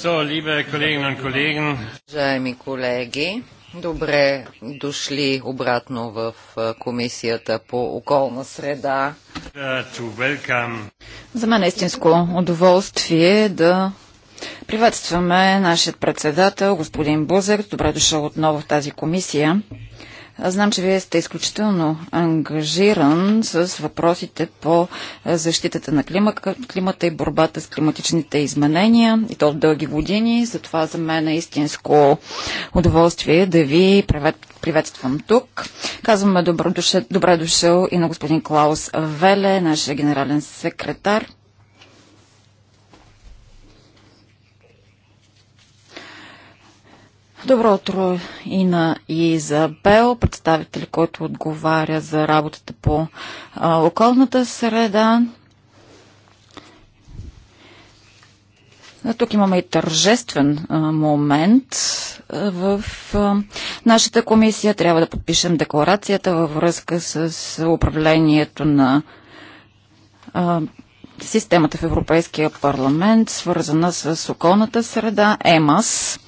So, liebe Kolleginnen und Kollegen. Уважаеми колеги, добре дошли обратно в Комисията по околна среда. Uh, За мен е истинско удоволствие да приветстваме нашият председател, господин Бузер. Добре дошъл отново в тази комисия. Аз знам, че вие сте изключително ангажиран с въпросите по защитата на климата и борбата с климатичните изменения и то от дълги години. Затова за мен е истинско удоволствие да ви приветствам тук. Казваме добре дошъл и на господин Клаус Веле, нашия генерален секретар. Добро утро и на Изабел, представител, който отговаря за работата по а, околната среда. А, тук имаме и тържествен а, момент. В а, нашата комисия трябва да подпишем декларацията във връзка с управлението на системата в Европейския парламент, свързана с околната среда, ЕМАС.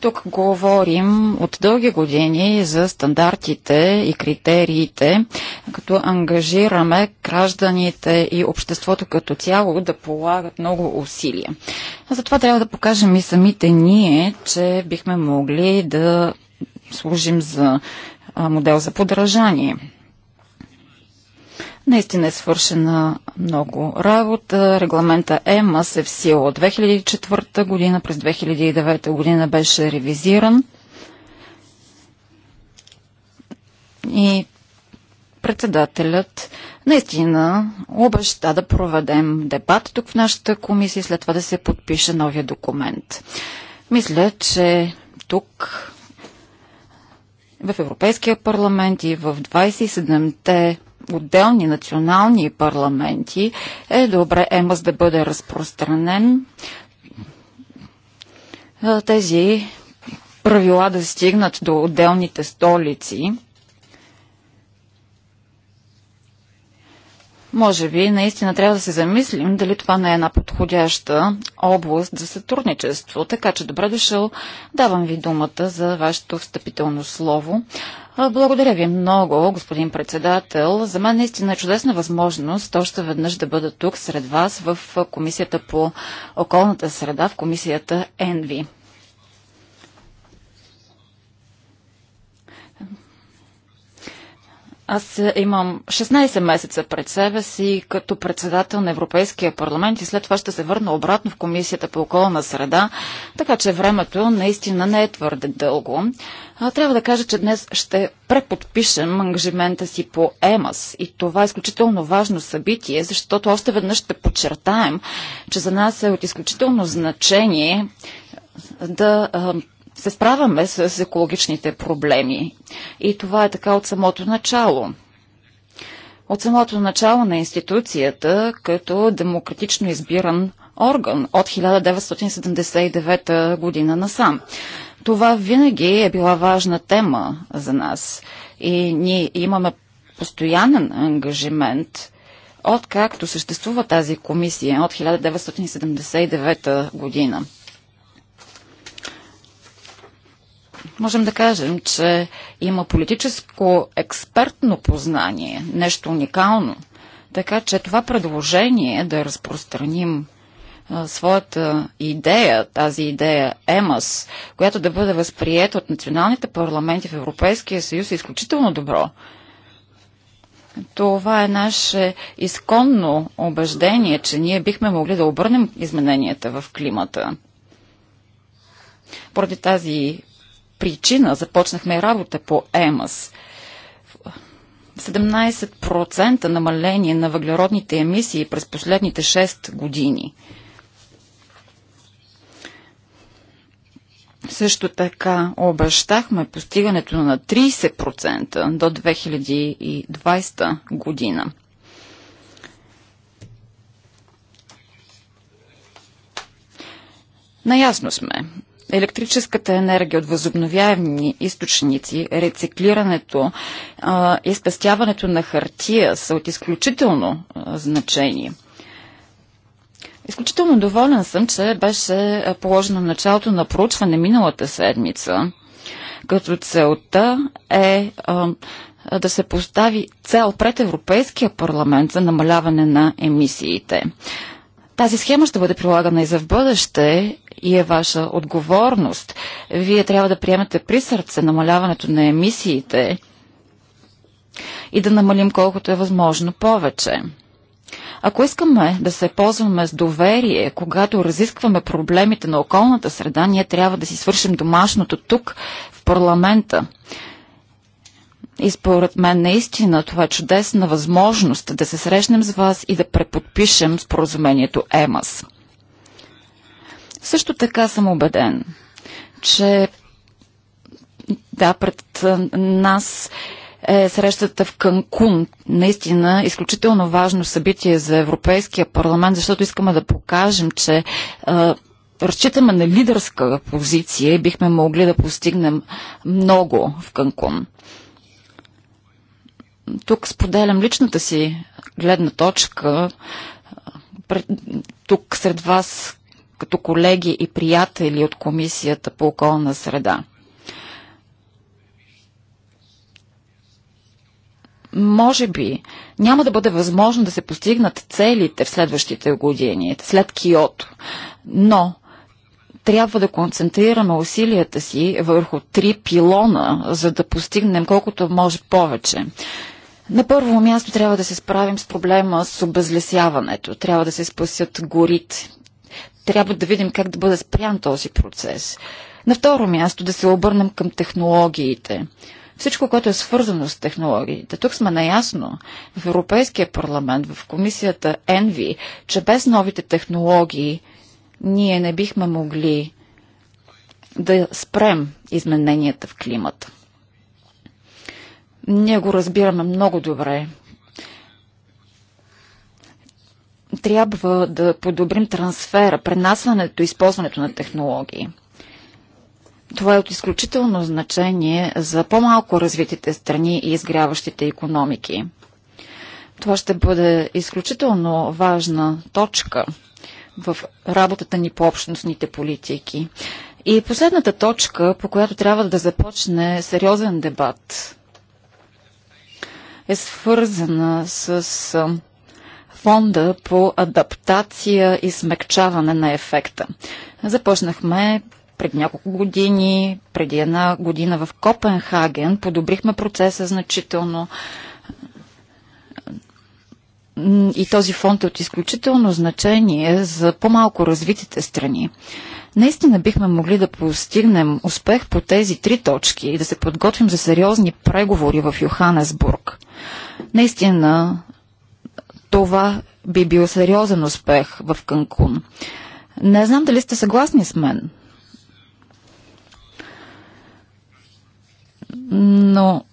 Тук говорим от дълги години за стандартите и критериите, като ангажираме гражданите и обществото като цяло да полагат много усилия. А затова трябва да покажем и самите ние, че бихме могли да служим за модел за подражание. Наистина е свършена много работа. Регламента ЕМА се в сила от 2004 година, през 2009 година беше ревизиран. И председателят наистина обеща да проведем дебат тук в нашата комисия, след това да се подпише новия документ. Мисля, че тук в Европейския парламент и в 27-те отделни национални парламенти, е добре ЕМАС да бъде разпространен. Тези правила да стигнат до отделните столици Може би наистина трябва да се замислим дали това не е една подходяща област за сътрудничество. Така че добре дошъл. Давам ви думата за вашето встъпително слово. Благодаря ви много, господин председател. За мен наистина е чудесна възможност още веднъж да бъда тук сред вас в Комисията по околната среда, в Комисията ЕНВИ. Аз имам 16 месеца пред себе си като председател на Европейския парламент и след това ще се върна обратно в Комисията по околна среда, така че времето наистина не е твърде дълго. А, трябва да кажа, че днес ще преподпишем ангажимента си по ЕМАС и това е изключително важно събитие, защото още веднъж ще подчертаем, че за нас е от изключително значение да се справяме с екологичните проблеми. И това е така от самото начало. От самото начало на институцията, като демократично избиран орган от 1979 година насам. Това винаги е била важна тема за нас и ние имаме постоянен ангажимент откакто съществува тази комисия от 1979 година. можем да кажем, че има политическо експертно познание, нещо уникално. Така че това предложение е да разпространим своята идея, тази идея ЕМАС, която да бъде възприета от националните парламенти в Европейския съюз е изключително добро. Това е наше изконно убеждение, че ние бихме могли да обърнем измененията в климата. Поради тази причина започнахме работа по ЕМАС. 17% намаление на въглеродните емисии през последните 6 години. Също така обещахме постигането на 30% до 2020 година. Наясно сме, електрическата енергия от възобновяеми източници, рециклирането а, и спестяването на хартия са от изключително а, значение. Изключително доволен съм, че беше положено началото на проучване миналата седмица, като целта е а, да се постави цел пред Европейския парламент за намаляване на емисиите. Тази схема ще бъде прилагана и за в бъдеще и е ваша отговорност. Вие трябва да приемете при сърце намаляването на емисиите и да намалим колкото е възможно повече. Ако искаме да се ползваме с доверие, когато разискваме проблемите на околната среда, ние трябва да си свършим домашното тук, в парламента. И според мен наистина това е чудесна възможност да се срещнем с вас и да преподпишем споразумението ЕМАС. Също така съм убеден, че да, пред нас е срещата в Канкун. Наистина изключително важно събитие за Европейския парламент, защото искаме да покажем, че е, разчитаме на лидерска позиция и бихме могли да постигнем много в Канкун тук споделям личната си гледна точка. Тук сред вас като колеги и приятели от Комисията по околна среда. Може би няма да бъде възможно да се постигнат целите в следващите години, след Киото, но трябва да концентрираме усилията си върху три пилона, за да постигнем колкото може повече. На първо място трябва да се справим с проблема с обезлесяването. Трябва да се спасят горите. Трябва да видим как да бъде спрян този процес. На второ място да се обърнем към технологиите. Всичко, което е свързано с технологиите. Тук сме наясно в Европейския парламент, в комисията Енви, че без новите технологии ние не бихме могли да спрем измененията в климата. Ние го разбираме много добре. Трябва да подобрим трансфера, пренасването и използването на технологии. Това е от изключително значение за по-малко развитите страни и изгряващите економики. Това ще бъде изключително важна точка – в работата ни по общностните политики. И последната точка, по която трябва да започне сериозен дебат, е свързана с фонда по адаптация и смягчаване на ефекта. Започнахме пред няколко години, преди една година в Копенхаген, подобрихме процеса значително и този фонд е от изключително значение за по-малко развитите страни. Наистина бихме могли да постигнем успех по тези три точки и да се подготвим за сериозни преговори в Йоханесбург. Наистина това би бил сериозен успех в Канкун. Не знам дали сте съгласни с мен, но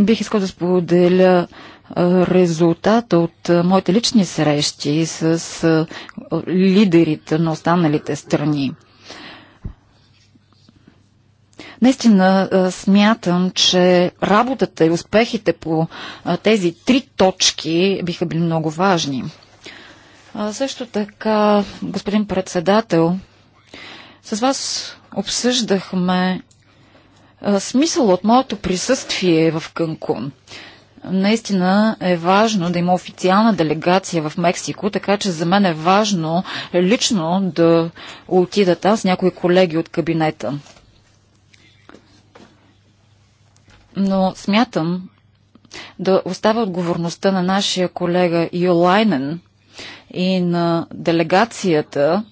бих искал да споделя резултата от моите лични срещи с лидерите на останалите страни. Наистина смятам, че работата и успехите по тези три точки биха били много важни. Също така, господин председател, с вас обсъждахме смисъл от моето присъствие в Канкун. Наистина е важно да има официална делегация в Мексико, така че за мен е важно лично да отида там с някои колеги от кабинета. Но смятам да оставя отговорността на нашия колега Йолайнен и на делегацията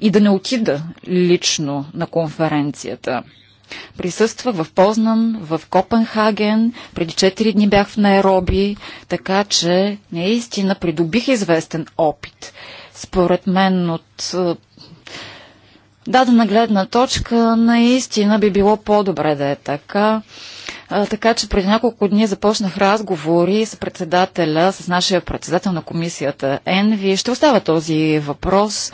и да не отида лично на конференцията. Присъствах в Познан, в Копенхаген, преди 4 дни бях в Найроби, така че наистина придобих известен опит. Според мен от е, дадена гледна точка наистина би било по-добре да е така. така че преди няколко дни започнах разговори с председателя, с нашия председател на комисията Енви. Ще остава този въпрос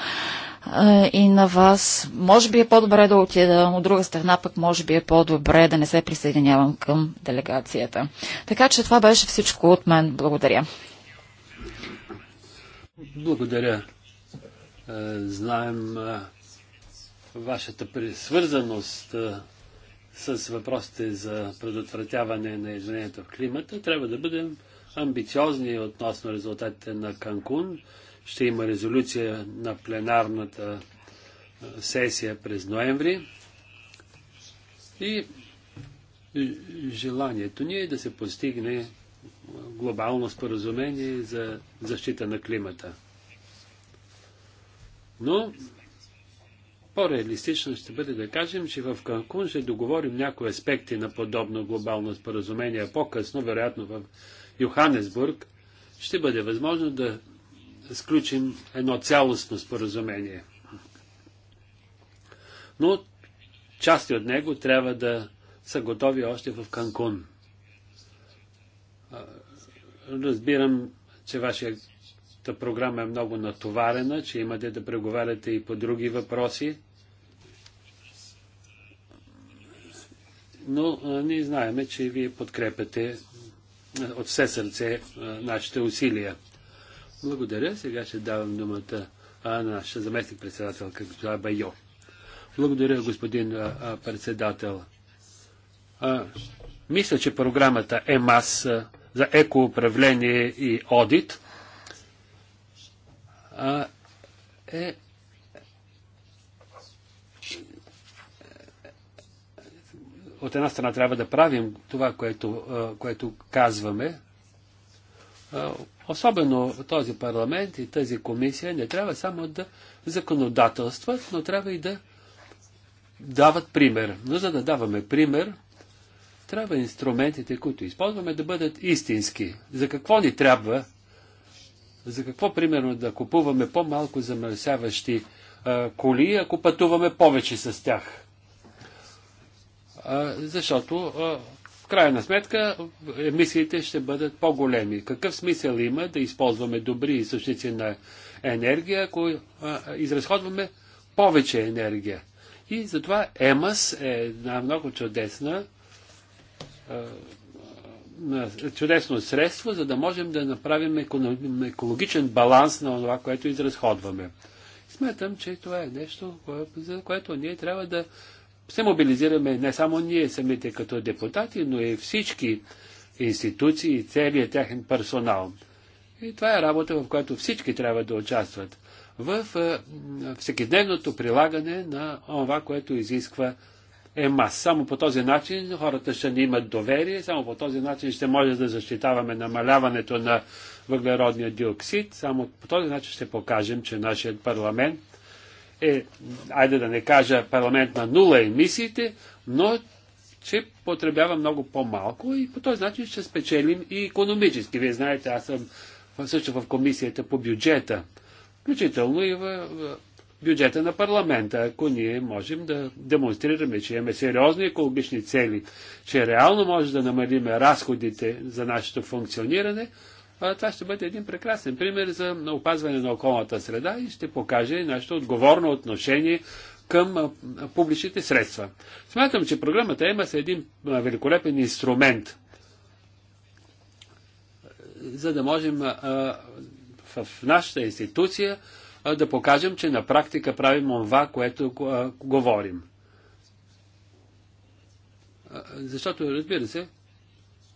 и на вас. Може би е по-добре да отида, от друга страна пък може би е по-добре да не се присъединявам към делегацията. Така че това беше всичко от мен. Благодаря. Благодаря. Е, знаем е, вашата свързаност е, с въпросите за предотвратяване на изменението в климата. Трябва да бъдем амбициозни относно резултатите на Канкун. Ще има резолюция на пленарната сесия през ноември. И желанието ни е да се постигне глобално споразумение за защита на климата. Но по-реалистично ще бъде да кажем, че в Канкун ще договорим някои аспекти на подобно глобално споразумение. По-късно, вероятно в Йоханесбург, ще бъде възможно да сключим едно цялостно споразумение. Но части от него трябва да са готови още в Канкун. Разбирам, че вашата програма е много натоварена, че имате да преговаряте и по други въпроси. Но ние знаеме, че вие подкрепяте от все сърце нашите усилия. Благодаря. Сега ще давам думата на нашата заместник председателка, госпожа Байо. Благодаря, господин а, а, председател. А, мисля, че програмата ЕМАС а, за екоуправление и одит а, е от една страна трябва да правим това, което, което казваме, Особено този парламент и тази комисия не трябва само да законодателстват, но трябва и да дават пример. Но за да даваме пример, трябва инструментите, които използваме, да бъдат истински. За какво ни трябва? За какво, примерно, да купуваме по-малко замърсяващи а, коли, ако пътуваме повече с тях? А, защото а, в крайна сметка емисиите ще бъдат по-големи. Какъв смисъл има да използваме добри източници на енергия, ако изразходваме повече енергия? И затова ЕМАС е една много чудесна чудесно средство, за да можем да направим екологичен баланс на това, което изразходваме. Сметам, че това е нещо, за което ние трябва да се мобилизираме не само ние самите като депутати, но и всички институции и целият тяхен персонал. И това е работа, в която всички трябва да участват в е, всекидневното прилагане на това, което изисква ЕМАС. Само по този начин хората ще ни имат доверие, само по този начин ще може да защитаваме намаляването на въглеродния диоксид, само по този начин ще покажем, че нашият парламент е, айде да не кажа парламент на нула емисиите, но че потребява много по-малко и по този начин ще спечелим и економически. Вие знаете, аз съм също в комисията по бюджета, включително и в бюджета на парламента, ако ние можем да демонстрираме, че имаме сериозни екологични цели, че реално може да намалиме разходите за нашето функциониране, а, това ще бъде един прекрасен пример за опазване на околната среда и ще покаже нашето отговорно отношение към публичните средства. Смятам, че програмата има е един великолепен инструмент, за да можем в нашата институция да покажем, че на практика правим това, което говорим. Защото, разбира се,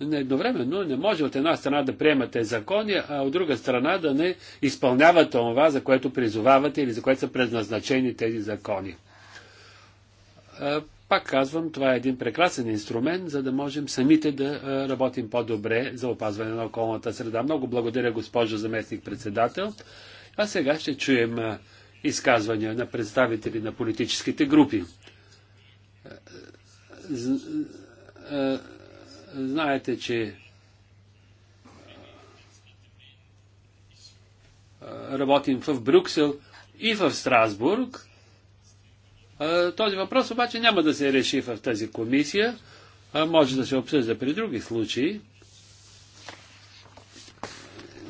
едновременно не може от една страна да приемате закони, а от друга страна да не изпълнявате това, за което призовавате или за което са предназначени тези закони. Пак казвам, това е един прекрасен инструмент, за да можем самите да работим по-добре за опазване на околната среда. Много благодаря, госпожо заместник-председател. А сега ще чуем изказвания на представители на политическите групи Знаете, че работим в Брюксел и в Страсбург. Този въпрос обаче няма да се реши в тази комисия. Може да се обсъжда при други случаи.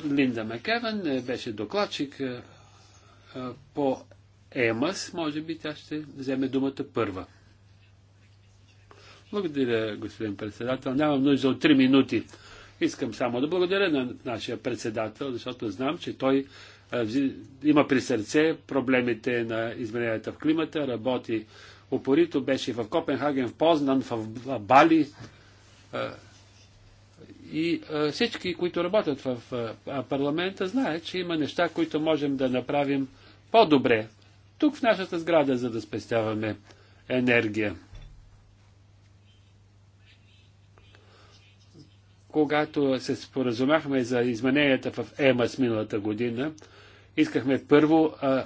Линда Макеван е, беше докладчик е, е, по ЕМАС. Може би тя ще вземе думата първа. Благодаря, господин председател. Нямам нужда от 3 минути. Искам само да благодаря на нашия председател, защото знам, че той е, има при сърце проблемите на измененията в климата, работи упорито, беше в Копенхаген, в Познан, в Бали. Е, и е, всички, които работят в парламента, знаят, че има неща, които можем да направим по-добре тук в нашата сграда, за да спестяваме енергия. когато се споразумяхме за измененията в ЕМАС миналата година, искахме първо а,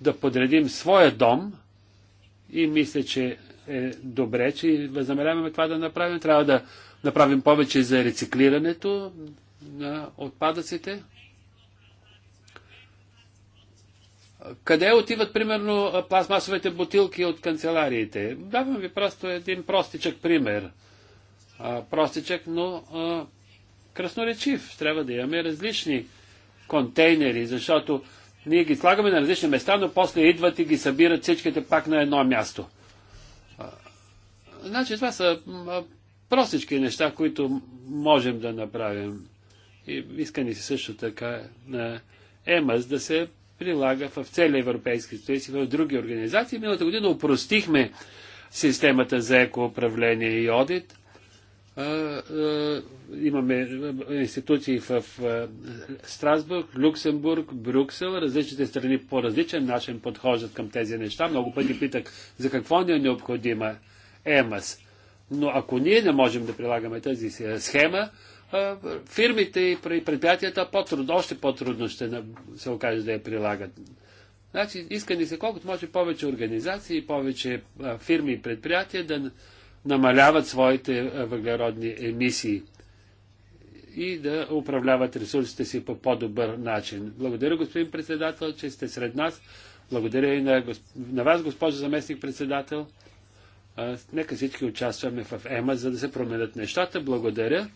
да подредим своя дом и мисля, че е добре, че възнамеряваме това да направим. Трябва да направим повече за рециклирането на отпадъците. Къде отиват, примерно, пластмасовите бутилки от канцелариите? Давам ви просто един простичък пример – а, простичък, но а, красноречив. Трябва да имаме различни контейнери, защото ние ги слагаме на различни места, но после идват и ги събират всичките пак на едно място. А, значи това са а, простички неща, които можем да направим. И иска ни се също така на ЕМАС да се прилага в целия Европейски съюз и в други организации. Миналата година упростихме системата за екоуправление и одит имаме институции в Страсбург, Люксембург, Брюксел. Различните страни по различен начин подхождат към тези неща. Много пъти питах за какво ни е необходима ЕМАС. Но ако ние не можем да прилагаме тази схема, фирмите и предприятията по-трудно, още по-трудно ще се окаже да я прилагат. Значи, иска ни се колкото може повече организации, повече фирми и предприятия да намаляват своите е, въглеродни емисии и да управляват ресурсите си по по-добър начин. Благодаря, господин председател, че сте сред нас. Благодаря и на, госп... на вас, госпожо заместник председател. нека всички участваме в ЕМА, за да се променят нещата. Благодаря.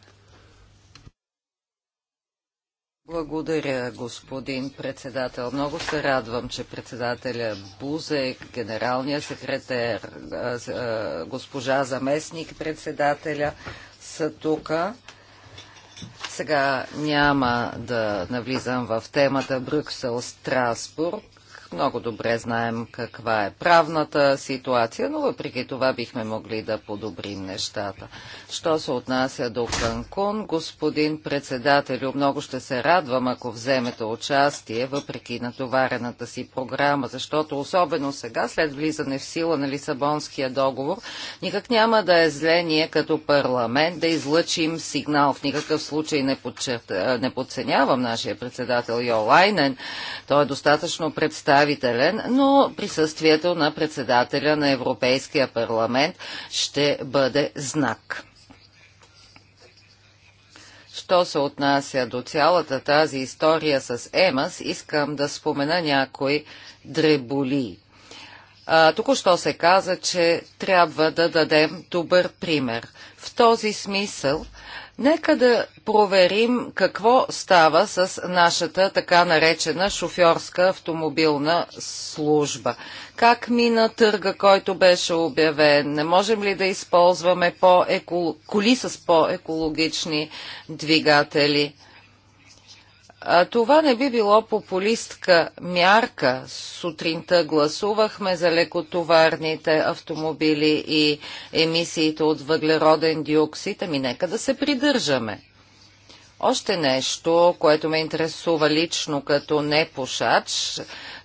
Благодаря, господин председател. Много се радвам, че председателя Бузек, генералния секретер, госпожа заместник председателя са тук. Сега няма да навлизам в темата Брюксел-Страсбург. Много добре знаем каква е правната ситуация, но въпреки това бихме могли да подобрим нещата. Що се отнася до Канкун, господин председателю, много ще се радвам, ако вземете участие, въпреки натоварената си програма, защото особено сега, след влизане в сила на Лисабонския договор, никак няма да е зле ние като парламент да излъчим сигнал. В никакъв случай не, подчерт... не подценявам нашия председател Йолайнен. Той е достатъчно представен представителен, но присъствието на председателя на Европейския парламент ще бъде знак. Що се отнася до цялата тази история с ЕМАС, искам да спомена някои дреболии. Току-що се каза, че трябва да дадем добър пример. В този смисъл, нека да проверим какво става с нашата така наречена шофьорска автомобилна служба. Как мина търга, който беше обявен? Не можем ли да използваме по коли с по-екологични двигатели? Това не би било популистка мярка. Сутринта гласувахме за лекотоварните автомобили и емисиите от въглероден диоксид. Ами нека да се придържаме още нещо, което ме интересува лично като непушач,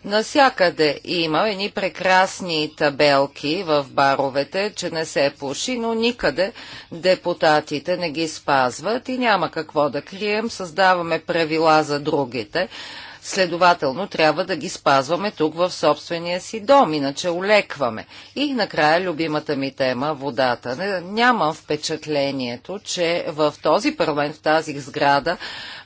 насякъде има едни прекрасни табелки в баровете, че не се пуши, но никъде депутатите не ги спазват и няма какво да крием, създаваме правила за другите. Следователно трябва да ги спазваме тук в собствения си дом, иначе олекваме. И накрая любимата ми тема – водата. Нямам впечатлението, че в този парламент, в тази сграда,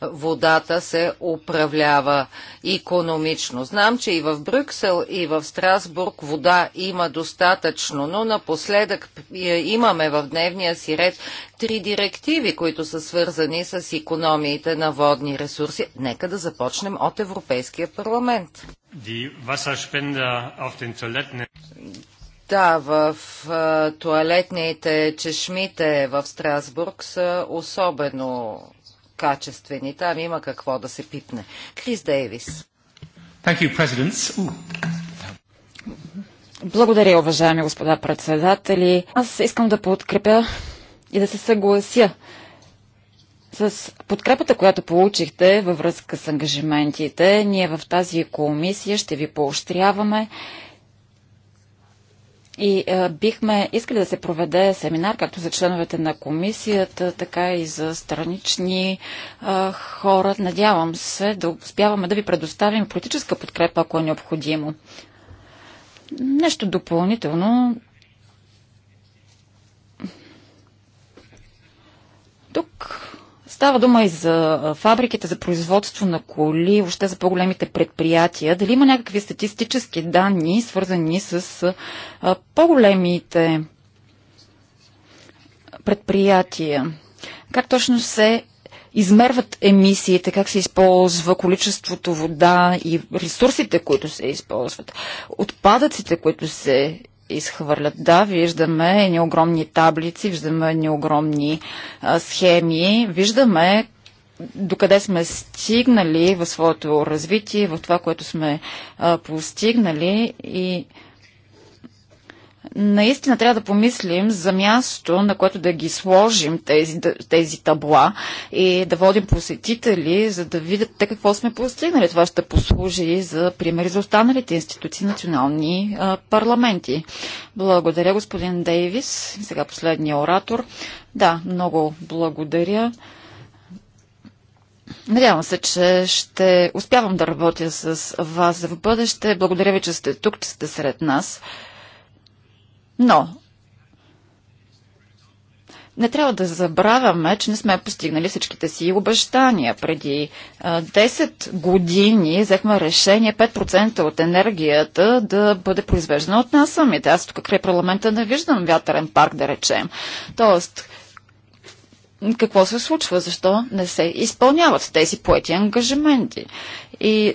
водата се управлява економично. Знам, че и в Брюксел, и в Страсбург вода има достатъчно, но напоследък имаме в дневния си ред три директиви, които са свързани с економиите на водни ресурси. Нека да започнем от Европейския парламент. Да, в туалетните чешмите в Страсбург са особено качествени. Там има какво да се пипне. Крис Дейвис. You, Благодаря, уважаеми господа председатели. Аз искам да подкрепя и да се съглася с подкрепата, която получихте във връзка с ангажиментите, ние в тази комисия ще ви поощряваме и а, е, бихме искали да се проведе семинар, както за членовете на комисията, така и за странични а, е, хора. Надявам се да успяваме да ви предоставим политическа подкрепа, ако е необходимо. Нещо допълнително. Тук Става дума и за фабриките за производство на коли, въобще за по-големите предприятия. Дали има някакви статистически данни, свързани с по-големите предприятия? Как точно се измерват емисиите, как се използва количеството вода и ресурсите, които се използват, отпадъците, които се изхвърлят. Да, виждаме едни огромни таблици, виждаме едни огромни а, схеми, виждаме докъде сме стигнали в своето развитие, в това, което сме а, постигнали и наистина трябва да помислим за място, на което да ги сложим тези, тези табла и да водим посетители, за да видят те какво сме постигнали. Това ще послужи за примери за останалите институции, национални а, парламенти. Благодаря, господин Дейвис. Сега последния оратор. Да, много благодаря. Надявам се, че ще успявам да работя с вас в бъдеще. Благодаря ви, че сте тук, че сте сред нас. Но не трябва да забравяме, че не сме постигнали всичките си обещания. Преди 10 години взехме решение 5% от енергията да бъде произвеждана от нас самите. Аз тук край парламента не виждам вятърен парк, да речем. Тоест, какво се случва? Защо не се изпълняват тези поети ангажименти? И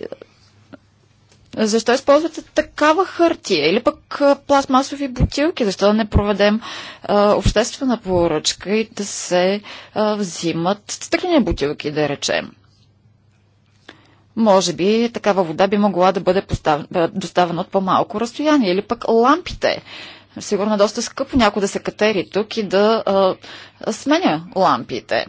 защо използвате такава хартия или пък пластмасови бутилки? Защо да не проведем а, обществена поръчка и да се а, взимат стъклени бутилки, да речем? Може би такава вода би могла да бъде постав... доставена от по-малко разстояние или пък лампите. Сигурно е доста скъпо някой да се катери тук и да а, сменя лампите.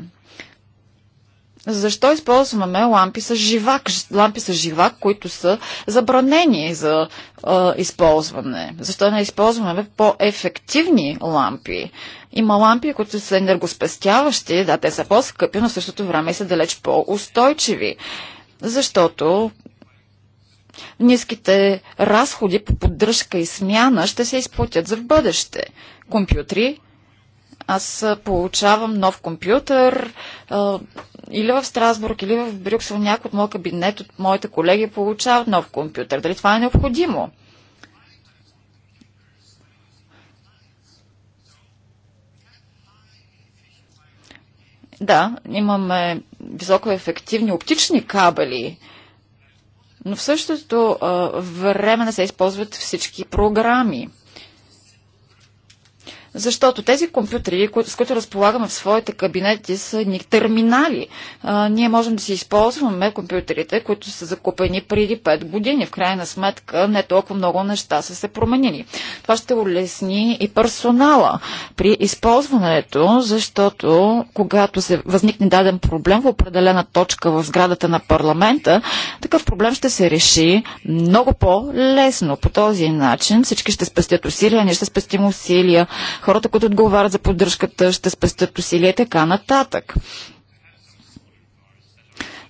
Защо използваме лампи с живак, лампи с живак, които са забранени за а, използване? Защо не използваме по-ефективни лампи? Има лампи, които са енергоспестяващи, да, те са по-скъпи, но в същото време са далеч по-устойчиви. Защото ниските разходи по поддръжка и смяна ще се изплатят за в бъдеще. Компютри, аз получавам нов компютър а, или в Страсбург, или в Брюксел, някой от моят кабинет, от моите колеги получават нов компютър. Дали това е необходимо? Да, имаме високоефективни оптични кабели, но в същото а, време не се използват всички програми. Защото тези компютри, с които разполагаме в своите кабинети, са ни терминали. А, ние можем да си използваме компютрите, които са закупени преди 5 години. В крайна сметка не толкова много неща са се променили. Това ще улесни и персонала при използването, защото когато се възникне даден проблем в определена точка в сградата на парламента, такъв проблем ще се реши много по-лесно. По този начин всички ще спестят усилия, ние ще спестим усилия хората, които отговарят за поддръжката, ще спестят усилия и така нататък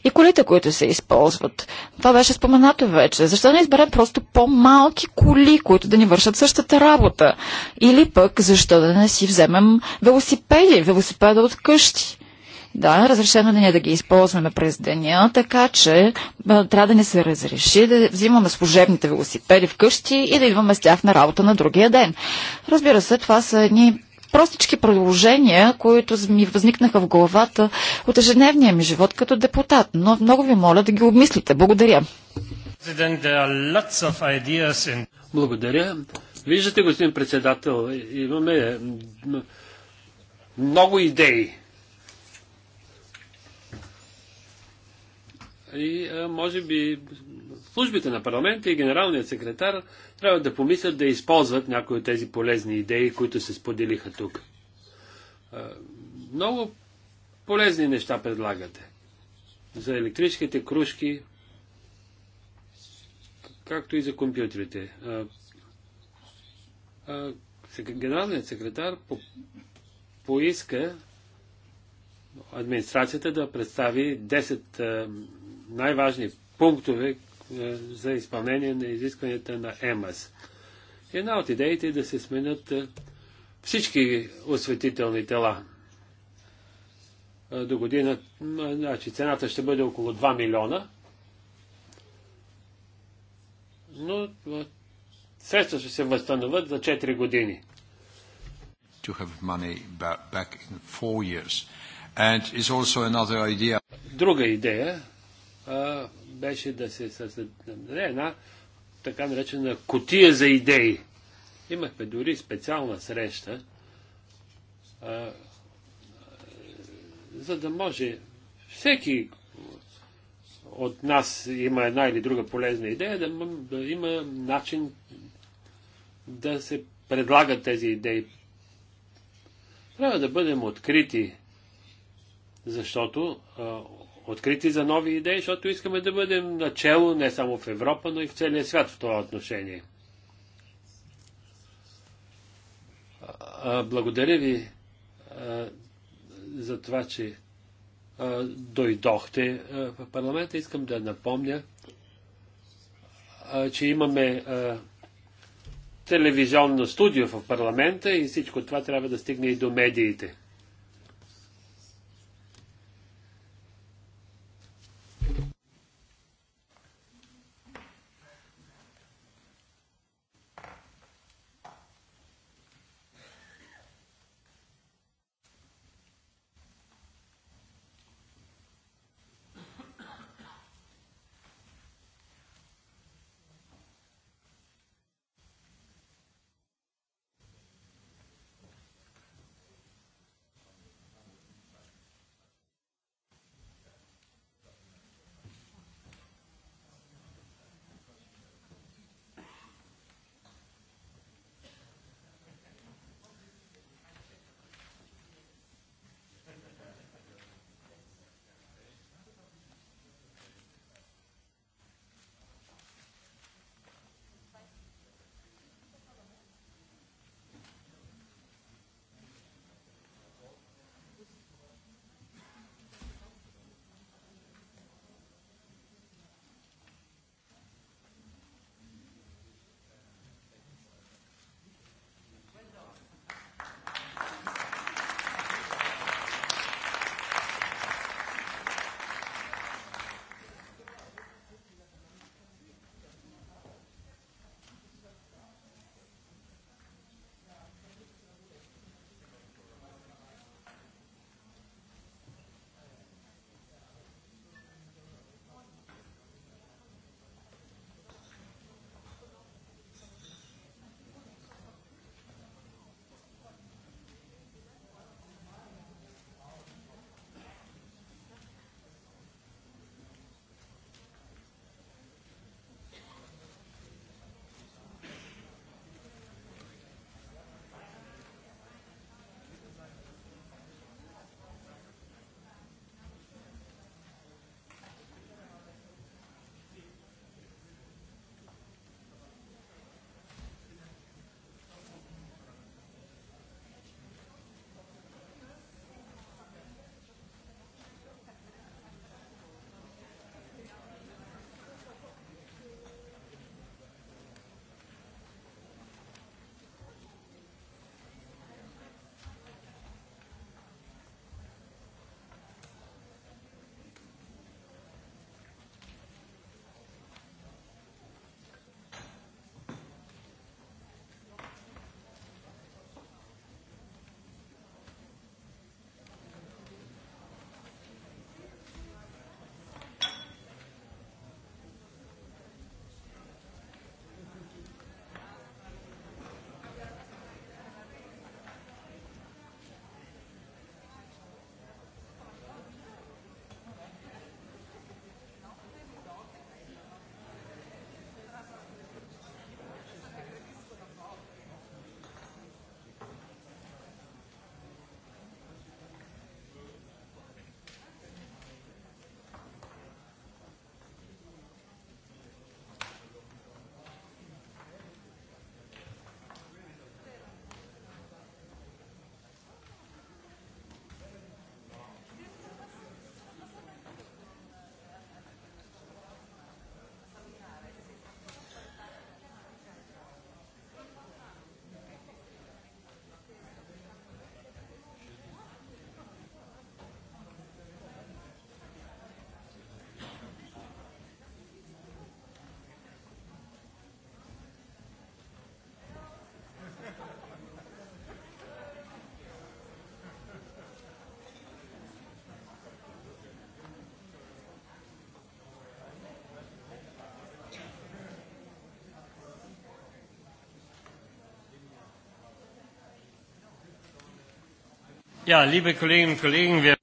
и колите, които се използват. Това беше споменато вече. Защо не изберем просто по-малки коли, които да ни вършат същата работа? Или пък защо да не си вземем велосипеди, велосипеда от къщи? Да, разрешено да ние да ги използваме през деня, така че трябва да ни се разреши да взимаме служебните велосипеди вкъщи и да идваме с тях на работа на другия ден. Разбира се, това са едни простички предложения, които ми възникнаха в главата от ежедневния ми живот като депутат, но много ви моля да ги обмислите. Благодаря. Благодаря. Виждате, господин председател, имаме много идеи. И а, може би службите на парламента и генералният секретар трябва да помислят да използват някои от тези полезни идеи, които се споделиха тук. А, много полезни неща предлагате. За електрическите кружки, както и за компютрите. генералният секретар по, поиска администрацията да представи 10 най-важни пунктове е, за изпълнение на изискванията на ЕМАС. Една от идеите е да се сменят е, всички осветителни тела. Е, до година значи, цената ще бъде около 2 милиона, но средства ще се възстановят за 4 години. To have money back in four years. And is also another idea. Друга идея а, беше да се създаде една така наречена котия за идеи. Имахме дори специална среща, а, за да може всеки от нас има една или друга полезна идея, да, да има начин да се предлагат тези идеи. Трябва да бъдем открити, защото а, открити за нови идеи, защото искаме да бъдем начало не само в Европа, но и в целия свят в това отношение. Благодаря ви за това, че дойдохте в парламента. Искам да напомня, че имаме телевизионно студио в парламента и всичко това трябва да стигне и до медиите.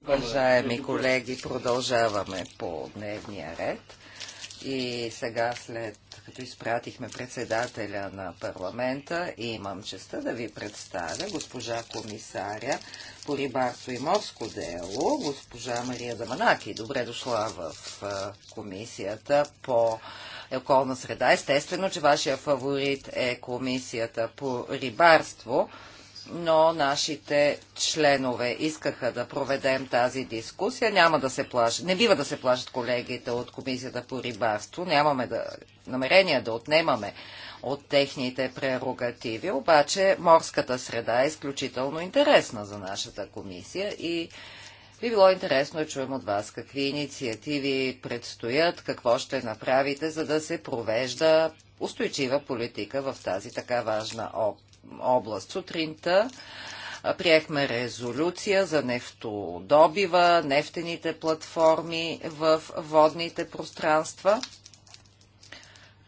Уважаеми колеги, продължаваме по дневния ред. И сега, след като изпратихме председателя на парламента, имам честа да ви представя госпожа комисаря по рибарство и морско дело, госпожа Мария Даманаки. Добре дошла в комисията по околна среда. Естествено, че вашия фаворит е комисията по рибарство но нашите членове искаха да проведем тази дискусия. Няма да се плашат. Не бива да се плашат колегите от Комисията по рибарство. Нямаме да, намерение да отнемаме от техните прерогативи. Обаче морската среда е изключително интересна за нашата комисия и би било интересно да чуем от вас какви инициативи предстоят, какво ще направите, за да се провежда устойчива политика в тази така важна област област. Сутринта приехме резолюция за нефтодобива, нефтените платформи в водните пространства.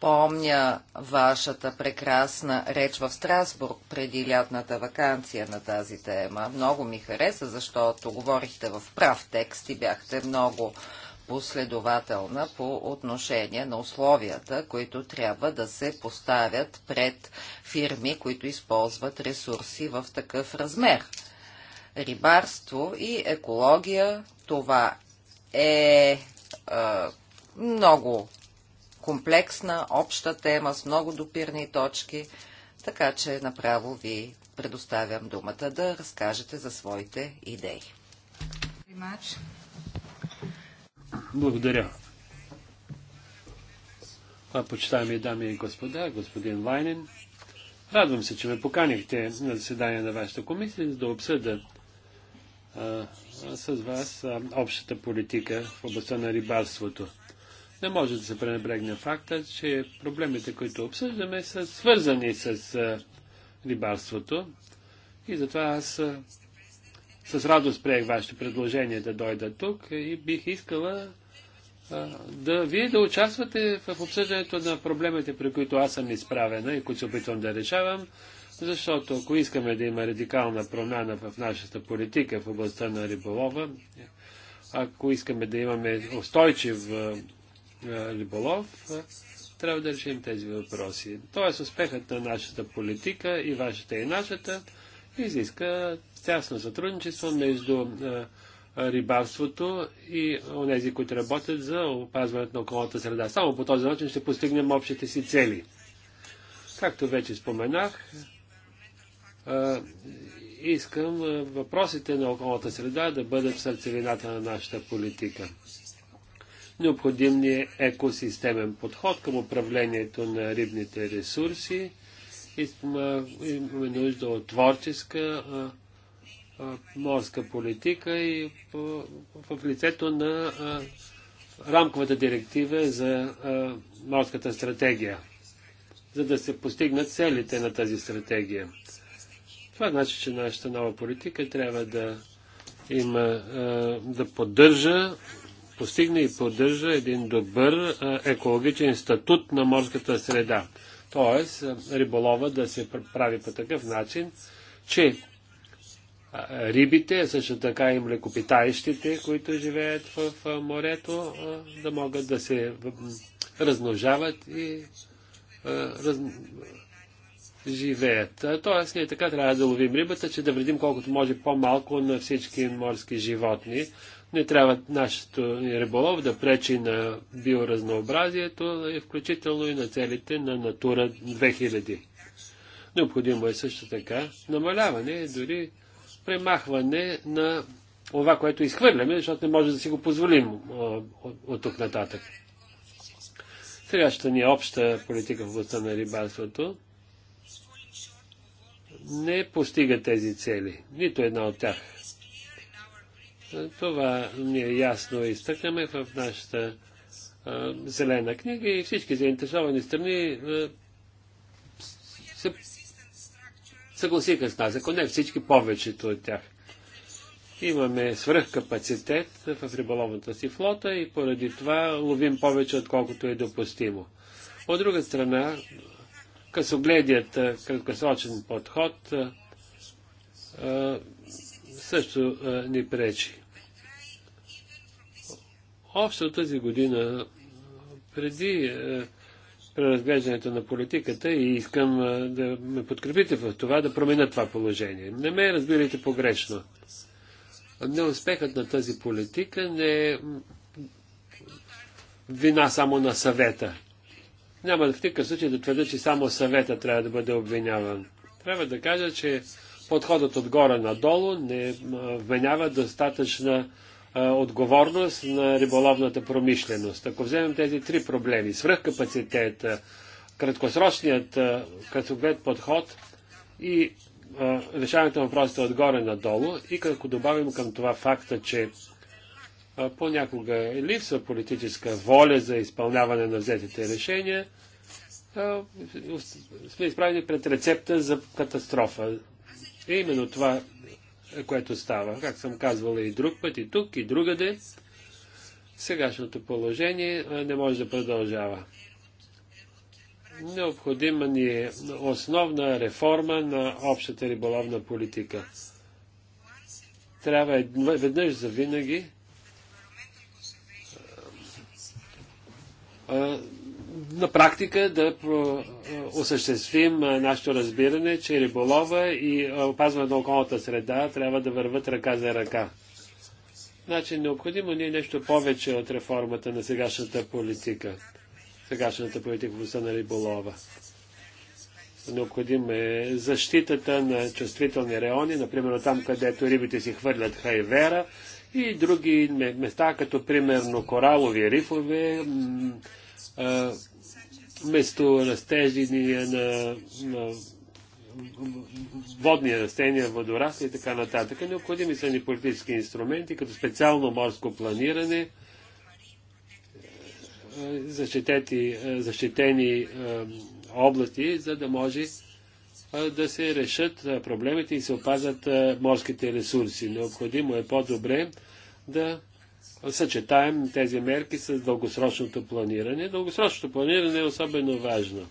Помня вашата прекрасна реч в Страсбург преди лятната вакансия на тази тема. Много ми хареса, защото говорихте в прав текст и бяхте много последователна по отношение на условията, които трябва да се поставят пред фирми, които използват ресурси в такъв размер. Рибарство и екология това е, е много комплексна, обща тема с много допирни точки, така че направо ви предоставям думата да разкажете за своите идеи. Благодаря. Почитаеми дами и господа, господин Лайнен, радвам се, че ме поканихте на заседание на вашата комисия, за да обсъда а, с вас а, общата политика в областта на рибарството. Не може да се пренебрегне факта, че проблемите, които обсъждаме, са свързани с а, рибарството и затова аз а, с радост приех вашето предложение да дойда тук и бих искала да вие да участвате в обсъждането на проблемите, при които аз съм изправена и които се опитвам да решавам, защото ако искаме да има радикална промяна в нашата политика в областта на риболова, ако искаме да имаме устойчив риболов, трябва да решим тези въпроси. Тоест успехът на нашата политика и вашата и нашата изиска тясно сътрудничество между рибарството и онези, които работят за опазването на околната среда. Само по този начин ще постигнем общите си цели. Както вече споменах, искам въпросите на околната среда да бъдат в сърцевината на нашата политика. Необходим ни е екосистемен подход към управлението на рибните ресурси. Имаме нужда от творческа морска политика и в лицето на рамковата директива за морската стратегия, за да се постигнат целите на тази стратегия. Това значи, че нашата нова политика трябва да има, да поддържа, постигне и поддържа един добър екологичен статут на морската среда. Тоест, риболова да се прави по такъв начин, че рибите, а също така и млекопитаещите, които живеят в морето, да могат да се размножават и раз... живеят. Тоест, ние така трябва да ловим рибата, че да вредим колкото може по-малко на всички морски животни. Не трябва нашето риболов да пречи на биоразнообразието, включително и на целите на Натура 2000. Необходимо е също така намаляване, дори премахване на това, което изхвърляме, защото не може да си го позволим от тук нататък. Сегащата ни е обща политика в областта на рибарството не постига тези цели. Нито една от тях. Това ние ясно изтъкваме в нашата а, зелена книга и всички заинтересовани страни а, се съгласиха с тази, ако не всички, повечето от тях. Имаме свръхкапацитет в риболовната си флота и поради това ловим повече, отколкото е допустимо. От друга страна, късогледият краткосрочен подход също ни пречи. Общо тази година, преди преразглеждането на политиката и искам да ме подкрепите в това, да променя това положение. Не ме разбирайте погрешно. Неуспехът на тази политика не е вина само на съвета. Няма в никакъв случай да твърда, че само съвета трябва да бъде обвиняван. Трябва да кажа, че подходът отгоре надолу не вменява достатъчна отговорност на риболовната промишленост. Ако вземем тези три проблеми, свръхкапацитет, краткосрочният късоглед подход и решаването на въпросите отгоре надолу и като добавим към това факта, че понякога липсва политическа воля за изпълняване на взетите решения, сме изправени пред рецепта за катастрофа. И именно това което става. Как съм казвала и друг път, и тук, и другаде, сегашното положение не може да продължава. Необходима ни е основна реформа на общата риболовна политика. Трябва веднъж за винаги на практика да осъществим нашето разбиране, че риболова и опазване на околната среда трябва да върват ръка за ръка. Значи необходимо ни е нещо повече от реформата на сегашната политика, сегашната политика в на риболова. Необходима е защитата на чувствителни райони, например там, където рибите си хвърлят хайвера и други места, като примерно коралови рифове, вместо растежи на, на водни растения, водорасли и така нататък. Необходими са ни политически инструменти, като специално морско планиране, е, е, защитени, защитени области, за да може е, да се решат проблемите и се опазят морските ресурси. Необходимо е по-добре да съчетаем тези мерки с дългосрочното планиране. Дългосрочното планиране е особено важно.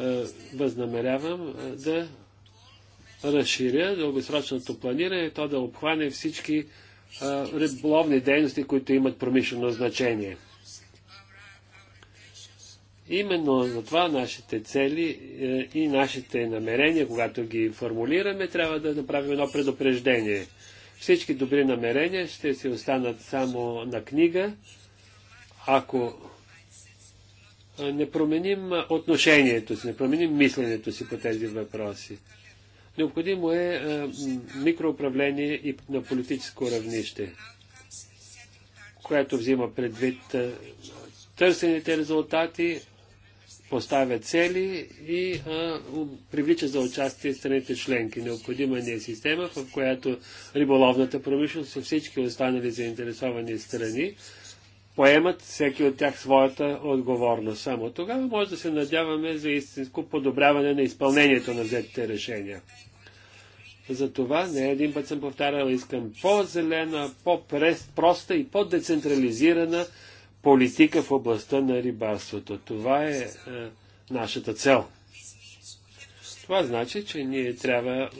Е, възнамерявам е, да разширя дългосрочното планиране, то да обхване всички е, риболовни дейности, които имат промишлено значение. Именно за това нашите цели и нашите намерения, когато ги формулираме, трябва да направим едно предупреждение – всички добри намерения ще си останат само на книга, ако не променим отношението си, не променим мисленето си по тези въпроси. Необходимо е микроуправление и на политическо равнище, което взима предвид търсените резултати, поставя цели и а, привлича за участие страните членки. Необходима ни е система, в която риболовната промишленост и всички останали заинтересовани страни поемат всеки от тях своята отговорност. Само тогава може да се надяваме за истинско подобряване на изпълнението на взетите решения. Затова не един път съм повтарял, искам по-зелена, по-проста и по-децентрализирана политика в областта на рибарството. Това е, е нашата цел. Това значи, че ние трябва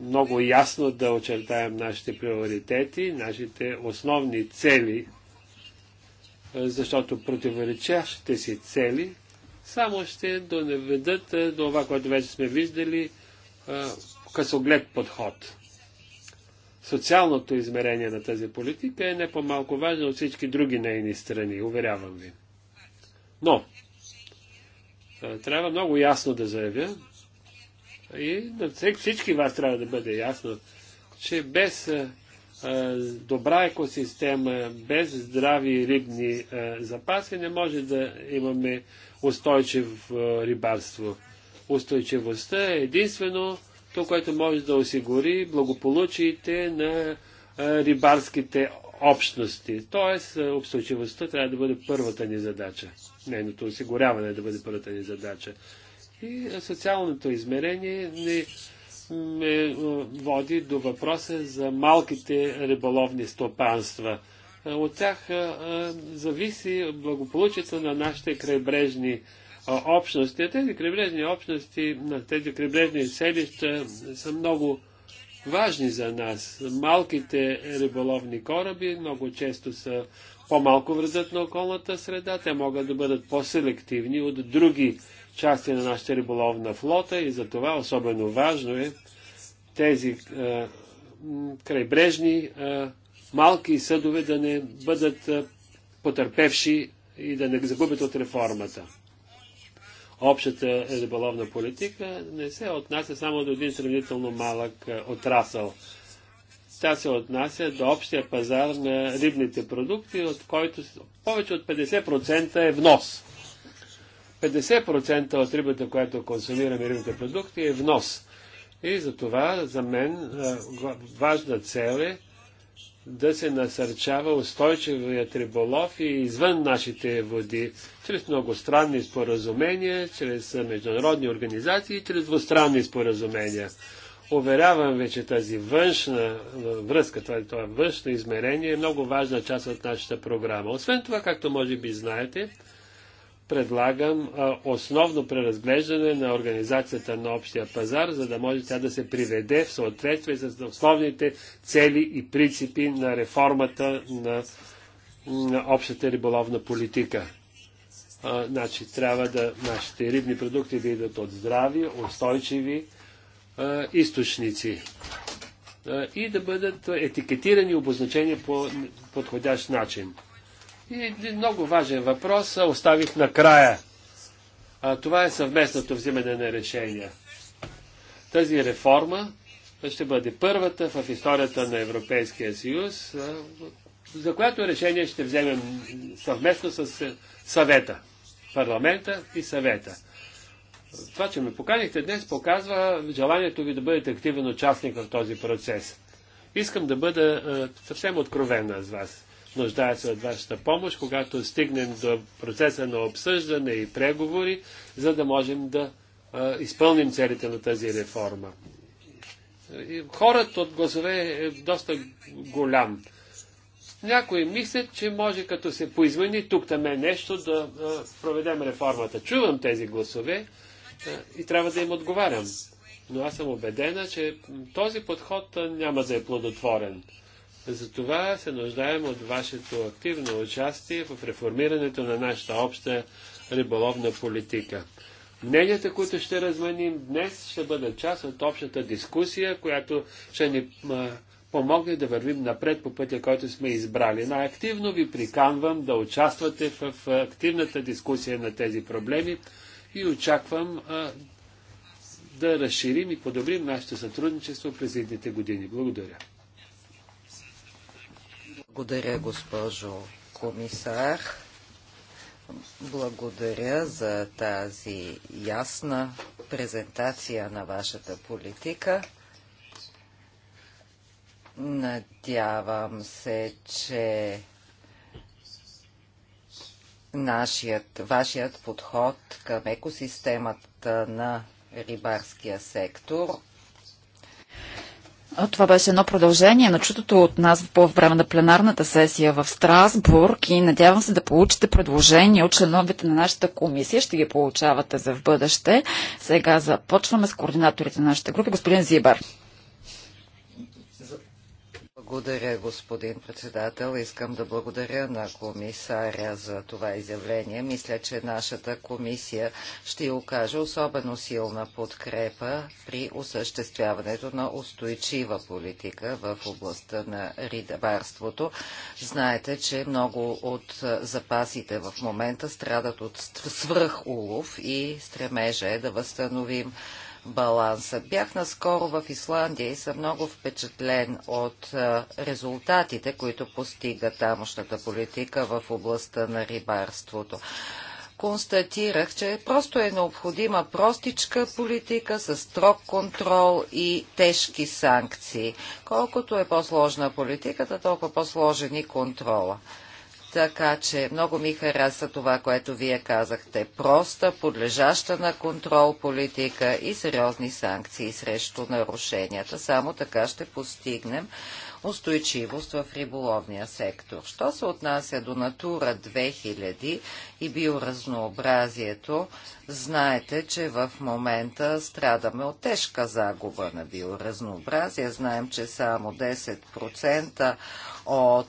много ясно да очертаем нашите приоритети, нашите основни цели, е, защото противоречащите си цели само ще доведат е, до това, което вече сме виждали, късоглед подход социалното измерение на тази политика е не по-малко важно от всички други нейни страни, уверявам ви. Но, трябва много ясно да заявя, и на всички вас трябва да бъде ясно, че без добра екосистема, без здрави рибни запаси не може да имаме устойчив рибарство. Устойчивостта е единствено то, което може да осигури благополучиите на рибарските общности. Тоест, обстойчивостта трябва да бъде първата ни задача. Нейното осигуряване да бъде първата ни задача. И социалното измерение ни ме води до въпроса за малките риболовни стопанства. От тях зависи благополучието на нашите крайбрежни общности. Тези крайбрежни общности, тези крайбрежни селища са много важни за нас. Малките риболовни кораби много често са по-малко вредят на околната среда. Те могат да бъдат по-селективни от други части на нашата риболовна флота и за това особено важно е тези е, крайбрежни е, малки съдове да не бъдат е, потърпевши и да не загубят от реформата общата риболовна политика не се отнася само до един сравнително малък е, отрасъл. Тя се отнася до общия пазар на рибните продукти, от който повече от 50% е внос. 50% от рибата, която консумираме рибните продукти, е внос. И за това за мен е, важна цел е да се насърчава устойчивият риболов и извън нашите води, чрез многостранни споразумения, чрез международни организации, чрез двустранни споразумения. Уверявам ви, че тази външна връзка, това, това външно измерение е много важна част от нашата програма. Освен това, както може би знаете, предлагам основно преразглеждане на организацията на общия пазар, за да може тя да се приведе в съответствие с основните цели и принципи на реформата на, общата риболовна политика. А, значи, трябва да нашите рибни продукти да идват от здрави, устойчиви а, източници и да бъдат етикетирани и обозначени по подходящ начин. И много важен въпрос оставих накрая. А, това е съвместното взимане на решения. Тази реформа ще бъде първата в историята на Европейския съюз, за която решение ще вземем съвместно с е, съвета, парламента и съвета. Това, че ме поканихте днес, показва желанието ви да бъдете активен участник в този процес. Искам да бъда съвсем откровен с вас. Нуждаят се от вашата помощ, когато стигнем до процеса на обсъждане и преговори, за да можем да а, изпълним целите на тази реформа. Хорът от гласове е доста голям. Някои мислят, че може като се поизмени тук там е нещо да а, проведем реформата. Чувам тези гласове а, и трябва да им отговарям. Но аз съм убедена, че този подход а, няма да е плодотворен. Затова се нуждаем от вашето активно участие в реформирането на нашата обща риболовна политика. Мненията, които ще разменим днес, ще бъдат част от общата дискусия, която ще ни помогне да вървим напред по пътя, който сме избрали. Най-активно ви приканвам да участвате в активната дискусия на тези проблеми и очаквам да разширим и подобрим нашето сътрудничество през едните години. Благодаря. Благодаря, госпожо комисар. Благодаря за тази ясна презентация на вашата политика. Надявам се, че нашият, вашият подход към екосистемата на рибарския сектор това беше едно продължение на чутото от нас по време на пленарната сесия в Страсбург и надявам се да получите предложения от членовете на нашата комисия. Ще ги получавате за в бъдеще. Сега започваме с координаторите на нашата група. Господин Зибар. Благодаря, господин председател. Искам да благодаря на комисаря за това изявление. Мисля, че нашата комисия ще окаже особено силна подкрепа при осъществяването на устойчива политика в областта на рибарството. Знаете, че много от запасите в момента страдат от свръхулов и стремежа е да възстановим баланса. Бях наскоро в Исландия и съм много впечатлен от резултатите, които постига тамошната политика в областта на рибарството констатирах, че просто е необходима простичка политика с строг контрол и тежки санкции. Колкото е по-сложна политиката, толкова по-сложен и контрола. Така че много ми хареса това, което вие казахте. Проста, подлежаща на контрол политика и сериозни санкции срещу нарушенията. Само така ще постигнем устойчивост в риболовния сектор. Що се отнася до Натура 2000 и биоразнообразието, Знаете, че в момента страдаме от тежка загуба на биоразнообразие. Знаем, че само 10% от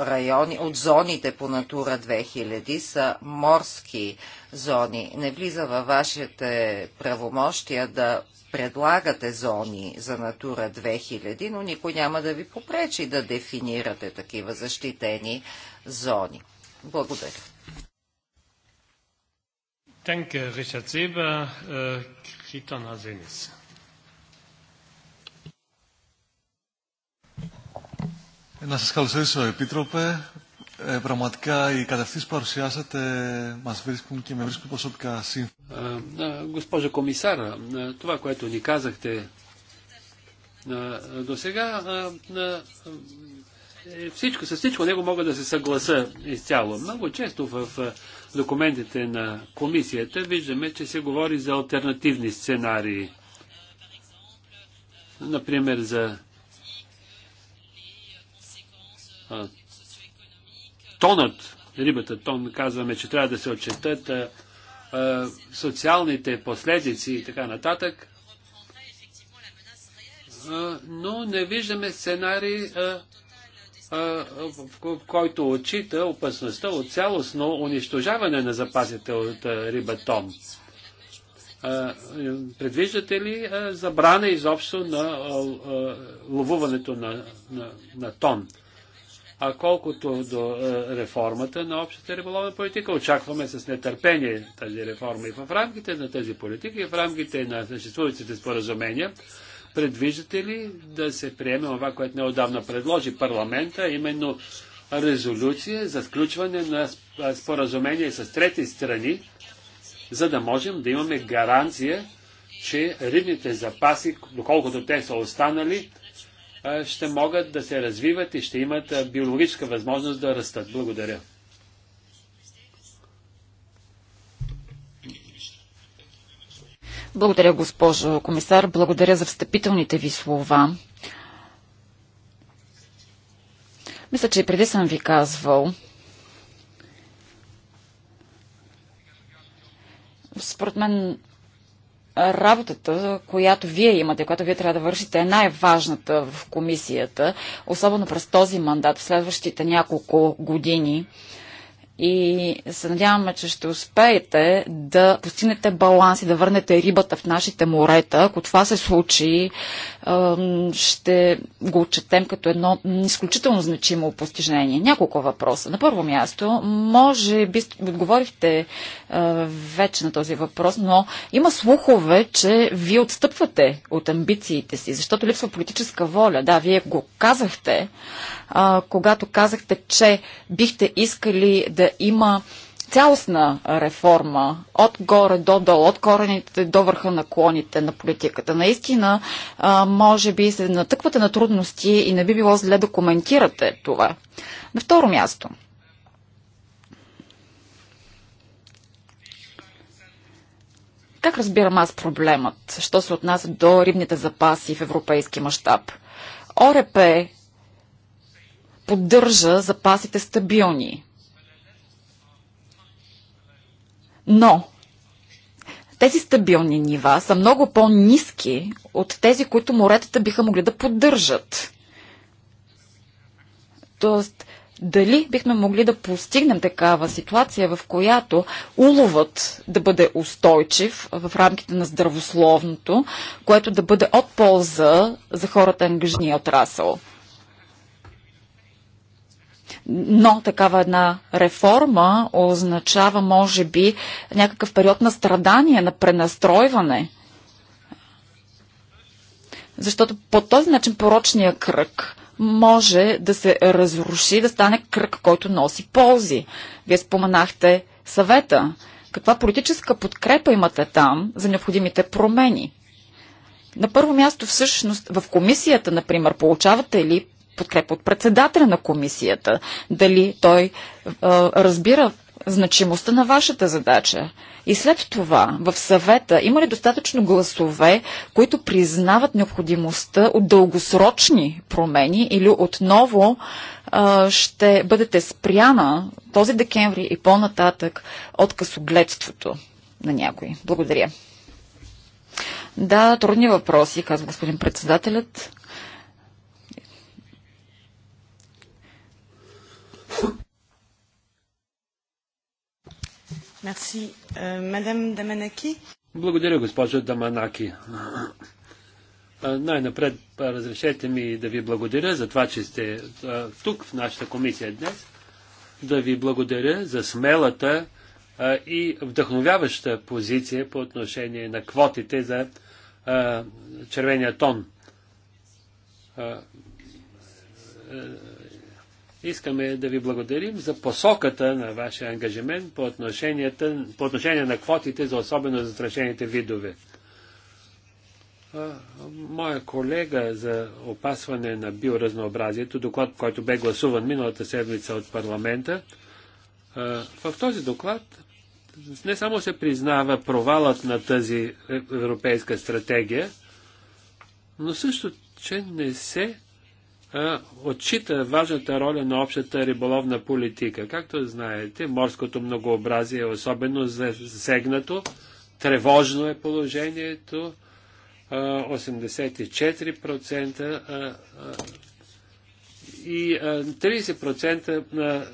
райони, от зоните по Натура 2000 са морски зони. Не влиза във вашите правомощия да предлагате зони за Натура 2000, но никой няма да ви попречи да дефинирате такива защитени зони. Благодаря. Danke, Richard Seber. Kriton Hasenis. Να σας καλωσορίσω, Επίτροπε. Ε, πραγματικά οι κατευθύνσεις που παρουσιάσατε μας βρίσκουν και με βρίσκουν προσωπικά σύμφωνα. Госпожа комисара, това, което ни казахте до сега, всичко, с всичко него мога да се съгласа изцяло. Много често в документите на комисията виждаме, че се говори за альтернативни сценарии. Например, за тонът, рибата тон, казваме, че трябва да се отчетат социалните последици и така нататък. но не виждаме сценарии който отчита опасността от цялостно унищожаване на запасите от рибатон. Предвиждате ли забрана изобщо на ловуването на, на, на тон? А колкото до реформата на общата риболовна политика, очакваме с нетърпение тази реформа и в рамките на тази политика, и в рамките на съществуващите споразумения. Предвиждате ли да се приеме това, което неодавна предложи парламента, именно резолюция за включване на споразумение с трети страни, за да можем да имаме гаранция, че рибните запаси, доколкото те са останали, ще могат да се развиват и ще имат биологическа възможност да растат. Благодаря. Благодаря, госпожо комисар. Благодаря за встъпителните ви слова. Мисля, че и преди съм ви казвал, според мен работата, която вие имате, която вие трябва да вършите, е най-важната в комисията, особено през този мандат, в следващите няколко години и се надяваме, че ще успеете да постигнете баланс и да върнете рибата в нашите морета. Ако това се случи, ще го отчетем като едно изключително значимо постижение. Няколко въпроса. На първо място, може би отговорихте вече на този въпрос, но има слухове, че вие отстъпвате от амбициите си, защото липсва политическа воля. Да, вие го казахте, когато казахте, че бихте искали да да има цялостна реформа от горе до долу, от корените до върха на клоните на политиката. Наистина, може би се натъквате на трудности и не би било зле да коментирате това. На второ място. Как разбирам аз проблемът, що се отнася до рибните запаси в европейски мащаб? ОРП поддържа запасите стабилни Но тези стабилни нива са много по-низки от тези, които моретата биха могли да поддържат. Тоест, дали бихме могли да постигнем такава ситуация, в която уловът да бъде устойчив в рамките на здравословното, което да бъде от полза за хората ангажния отрасъл но такава една реформа означава, може би, някакъв период на страдание, на пренастройване. Защото по този начин порочния кръг може да се разруши, да стане кръг, който носи ползи. Вие споменахте съвета. Каква политическа подкрепа имате там за необходимите промени? На първо място, всъщност, в комисията, например, получавате ли подкрепа от председателя на комисията, дали той а, е, разбира значимостта на вашата задача. И след това в съвета има ли достатъчно гласове, които признават необходимостта от дългосрочни промени или отново а, е, ще бъдете спряна този декември и по-нататък от късогледството на някой? Благодаря. Да, трудни въпроси, казва господин председателят. Euh, благодаря, госпожо Даманаки. Най-напред разрешете ми да ви благодаря за това, че сте тук в нашата комисия днес. Да ви благодаря за смелата и вдъхновяваща позиция по отношение на квотите за червения тон Искаме да ви благодарим за посоката на вашия ангажимент по, по отношение на квотите за особено застрашените видове. Моя колега за опасване на биоразнообразието, доклад, който бе гласуван миналата седмица от парламента, в този доклад не само се признава провалът на тази европейска стратегия, но също, че не се отчита важната роля на общата риболовна политика. Както знаете, морското многообразие е особено засегнато, тревожно е положението, 84% и 30%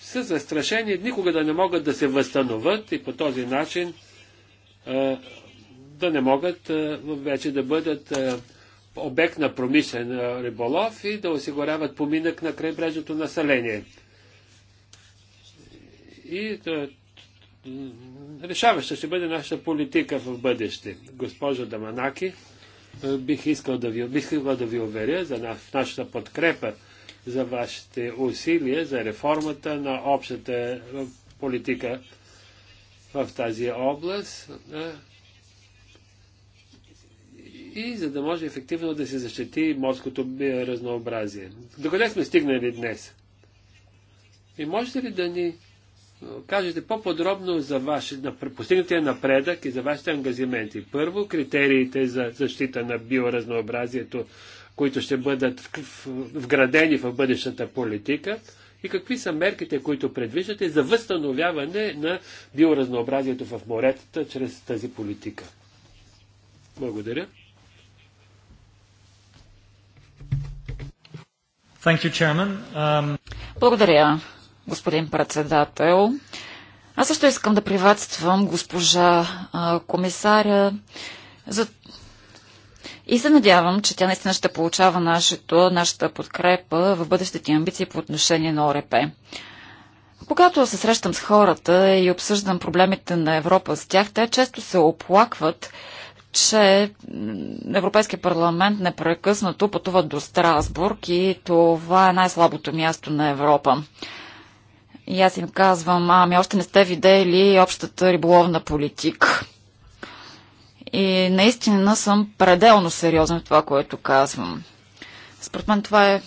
са застрашени никога да не могат да се възстановят и по този начин да не могат вече да бъдат обект на промишлен риболов и да осигуряват поминък на крайбрежното население. И да, решаваща ще бъде нашата политика в бъдеще. Госпожо Даманаки, бих искал да ви, бих искал да ви уверя за нашата подкрепа за вашите усилия за реформата на общата политика в тази област и за да може ефективно да се защити морското разнообразие. Докъде сме стигнали днес? И можете ли да ни кажете по-подробно за ваше, на постигнатия напредък и за вашите ангазименти? Първо, критериите за защита на биоразнообразието, които ще бъдат вградени в бъдещата политика и какви са мерките, които предвиждате за възстановяване на биоразнообразието в моретата чрез тази политика. Благодаря. Um, Благодаря, господин председател. Аз също искам да приветствам госпожа комисаря за... и се надявам, че тя наистина ще получава нашето, нашата подкрепа в бъдещите амбиции по отношение на ОРП. Когато се срещам с хората и обсъждам проблемите на Европа с тях, те често се оплакват, че Европейския парламент непрекъснато пътува до Страсбург и това е най-слабото място на Европа. И аз им казвам, ами още не сте видели общата риболовна политика. И наистина съм пределно сериозен в това, което казвам. Според мен това е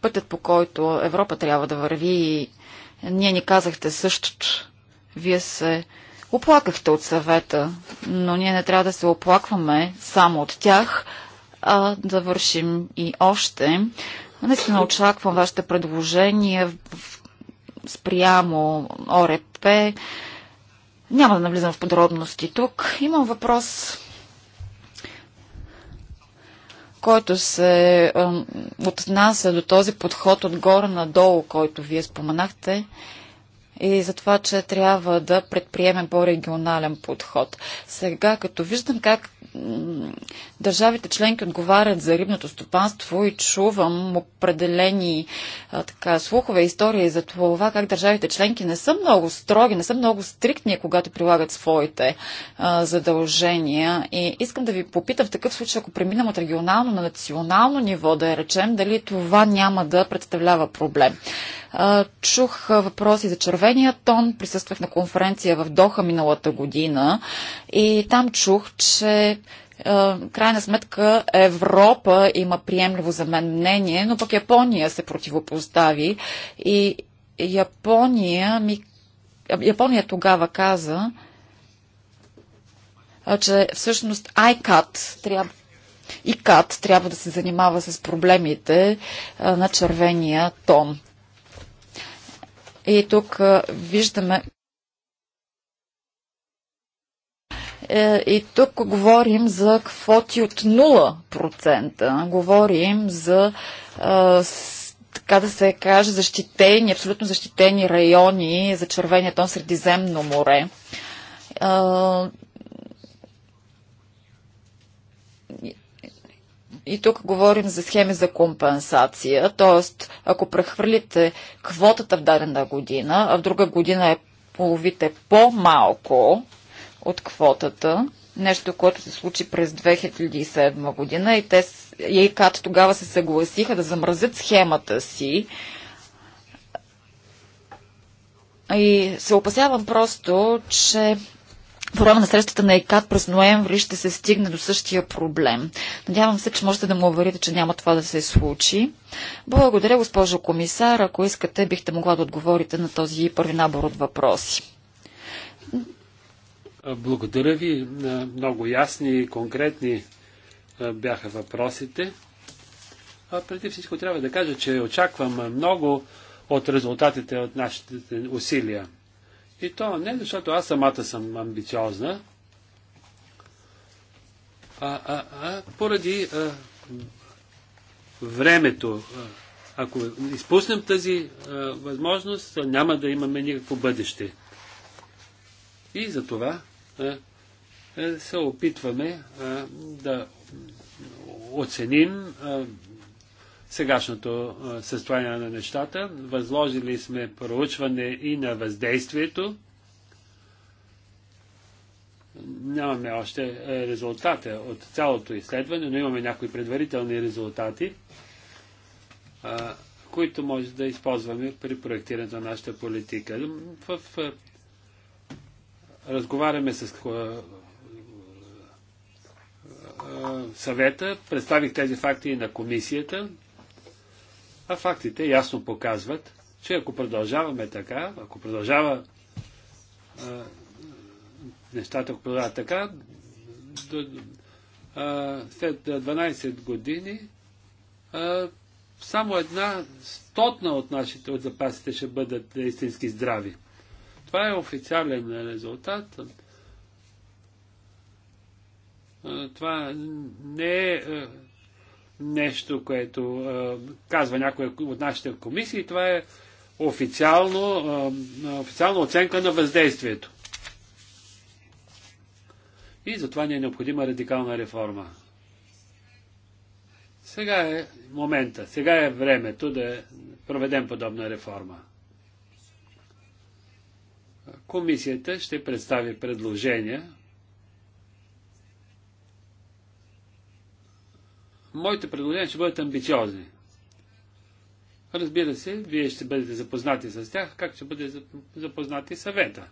пътят по който Европа трябва да върви и ние ни казахте същото. Вие се оплакахте от съвета, но ние не трябва да се оплакваме само от тях, а да вършим и още. Наистина очаквам вашите предложения спрямо ОРП. Няма да навлизам в подробности тук. Имам въпрос който се отнася до този подход отгоре надолу, който вие споменахте, и за това, че трябва да предприемем по-регионален подход. Сега, като виждам как държавите членки отговарят за рибното стопанство и чувам определени а, така, слухове, истории за това как държавите членки не са много строги, не са много стриктни, когато прилагат своите а, задължения. И искам да ви попитам в такъв случай, ако преминем от регионално на национално ниво, да я речем, дали това няма да представлява проблем. А, чух въпроси за червен вдъхновения тон. Присъствах на конференция в Доха миналата година и там чух, че е, крайна сметка Европа има приемливо за мен мнение, но пък Япония се противопостави и Япония ми Япония тогава каза, е, че всъщност ICAT трябва и КАТ трябва да се занимава с проблемите е, на червения тон. И тук виждаме е, И тук говорим за квоти от 0%. Говорим за така да се каже, защитени, абсолютно защитени райони за червения тон Средиземно море. И тук говорим за схеми за компенсация, т.е. ако прехвърлите квотата в дадена година, а в друга година е половите по-малко от квотата, нещо, което се случи през 2007 година и те, И ЕИКАТ тогава се съгласиха да замразят схемата си, и се опасявам просто, че по време на срещата на ЕКАД през ноември ще се стигне до същия проблем. Надявам се, че можете да му уверите, че няма това да се случи. Благодаря, госпожо комисар. Ако искате, бихте могла да отговорите на този първи набор от въпроси. Благодаря ви. Много ясни и конкретни бяха въпросите. А преди всичко трябва да кажа, че очаквам много от резултатите от нашите усилия. И то не защото аз самата съм амбициозна, а, а, а поради а, времето. Ако изпуснем тази а, възможност, няма да имаме никакво бъдеще. И за това е, се опитваме а, да оценим а, сегашното състояние на нещата. Възложили сме проучване и на въздействието. Нямаме още резултата от цялото изследване, но имаме някои предварителни резултати, които може да използваме при проектирането на нашата политика. В, разговаряме с съвета, представих тези факти и на комисията. А фактите ясно показват, че ако продължаваме така, ако продължава а, нещата, ако продължават така, до, а, след 12 години а, само една стотна от нашите от запасите ще бъдат истински здрави. Това е официален резултат. Това не е нещо, което а, казва някой от нашите комисии. Това е официално, а, официална оценка на въздействието. И затова ни е необходима радикална реформа. Сега е момента, сега е времето да проведем подобна реформа. Комисията ще представи предложения моите предложения ще бъдат амбициозни. Разбира се, вие ще бъдете запознати с тях, как ще бъде запознати съвета.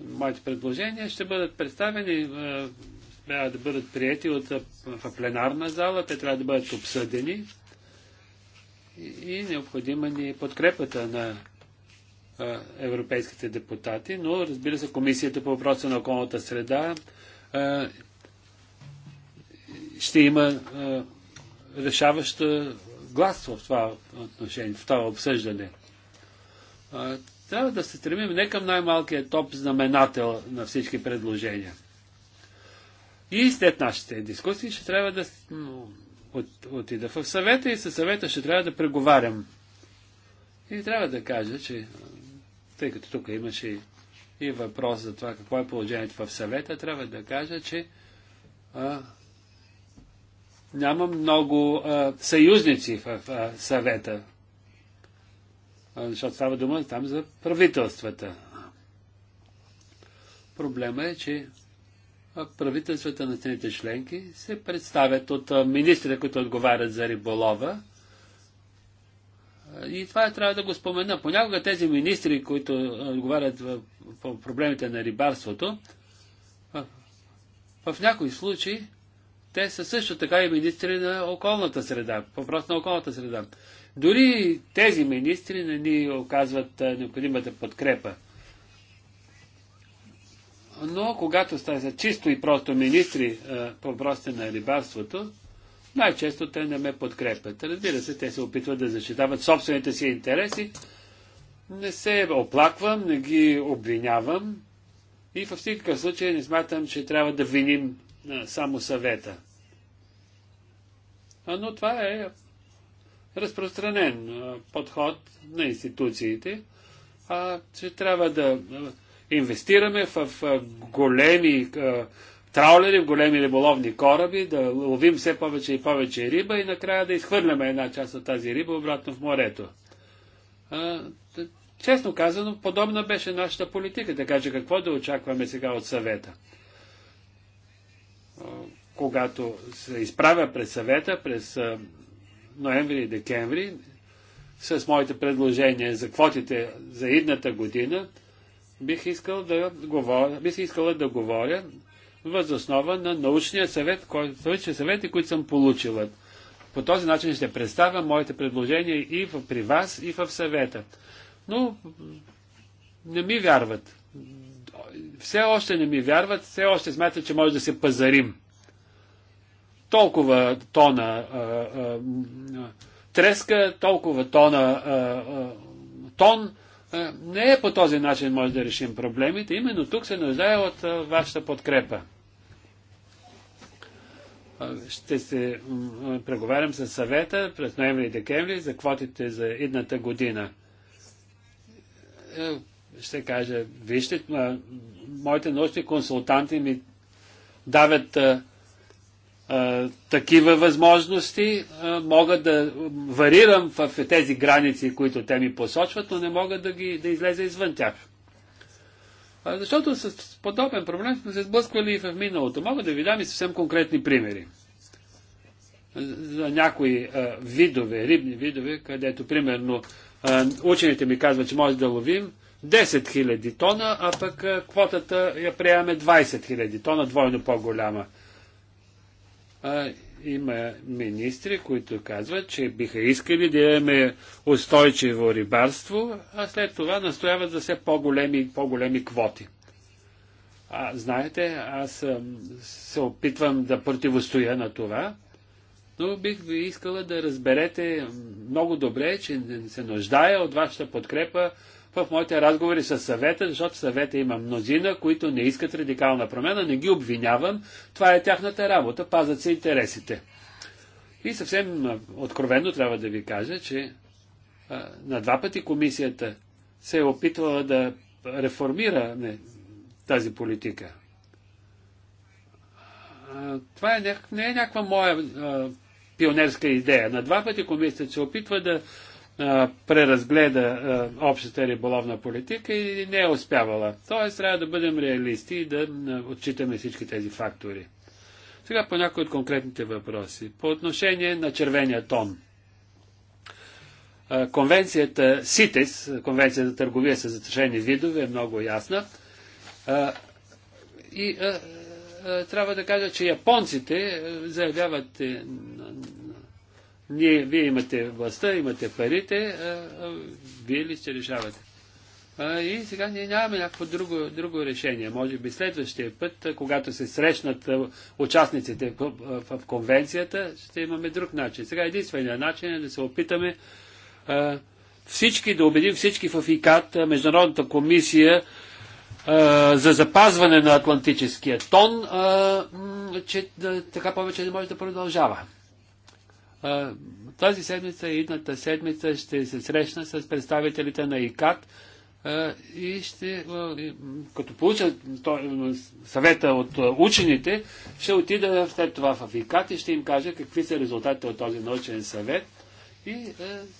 Моите предложения ще бъдат представени, е, трябва да бъдат приети от, е, в пленарна зала, те трябва да бъдат обсъдени и необходима ни е подкрепата на европейските депутати, но разбира се, Комисията по въпроса на околната среда ще има е, решаваща глас в това отношение, в това обсъждане. Трябва да се стремим не към най малкият топ знаменател на всички предложения. И след нашите дискусии ще трябва да от, отида в съвета и със съвета ще трябва да преговарям. И трябва да кажа, че тъй като тук имаше и въпрос за това какво е положението в съвета, трябва да кажа, че а, няма много а, съюзници в а, съвета. А, защото става дума там за правителствата. Проблема е, че правителствата на страните членки се представят от министрите, които отговарят за риболова. И това трябва да го спомена. Понякога тези министри, които отговарят по проблемите на рибарството, в някои случаи те са също така и министри на околната среда, въпрос на околната среда. Дори тези министри не ни оказват необходимата подкрепа. Но когато става за чисто и просто министри по въпросите на рибарството, най-често те не ме подкрепят. Разбира се, те се опитват да защитават собствените си интереси. Не се оплаквам, не ги обвинявам и във всякакъв случай не смятам, че трябва да виним само съвета но това е разпространен подход на институциите, а че трябва да инвестираме в големи траулери, в големи риболовни кораби, да ловим все повече и повече риба и накрая да изхвърляме една част от тази риба обратно в морето. Честно казано, подобна беше нашата политика, така че какво да очакваме сега от съвета? когато се изправя пред съвета през ноември и декември с моите предложения за квотите за едната година, бих, искал да говоря, бих искала да говоря основа на научния съвет, който съвети, които съм получила. По този начин ще представя моите предложения и в, при вас, и в съвета. Но не ми вярват. Все още не ми вярват, все още смятат, че може да се пазарим толкова тона а, а, треска, толкова тона а, тон. Не е по този начин може да решим проблемите. Именно тук се нуждае от вашата подкрепа. Ще се преговарям с съвета през ноември и декември за квотите за едната година. Е, ще кажа, вижте, моите научни консултанти ми давят такива възможности. А, мога да варирам в тези граници, които те ми посочват, но не мога да, ги, да излеза извън тях. А, защото с подобен проблем сме се сблъсквали и в миналото. Мога да ви дам и съвсем конкретни примери. За някои а, видове, рибни видове, където примерно а, учените ми казват, че може да ловим 10 000 тона, а пък а, квотата я приемаме 20 000 тона, двойно по-голяма а, има министри, които казват, че биха искали да имаме устойчиво рибарство, а след това настояват за все по-големи, по-големи квоти. А, знаете, аз се опитвам да противостоя на това, но бих ви искала да разберете много добре, че се нуждая от вашата подкрепа в моите разговори с съвета, защото съвета има мнозина, които не искат радикална промяна, не ги обвинявам. Това е тяхната работа, пазат се интересите. И съвсем откровенно трябва да ви кажа, че а, на два пъти комисията се е опитвала да реформира не, тази политика. А, това е, не е някаква моя а, пионерска идея. На два пъти комисията се опитва да преразгледа общата риболовна политика и не е успявала. Тоест трябва да бъдем реалисти и да отчитаме всички тези фактори. Сега по някои от конкретните въпроси. По отношение на червения тон. конвенцията СИТЕС, Конвенция за търговия с застрашени видове, е много ясна. и трябва да кажа, че японците заявяват е, ние, вие имате властта, имате парите, а, а, вие ли ще решавате? А, и сега ние нямаме някакво друго, друго решение. Може би следващия път, когато се срещнат участниците в, в конвенцията, ще имаме друг начин. Сега единственият начин е да се опитаме а, всички, да убедим всички в ИКАТ, Международната комисия а, за запазване на атлантическия тон, а, че да, така повече не може да продължава. Тази седмица и едната седмица ще се срещна с представителите на ИКАТ и ще, като получа съвета от учените, ще отида след това в ИКАТ и ще им кажа какви са резултатите от този научен съвет и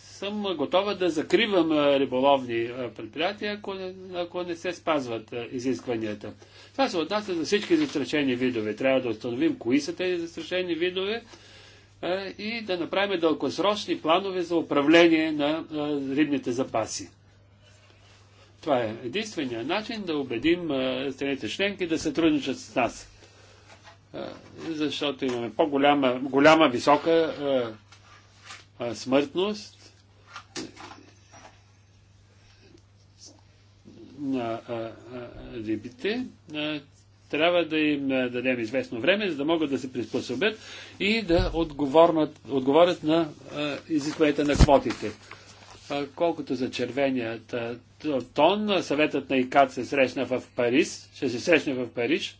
съм готова да закривам риболовни предприятия, ако не, ако не се спазват изискванията. Това се отнася за всички застрашени видове. Трябва да установим кои са тези застрашени видове и да направим дългосрочни планове за управление на рибните запаси. Това е единствения начин да убедим страните членки да сътрудничат с нас. Защото имаме по-голяма, голяма, висока смъртност на рибите трябва да им е, дадем известно време, за да могат да се приспособят и да отговорят на е, изискванията на квотите. Колкото за червеният е, тон, съветът на ИКАД се срещна в Париж, ще се срещне в Париж.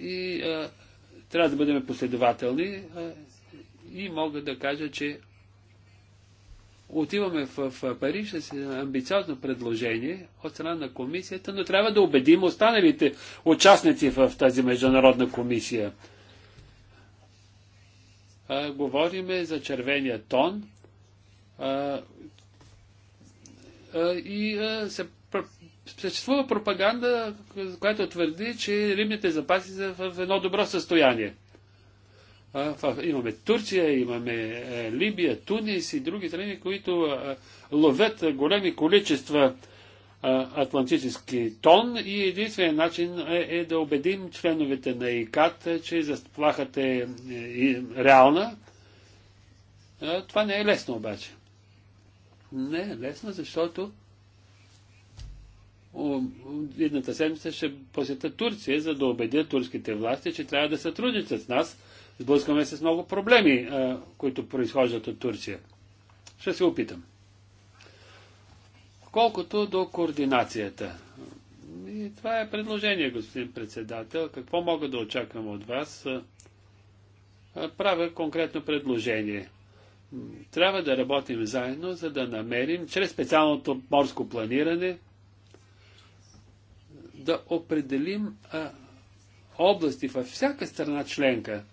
И трябва да бъдем последователни и мога да кажа, че отиваме в Париж с амбициозно предложение от страна на комисията, но трябва да убедим останалите участници в тази международна комисия. А, говориме за червения тон а, а, и а, се съществува пропаганда, която твърди, че римните запаси са в едно добро състояние. Имаме Турция, имаме е, Либия, Тунис и други страни, които е, ловят големи количества е, атлантически тон и единственият начин е, е да убедим членовете на ИКАТ, че заплахата е реална. Това не е лесно обаче. Не е лесно, защото едната седмица ще посета Турция, за да убедя турските власти, че трябва да сътрудничат с нас, сблъскваме с много проблеми, които произхождат от Турция. Ще се опитам. Колкото до координацията. И това е предложение, господин председател. Какво мога да очаквам от вас? Правя конкретно предложение. Трябва да работим заедно, за да намерим, чрез специалното морско планиране, да определим области във всяка страна членка,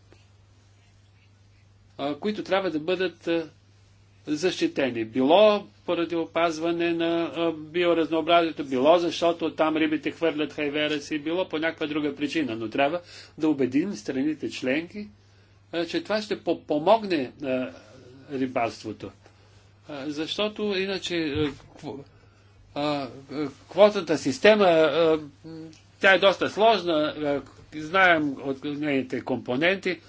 които трябва да бъдат защитени. Било поради опазване на биоразнообразието, било защото там рибите хвърлят хайвера си, било по някаква друга причина. Но трябва да убедим страните членки, че това ще помогне рибарството. Защото иначе квотната система, тя е доста сложна, знаем от нейните компоненти,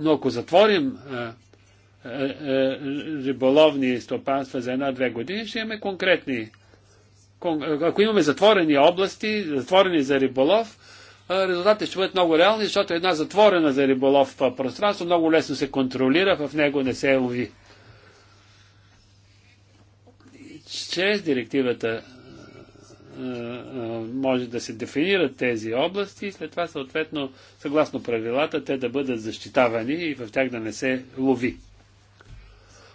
но ако затворим е, е, е, риболовни стопанства за една-две години, ще имаме конкретни. Ако имаме затворени области, затворени за риболов, резултатите ще бъдат много реални, защото една затворена за риболов пространство много лесно се контролира, в него не се лови. Чрез директивата е, е, може да се дефинират тези области и след това съответно, съгласно правилата, те да бъдат защитавани и в тях да не се лови.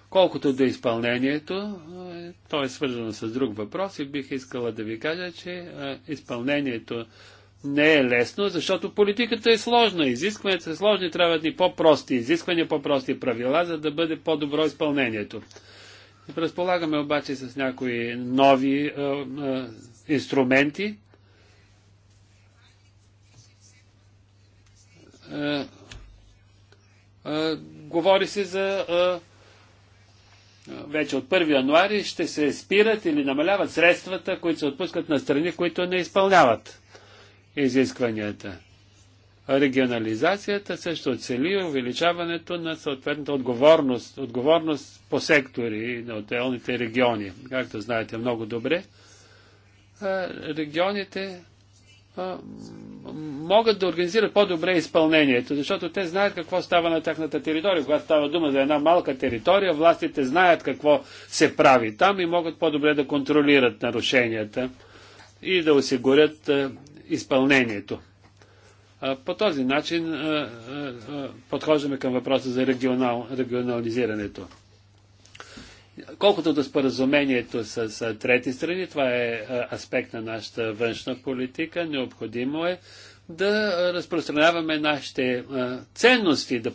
Колкото до изпълнението, е, то е свързано с друг въпрос и бих искала да ви кажа, че изпълнението не е лесно, защото политиката е сложна, изискванията са сложни, трябват да ни по-прости изисквания, по-прости правила, за да бъде по-добро изпълнението. Разполагаме обаче с някои нови а, а, инструменти, е, е, говори се за е, вече от 1 януари ще се спират или намаляват средствата, които се отпускат на страни, които не изпълняват изискванията. Регионализацията също цели увеличаването на съответната отговорност, отговорност по сектори на отделните региони. Както знаете много добре, регионите могат да организират по-добре изпълнението, защото те знаят какво става на тяхната територия. Когато става дума за една малка територия, властите знаят какво се прави там и могат по-добре да контролират нарушенията и да осигурят изпълнението. По този начин подхождаме към въпроса за регионал, регионализирането. Колкото до споразумението с, с трети страни, това е аспект на нашата външна политика. Необходимо е да разпространяваме нашите ценности, да,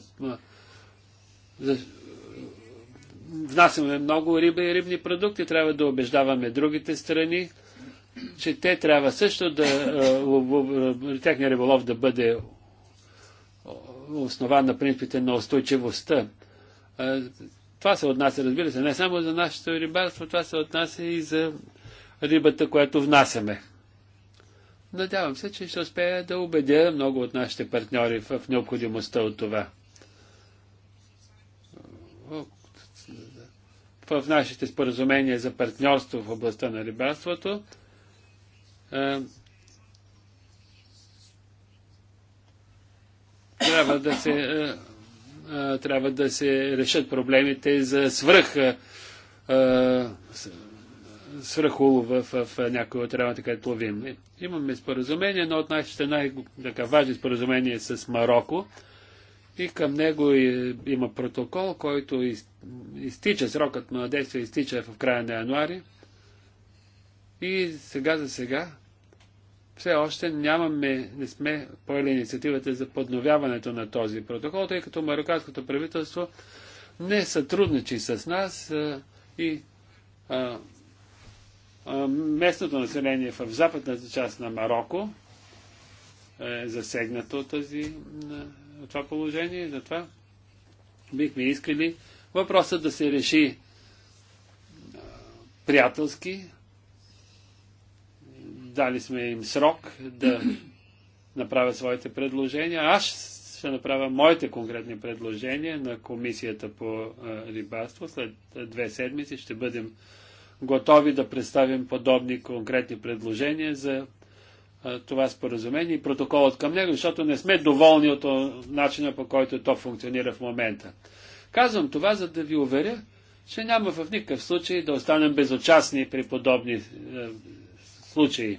да внасяме много риба и рибни продукти, трябва да убеждаваме другите страни, че те трябва също да техния риболов да бъде основан на принципите на устойчивостта. Това се отнася, разбира се, не само за нашето рибарство, това се отнася и за рибата, която внасяме. Надявам се, че ще успея да убедя много от нашите партньори в необходимостта от това. В нашите споразумения за партньорство в областта на рибарството е, трябва да се е, трябва да се решат проблемите за свръх свръхулов в, в, в някои от районите, където ловим. Е, имаме споразумение, но от нашите най-важни споразумения е с Марокко. И към него и, има протокол, който из, изтича, срокът на действие изтича в края на януари. И сега за сега все още нямаме, не сме поели инициативата за подновяването на този протокол, тъй като марокканското правителство не сътрудничи с нас а, и а, а, местното население в западната част на Марокко е засегнато от, тази, от това положение. Затова бихме искали въпросът да се реши приятелски, дали сме им срок да направят своите предложения. Аз ще направя моите конкретни предложения на Комисията по рибарство. След две седмици ще бъдем готови да представим подобни конкретни предложения за това споразумение и протоколът към него, защото не сме доволни от начина по който то функционира в момента. Казвам това, за да ви уверя, че няма в никакъв случай да останем безучастни при подобни случаи.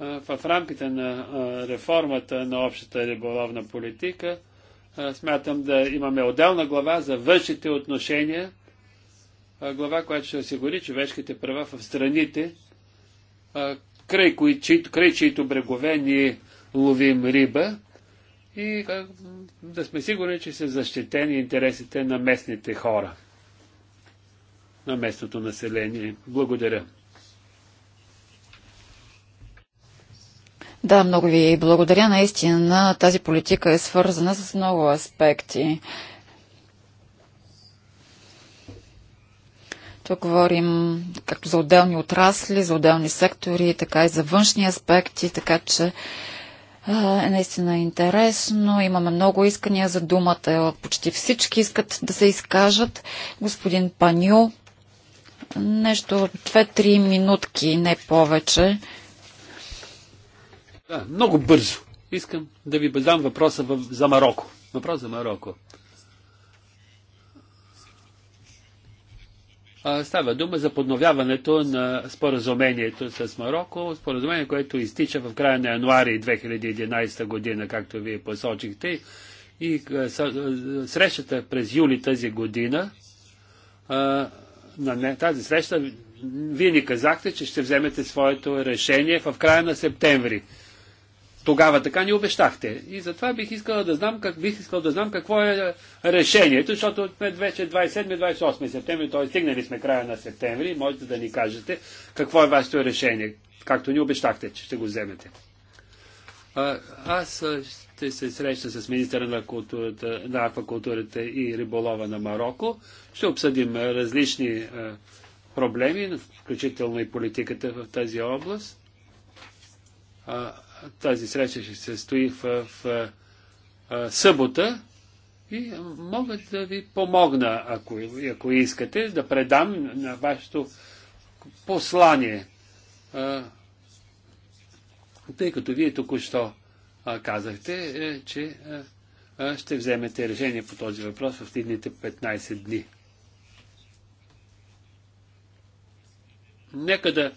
В рамките на реформата на общата риболовна политика смятам да имаме отделна глава за външните отношения, глава, която ще осигури човешките права в страните, край, кои, чието, край чието брегове ни ловим риба и да сме сигурни, че са защитени интересите на местните хора, на местното население. Благодаря. Да, много ви благодаря. Наистина тази политика е свързана с много аспекти. Тук говорим както за отделни отрасли, за отделни сектори, така и за външни аспекти, така че е наистина интересно. Имаме много искания за думата. Почти всички искат да се изкажат. Господин Паню, нещо 2-3 минутки, не повече. Да, много бързо. Искам да ви задам въпроса в... за Марокко. Въпрос за Марокко. Става дума за подновяването на споразумението с Марокко, споразумение, което изтича в края на януари 2011 година, както вие посочихте. И срещата през юли тази година, на тази среща, вие ни казахте, че ще вземете своето решение в края на септември. Тогава така ни обещахте. И затова бих искал да знам, как, бих искал да знам какво е решението, защото сме вече 27-28 септември, т.е. стигнали сме края на септември. Можете да ни кажете какво е вашето решение, както ни обещахте, че ще го вземете. А, аз ще се срещна с министъра на, културата, на аквакултурата и риболова на Марокко. Ще обсъдим различни проблеми, включително и политиката в тази област. Тази среща ще се стои в, в, в събота и мога да ви помогна, ако, ако искате, да предам на вашето послание. А, тъй като вие току-що казахте, е, че а, ще вземете решение по този въпрос в следните 15 дни. Нека да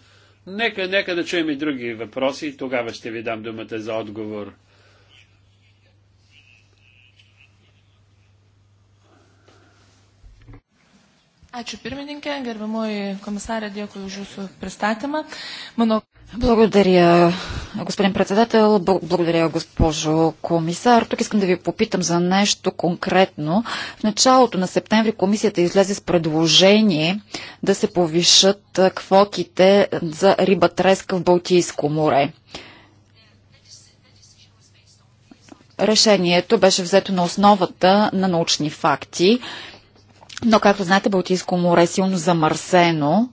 Нека, нека да чуем и други въпроси, тогава ще ви дам думата за отговор. Ačiū pirmininkė, gerbiamoji komisarė, dėkui už jūsų pristatymą. Manau... Благодаря, господин председател. Благодаря, госпожо комисар. Тук искам да ви попитам за нещо конкретно. В началото на септември комисията излезе с предложение да се повишат квотите за риба треска в Балтийско море. Решението беше взето на основата на научни факти, но както знаете, Балтийско море е силно замърсено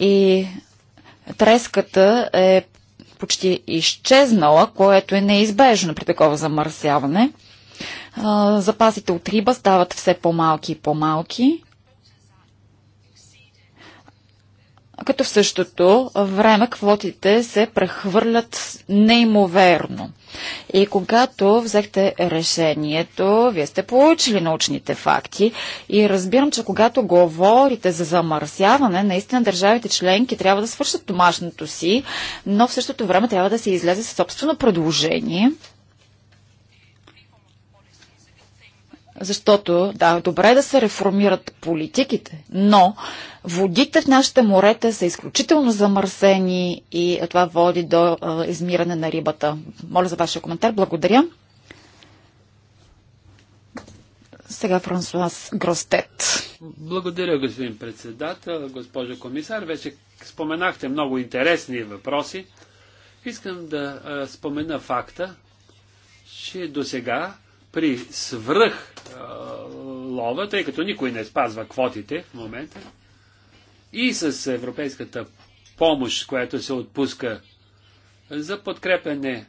и треската е почти изчезнала, което е неизбежно при такова замърсяване. Запасите от риба стават все по-малки и по-малки. като в същото време квотите се прехвърлят неимоверно. И когато взехте решението, вие сте получили научните факти и разбирам, че когато говорите за замърсяване, наистина държавите членки трябва да свършат домашното си, но в същото време трябва да се излезе със собствено предложение – Защото, да, добре е да се реформират политиките, но водите в нашите морета са изключително замърсени и това води до а, измиране на рибата. Моля за вашия коментар. Благодаря. Сега Франсуас Гростет. Благодаря, господин председател, госпожо комисар. Вече споменахте много интересни въпроси. Искам да а, спомена факта, че до сега при свръх лова, тъй като никой не спазва квотите в момента, и с европейската помощ, която се отпуска за подкрепене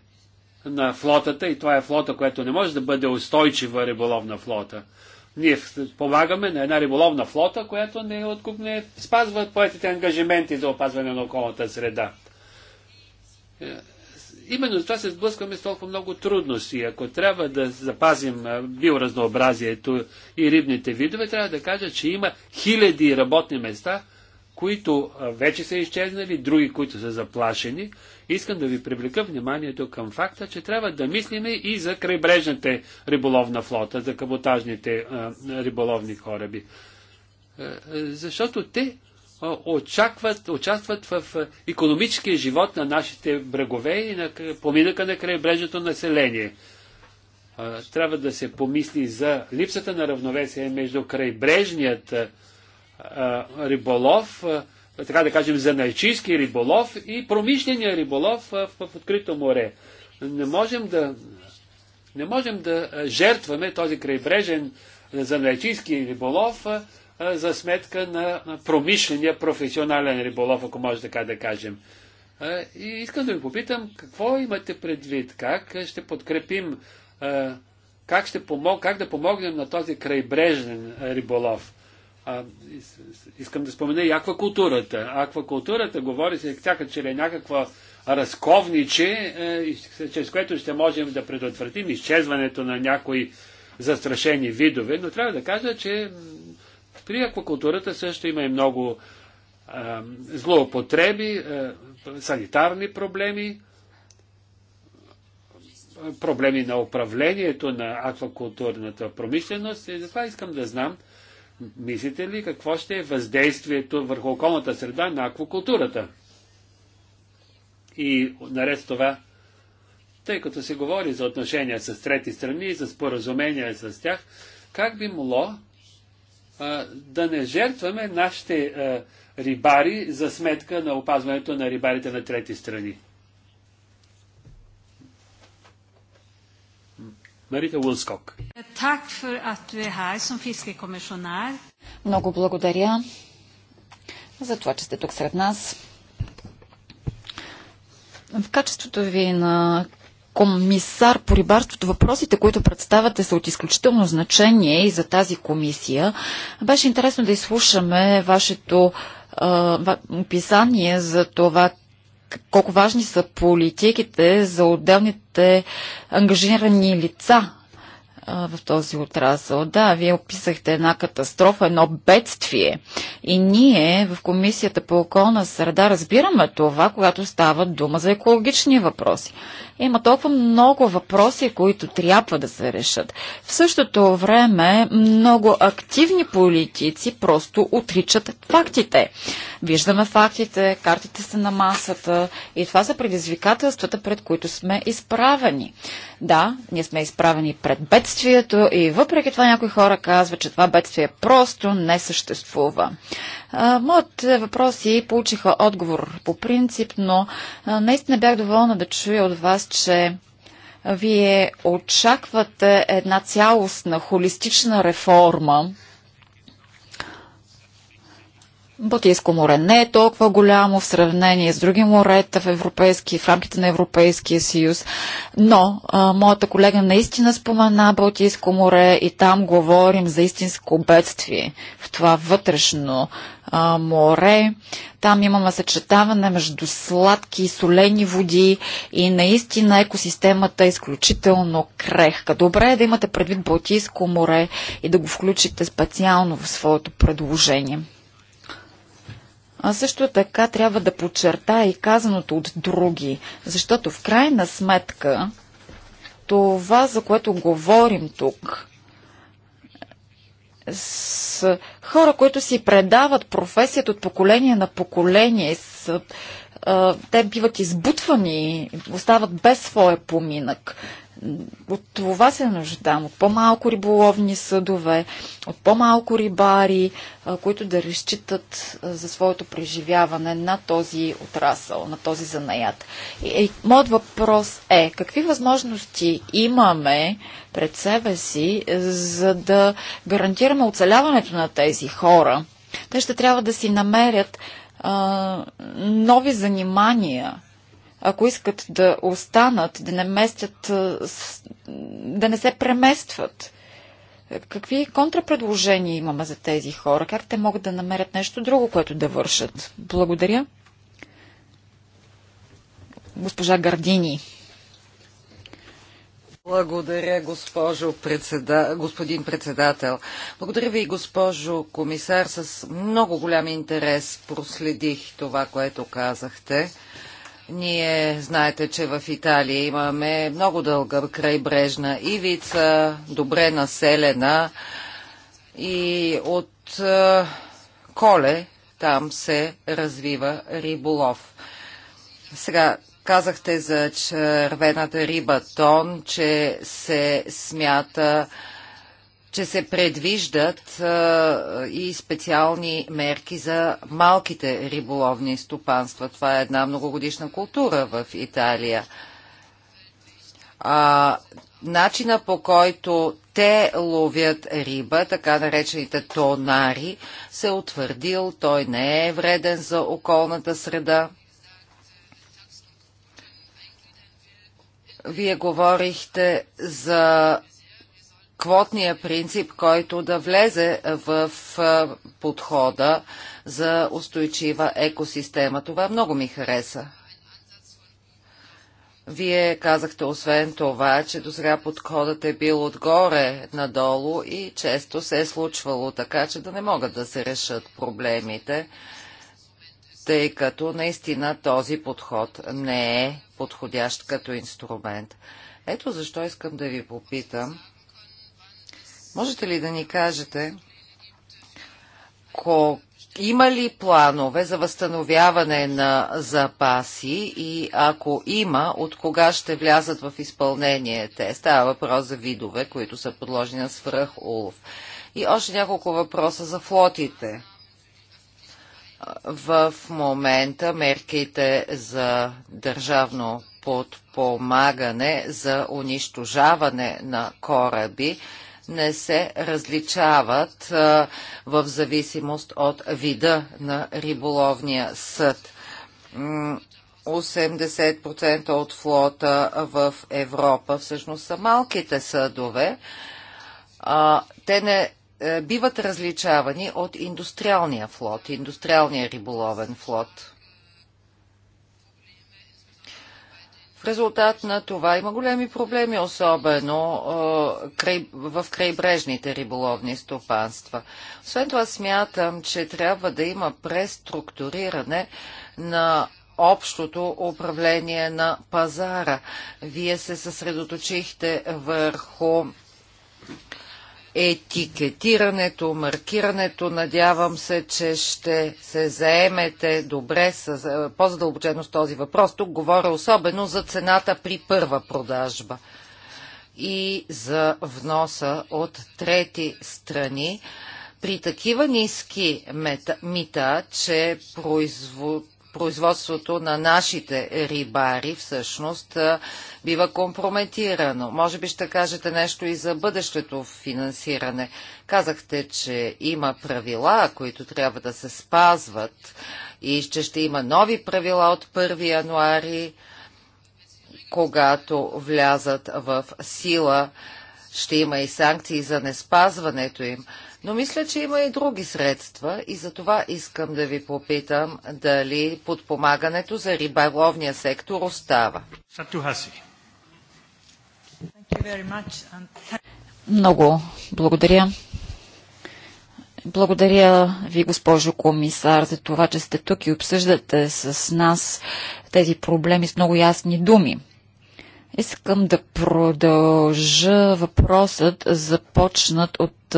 на флотата, и това е флота, която не може да бъде устойчива риболовна флота. Ние помагаме на една риболовна флота, която не, е откуп, не спазва поетите ангажименти за опазване на околната среда. Е, именно това се сблъскваме с толкова много трудности. Ако трябва да запазим биоразнообразието и рибните видове, трябва да кажа, че има хиляди работни места, които вече са изчезнали, други, които са заплашени. Искам да ви привлека вниманието към факта, че трябва да мислиме и за крайбрежната риболовна флота, за каботажните риболовни кораби. защото те очакват, участват в економическия живот на нашите брегове и на поминъка на крайбрежното население. Трябва да се помисли за липсата на равновесие между крайбрежният риболов, така да кажем, за занайчийски риболов и промишления риболов в, открито море. Не можем да, не можем да жертваме този крайбрежен занайчийски риболов за сметка на промишления професионален риболов, ако може така да кажем. И искам да ви попитам, какво имате предвид? Как ще подкрепим, как, ще помог, как да помогнем на този крайбрежен риболов? Искам да спомена и аквакултурата. Аквакултурата, говори се, всяка че е някаква разковниче, е, чрез което ще можем да предотвратим изчезването на някои застрашени видове, но трябва да кажа, че при аквакултурата също има и много е, злоупотреби, е, санитарни проблеми, проблеми на управлението на аквакултурната промишленост и затова искам да знам, мислите ли какво ще е въздействието върху околната среда на аквакултурата? И наред с това, тъй като се говори за отношения с трети страни, и за споразумения с тях, как би могло да не жертваме нашите рибари за сметка на опазването на рибарите на трети страни. Марита Уилскок. Много благодаря за това, че сте тук сред нас. В качеството ви на комисар по рибарството, въпросите, които представяте, са от изключително значение и за тази комисия. Беше интересно да изслушаме вашето а, описание за това, колко важни са политиките за отделните ангажирани лица в този отрасъл. Да, вие описахте една катастрофа, едно бедствие. И ние в Комисията по околна среда разбираме това, когато става дума за екологични въпроси. Има толкова много въпроси, които трябва да се решат. В същото време много активни политици просто отричат фактите. Виждаме фактите, картите са на масата и това са предизвикателствата, пред които сме изправени. Да, ние сме изправени пред бедствието и въпреки това някои хора казват, че това бедствие просто не съществува. Моят въпроси получиха отговор по принцип, но наистина бях доволна да чуя от вас, че вие очаквате една цялостна, холистична реформа Балтийско море не е толкова голямо в сравнение с други морета в, европейски, в рамките на Европейския съюз, но а, моята колега наистина спомена Балтийско море и там говорим за истинско бедствие в това вътрешно а, море. Там имаме съчетаване между сладки и солени води и наистина екосистемата е изключително крехка. Добре е да имате предвид Балтийско море и да го включите специално в своето предложение. А също така трябва да подчерта и казаното от други, защото в крайна сметка това, за което говорим тук, с хора, които си предават професията от поколение на поколение, с, а, те биват избутвани, остават без своя поминък. От това се нуждам. От по-малко риболовни съдове, от по-малко рибари, които да разчитат за своето преживяване на този отрасъл, на този занаят. И, и моят въпрос е, какви възможности имаме пред себе си, за да гарантираме оцеляването на тези хора? Те ще трябва да си намерят а, нови занимания, ако искат да останат, да не местят, да не се преместват. Какви контрапредложения имаме за тези хора? Как те могат да намерят нещо друго, което да вършат? Благодаря. Госпожа Гардини. Благодаря, госпожо председа... господин председател. Благодаря ви, госпожо комисар. С много голям интерес проследих това, което казахте. Ние знаете, че в Италия имаме много дълга крайбрежна ивица, добре населена и от е, коле там се развива риболов. Сега казахте за червената риба тон, че се смята че се предвиждат а, и специални мерки за малките риболовни стопанства. Това е една многогодишна култура в Италия. А, начина по който те ловят риба, така наречените тонари, се е утвърдил, той не е вреден за околната среда. Вие говорихте за квотния принцип, който да влезе в подхода за устойчива екосистема. Това много ми хареса. Вие казахте освен това, че до сега подходът е бил отгоре надолу и често се е случвало така, че да не могат да се решат проблемите, тъй като наистина този подход не е подходящ като инструмент. Ето защо искам да ви попитам Можете ли да ни кажете, ко... има ли планове за възстановяване на запаси и ако има, от кога ще влязат в изпълнение те? Става въпрос за видове, които са подложени на свръх улов. И още няколко въпроса за флотите. В момента мерките за държавно подпомагане за унищожаване на кораби не се различават в зависимост от вида на риболовния съд. 80% от флота в Европа всъщност са малките съдове. те не е, биват различавани от индустриалния флот, индустриалния риболовен флот. резултат на това има големи проблеми, особено в крайбрежните риболовни стопанства. Освен това смятам, че трябва да има преструктуриране на общото управление на пазара. Вие се съсредоточихте върху етикетирането, маркирането. Надявам се, че ще се заемете добре, с, по-задълбочено с този въпрос. Тук говоря особено за цената при първа продажба и за вноса от трети страни. При такива ниски мета, мита, че производ производството на нашите рибари всъщност бива компрометирано. Може би ще кажете нещо и за бъдещето финансиране. Казахте, че има правила, които трябва да се спазват и че ще има нови правила от 1 януари, когато влязат в сила. Ще има и санкции за неспазването им. Но мисля, че има и други средства и за това искам да ви попитам дали подпомагането за рибаловния сектор остава. Много благодаря. Благодаря ви, госпожо комисар, за това, че сте тук и обсъждате с нас тези проблеми с много ясни думи. Искам да продължа въпросът, започнат от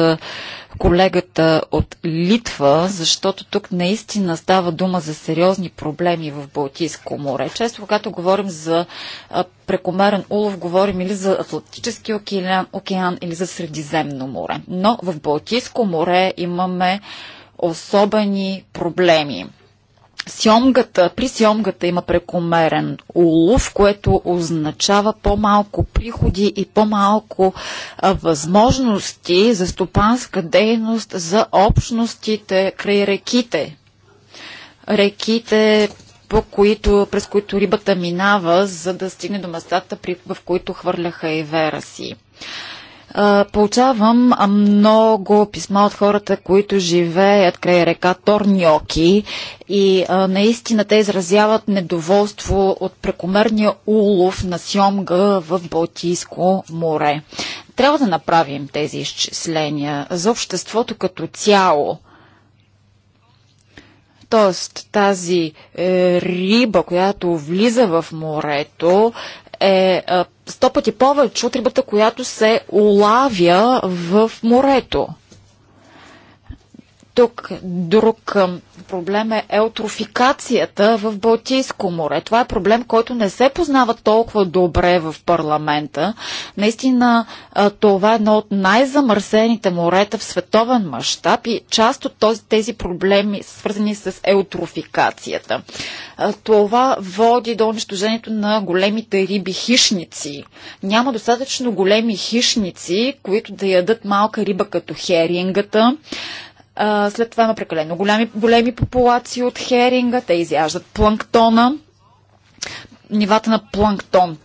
колегата от Литва, защото тук наистина става дума за сериозни проблеми в Балтийско море. Често, когато говорим за прекомерен улов, говорим или за Атлантически океан, океан или за Средиземно море. Но в Балтийско море имаме особени проблеми. Сьомгата, при сьомгата има прекомерен улов, което означава по-малко приходи и по-малко възможности за стопанска дейност за общностите край реките. Реките, по които, през които рибата минава, за да стигне до местата, в които хвърляха и вера си. Получавам много писма от хората, които живеят край река Торньоки и наистина те изразяват недоволство от прекомерния улов на сьомга в Балтийско море. Трябва да направим тези изчисления за обществото като цяло. Тоест тази е, риба, която влиза в морето, е сто пъти повече от рибата, която се улавя в морето тук друг проблем е елтрофикацията в Балтийско море. Това е проблем, който не се познава толкова добре в парламента. Наистина това е едно от най-замърсените морета в световен мащаб и част от този, тези проблеми са свързани с елтрофикацията. Това води до унищожението на големите риби хищници. Няма достатъчно големи хищници, които да ядат малка риба като херингата. А, след това има прекалено големи, големи популации от херинга, те изяждат планктона. Нивата на планктон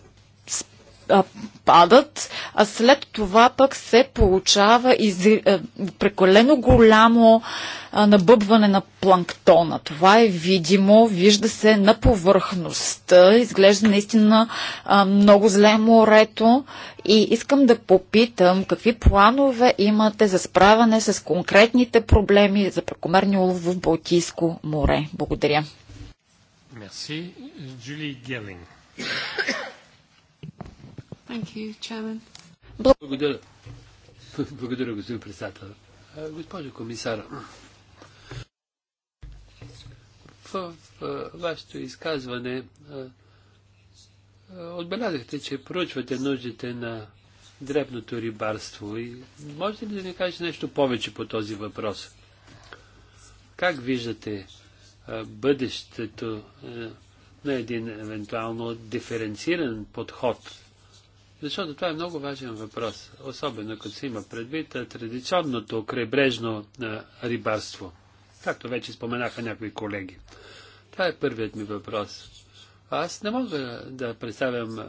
а, падат, а след това пък се получава из, а, прекалено голямо а, набъбване на планктона. Това е видимо, вижда се на повърхността, изглежда наистина а, много зле морето и искам да попитам какви планове имате за справяне с конкретните проблеми за прекомерни улов в Балтийско море. Благодаря. Мерси. Джули Гелинг. You, Благодаря. Благодаря, господин председател. Госпожо комисар, в, в вашето изказване отбелязахте, че проучвате нуждите на дребното рибарство. И можете ли да ни кажете нещо повече по този въпрос? Как виждате бъдещето на един евентуално диференциран подход защото това е много важен въпрос, особено като се има предвид традиционното крайбрежно рибарство, както вече споменаха някои колеги. Това е първият ми въпрос. Аз не мога да представям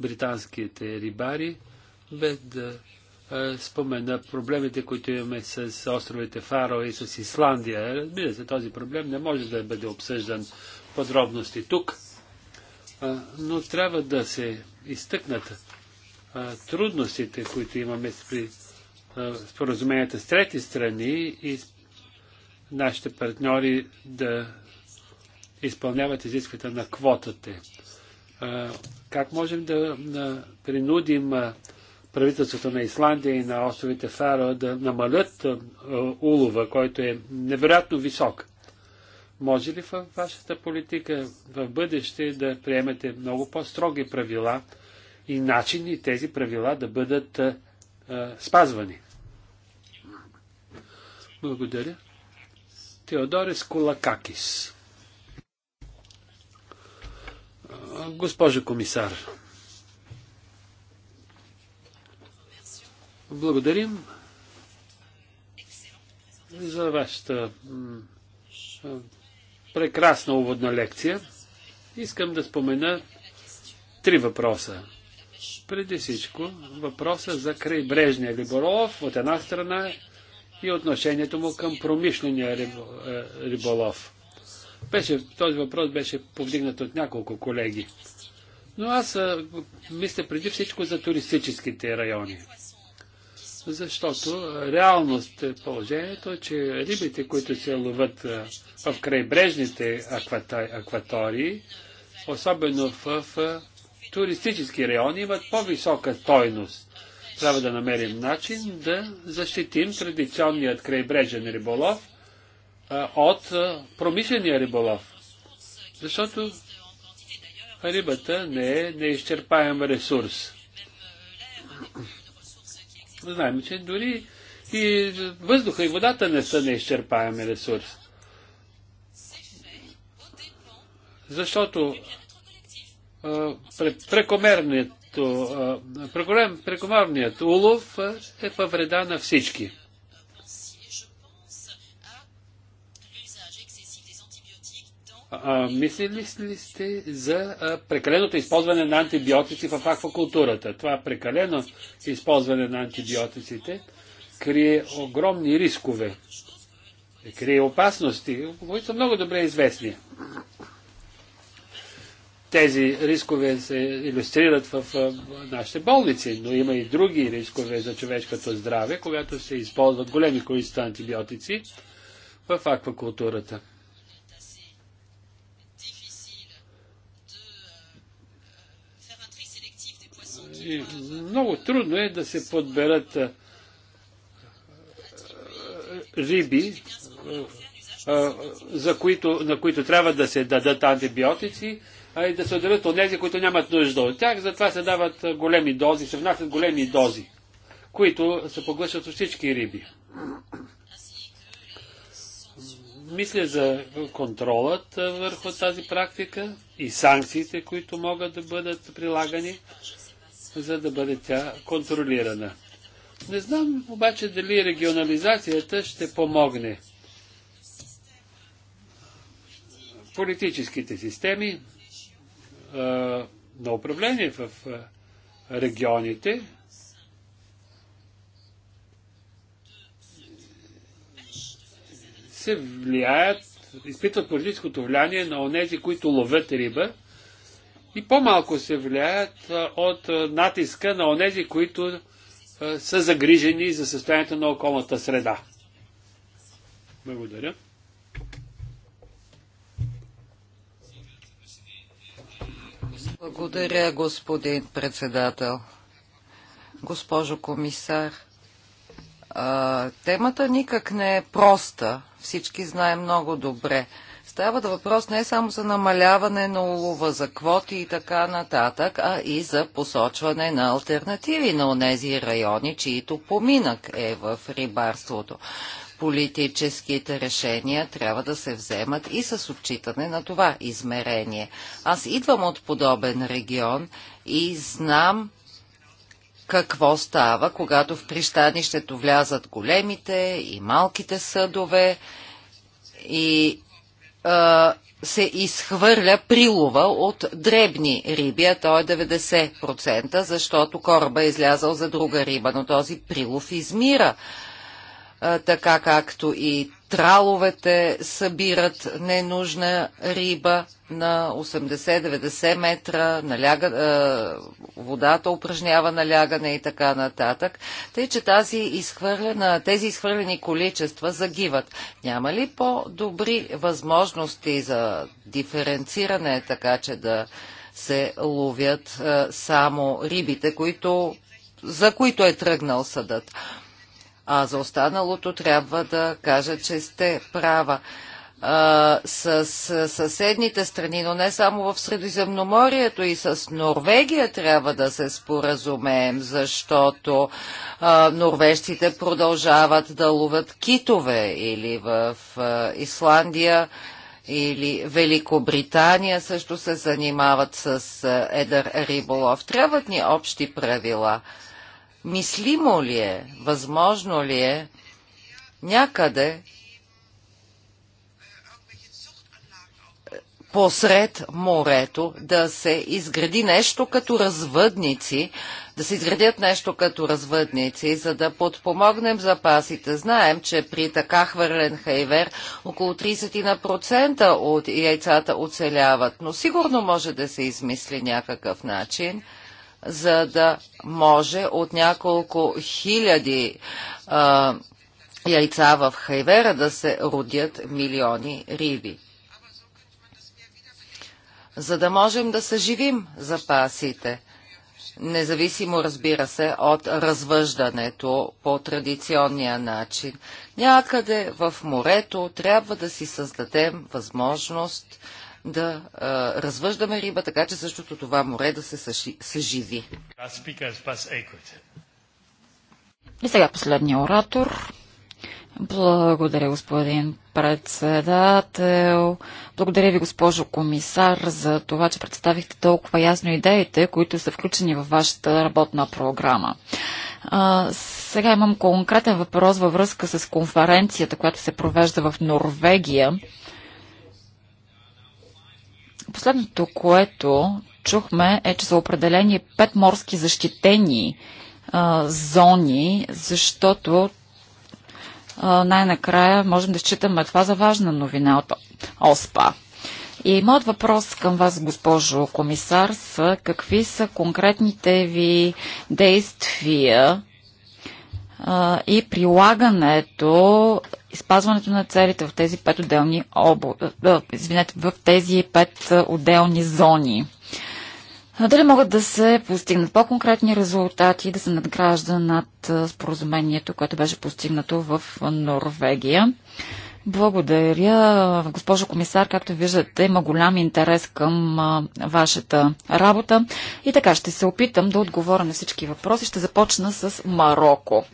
британските рибари без да спомена проблемите, които имаме с островите Фаро и с Исландия. Разбира се, този проблем не може да бъде обсъждан подробности тук но трябва да се изтъкнат трудностите, които имаме при споразуменията с трети страни и нашите партньори да изпълняват изискването на квотата. Как можем да принудим правителството на Исландия и на островите Фаро да намалят улова, който е невероятно висок? Може ли във вашата политика в бъдеще да приемете много по-строги правила и начини тези правила да бъдат а, а, спазвани? Благодаря. Теодорис Колакакис. Госпожо комисар, благодарим за вашата прекрасна уводна лекция. Искам да спомена три въпроса. Преди всичко въпроса за крайбрежния риболов от една страна и отношението му към промишления е, риболов. Беше, този въпрос беше повдигнат от няколко колеги. Но аз мисля преди всичко за туристическите райони защото реалност е положението, че рибите, които се ловят в крайбрежните акватории, особено в туристически райони, имат по-висока стойност. Трябва да намерим начин да защитим традиционният крайбрежен риболов от промишления риболов. Защото рибата не е неизчерпаем ресурс. Знаем, че дори и въздуха и водата не са неизчерпаеми ресурс. Защото прекомерният, прекомерният улов е във вреда на всички. А, мислили ли сте за а, прекаленото използване на антибиотици в аквакултурата? Това прекалено използване на антибиотиците крие огромни рискове, крие опасности, които са много добре известни. Тези рискове се иллюстрират в нашите болници, но има и други рискове за човешкото здраве, когато се използват големи количества антибиотици в аквакултурата. И много трудно е да се подберат риби, за които, на които трябва да се дадат антибиотици, а и да се отделят от тези, които нямат нужда от тях. Затова се дават големи дози, се внасят големи дози, които се поглъщат от всички риби. Мисля за контролът върху тази практика и санкциите, които могат да бъдат прилагани за да бъде тя контролирана. Не знам обаче дали регионализацията ще помогне. Политическите системи а, на управление в а, регионите се влияят, изпитват политическото влияние на онези, които ловят риба и по-малко се влияят от натиска на онези, които са загрижени за състоянието на околната среда. Благодаря. Благодаря, господин председател. Госпожо комисар, темата никак не е проста. Всички знаем много добре. Става да въпрос не само за намаляване на улова, за квоти и така нататък, а и за посочване на альтернативи на онези райони, чието поминък е в рибарството. Политическите решения трябва да се вземат и с отчитане на това измерение. Аз идвам от подобен регион и знам какво става, когато в пристанището влязат големите и малките съдове и се изхвърля прилова от дребни риби, а то е 90%, защото кораба е излязъл за друга риба, но този прилов измира. Така както и траловете събират ненужна риба на 80-90 метра, наляга, е, водата упражнява налягане и така нататък. Тъй, че тази изхвърлена, тези изхвърлени количества загиват. Няма ли по-добри възможности за диференциране, така че да се ловят е, само рибите, които, за които е тръгнал съдът? А за останалото трябва да кажа, че сте права. А, с, съседните страни, но не само в Средиземноморието и с Норвегия трябва да се споразумеем, защото а, норвежците продължават да ловят китове или в а, Исландия или Великобритания също се занимават с едър риболов. Трябват ни общи правила. Мислимо ли е, възможно ли е някъде е, посред морето да се изгради нещо като развъдници, да се изградят нещо като развъдници, за да подпомогнем запасите. Знаем, че при така хвърлен хайвер около 30% от яйцата оцеляват, но сигурно може да се измисли някакъв начин – за да може от няколко хиляди а, яйца в хайвера да се родят милиони риби. За да можем да съживим запасите, независимо разбира се от развъждането по традиционния начин, някъде в морето трябва да си създадем възможност да а, развъждаме риба, така че същото това море да се съживи. И сега последния оратор. Благодаря, господин председател. Благодаря ви, госпожо комисар, за това, че представихте толкова ясно идеите, които са включени във вашата работна програма. А, сега имам конкретен въпрос във връзка с конференцията, която се провежда в Норвегия Последното, което чухме е, че са определени пет морски защитени а, зони, защото най-накрая можем да считаме това за важна новина от ОСПА. И моят въпрос към вас, госпожо комисар, са какви са конкретните ви действия а, и прилагането изпазването на целите в тези пет отделни обо... Е, е, извинете, в тези пет е, отделни зони. Дали могат да се постигнат по-конкретни резултати и да се надгражда над споразумението, което беше постигнато в Норвегия? Благодаря, госпожо комисар. Както виждате, има голям интерес към вашата работа. И така, ще се опитам да отговоря на всички въпроси. Ще започна с Марокко.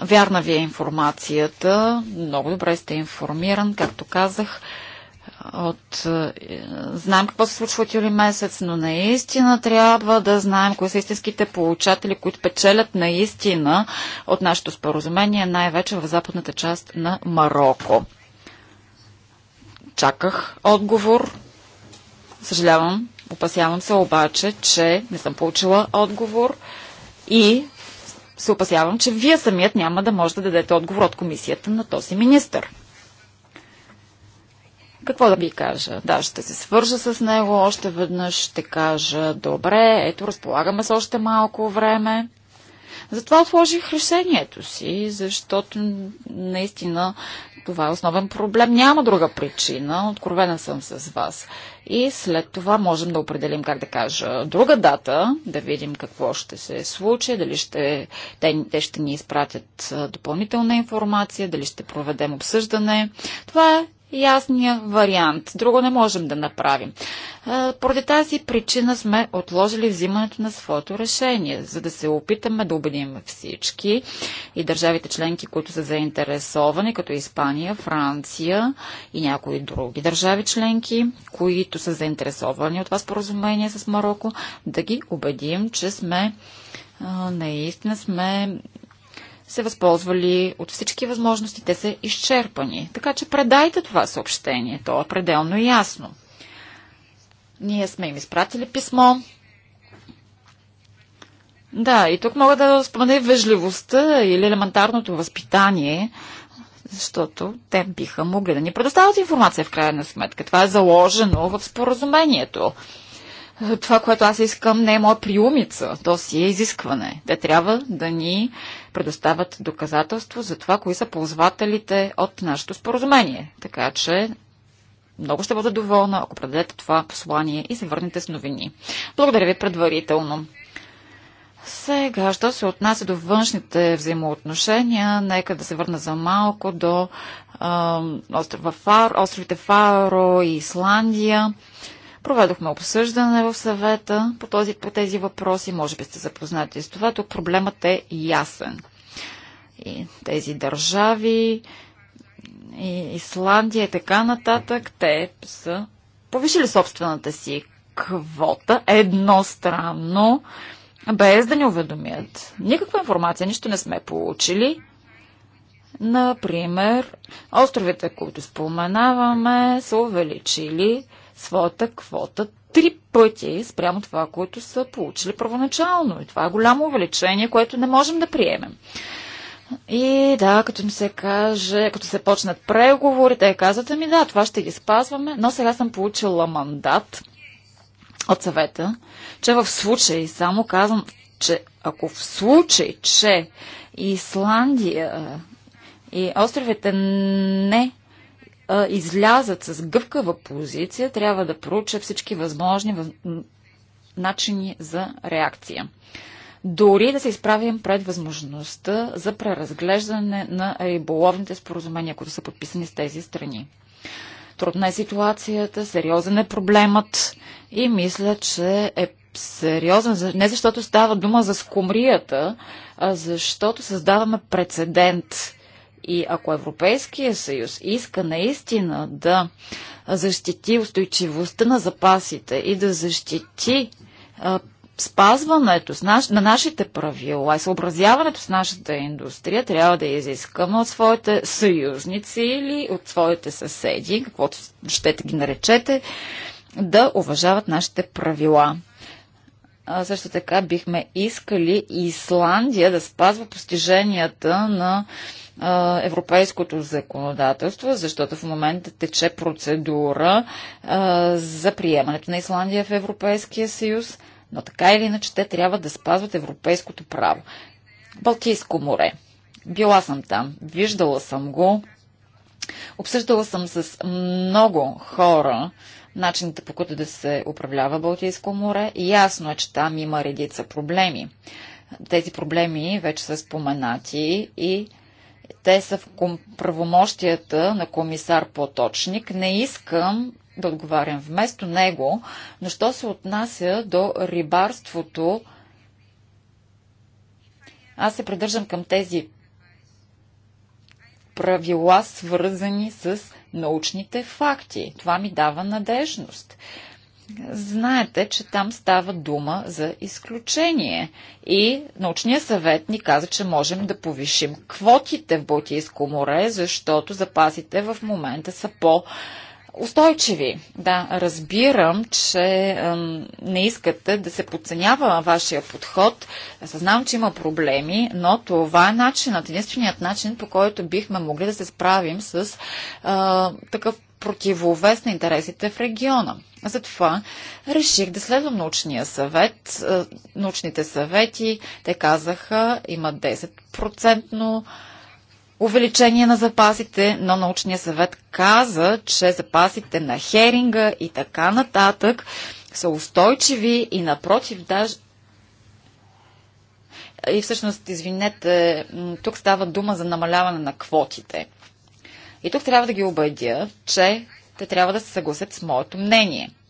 Вярна ви е информацията. Много добре сте информиран, както казах. От... Е, знаем какво се случва от юли месец, но наистина трябва да знаем кои са истинските получатели, които печелят наистина от нашето споразумение, най-вече в западната част на Марокко. Чаках отговор. Съжалявам, опасявам се обаче, че не съм получила отговор и се опасявам, че вие самият няма да може да дадете отговор от комисията на този министр. Какво да ви кажа? Да, ще се свържа с него още веднъж, ще кажа, добре, ето разполагаме с още малко време. Затова отложих решението си, защото наистина това е основен проблем. Няма друга причина. Откровена съм с вас. И след това можем да определим, как да кажа, друга дата, да видим какво ще се случи, дали ще, те, те ще ни изпратят допълнителна информация, дали ще проведем обсъждане. Това е ясния вариант. Друго не можем да направим. Е, поради тази причина сме отложили взимането на своето решение, за да се опитаме да убедим всички и държавите членки, които са заинтересовани, като Испания, Франция и някои други държави членки, които са заинтересовани от това споразумение с Марокко, да ги убедим, че сме е, наистина сме се възползвали от всички възможности, те са изчерпани. Така че предайте това съобщение, то е пределно ясно. Ние сме им изпратили писмо. Да, и тук мога да спомена и вежливостта или елементарното възпитание, защото те биха могли да ни предоставят информация в крайна сметка. Това е заложено в споразумението. Това, което аз искам, не е моя приумица, то си е изискване. Те трябва да ни предоставят доказателство за това, кои са ползвателите от нашето споразумение. Така че много ще бъда доволна, ако предадете това послание и се върнете с новини. Благодаря ви предварително. Сега, що се отнася до външните взаимоотношения, нека да се върна за малко до е, острова Фар, островите Фаро и Исландия. Е, Проведохме обсъждане в съвета по, този, по тези въпроси. Може би сте запознати с това. Тук проблемът е ясен. И тези държави, и Исландия и така нататък, те са повишили собствената си квота едностранно, без да ни уведомят. Никаква информация, нищо не сме получили. Например, островите, които споменаваме, са увеличили своята квота три пъти спрямо това, което са получили първоначално. И това е голямо увеличение, което не можем да приемем. И да, като ми се каже, като се почнат преговори, те казват, ми, да, това ще ги спазваме, но сега съм получила мандат от съвета, че в случай, само казвам, че ако в случай, че Исландия и островите не а, излязат с гъвкава позиция, трябва да проучат всички възможни въз... начини за реакция. Дори да се изправим пред възможността за преразглеждане на риболовните споразумения, които са подписани с тези страни. Трудна е ситуацията, сериозен е проблемът и мисля, че е сериозен. Не защото става дума за скумрията, а защото създаваме прецедент и ако Европейския съюз иска наистина да защити устойчивостта на запасите и да защити спазването с наш, на нашите правила и съобразяването с нашата индустрия, трябва да изискаме от своите съюзници или от своите съседи, каквото ще ги наречете, да уважават нашите правила. А, също така бихме искали Исландия да спазва постиженията на а, европейското законодателство, защото в момента тече процедура а, за приемането на Исландия в Европейския съюз, но така или иначе те трябва да спазват европейското право. Балтийско море. Била съм там, виждала съм го. Обсъждала съм с много хора начините по които да се управлява Балтийско море. Ясно е, че там има редица проблеми. Тези проблеми вече са споменати и те са в правомощията на комисар Поточник. Не искам да отговарям вместо него, но що се отнася до рибарството, аз се придържам към тези правила, свързани с научните факти. Това ми дава надежност. Знаете, че там става дума за изключение. И научният съвет ни каза, че можем да повишим квотите в Балтийско море, защото запасите в момента са по- устойчиви. Да, разбирам, че не искате да се подценява вашия подход. Съзнавам, че има проблеми, но това е начинът, единственият начин, по който бихме могли да се справим с такъв противовес на интересите в региона. Затова реших да следвам научния съвет. Научните съвети, те казаха, има 10% увеличение на запасите, но научният съвет каза, че запасите на херинга и така нататък са устойчиви и напротив, даже и всъщност, извинете, тук става дума за намаляване на квотите. И тук трябва да ги убедя, че те трябва да се съгласят с моето мнение –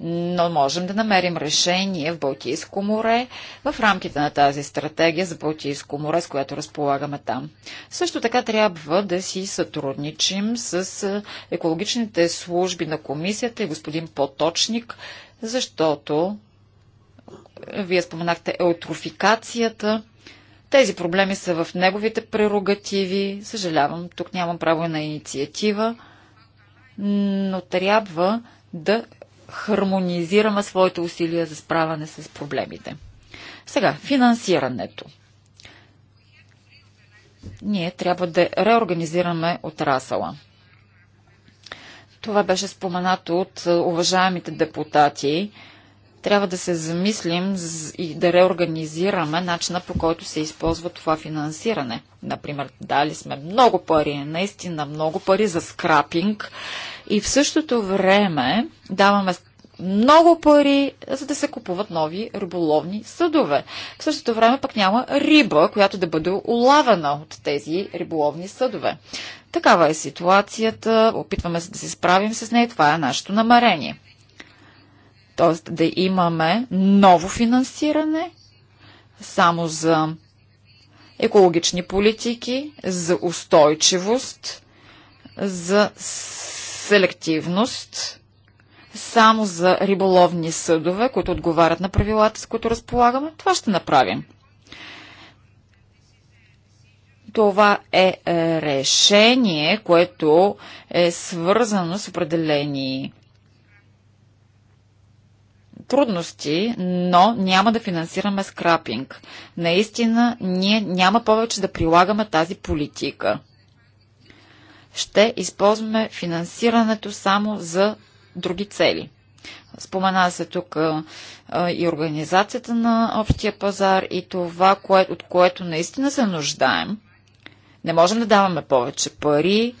но можем да намерим решение в Балтийско море в рамките на тази стратегия за Балтийско море, с която разполагаме там. Също така трябва да си сътрудничим с е, екологичните служби на комисията и господин Поточник, защото е, вие споменахте еутрофикацията. Тези проблеми са в неговите прерогативи. Съжалявам, тук нямам право на инициатива, но трябва да хармонизираме своите усилия за справяне с проблемите. Сега, финансирането. Ние трябва да реорганизираме отрасъла. Това беше споменато от е, уважаемите депутати трябва да се замислим и да реорганизираме начина по който се използва това финансиране. Например, дали сме много пари, наистина много пари за скрапинг и в същото време даваме много пари, за да се купуват нови риболовни съдове. В същото време пък няма риба, която да бъде улавена от тези риболовни съдове. Такава е ситуацията, опитваме се да се справим с нея, това е нашето намерение. Т.е да имаме ново финансиране само за екологични политики, за устойчивост, за селективност, само за риболовни съдове, които отговарят на правилата, с които разполагаме. Това ще направим. Това е решение, което е свързано с определени трудности, но няма да финансираме скрапинг. Наистина, ние няма повече да прилагаме тази политика. Ще използваме финансирането само за други цели. Спомена се тук а, и организацията на общия пазар и това, кое, от което наистина се нуждаем. Не можем да даваме повече пари,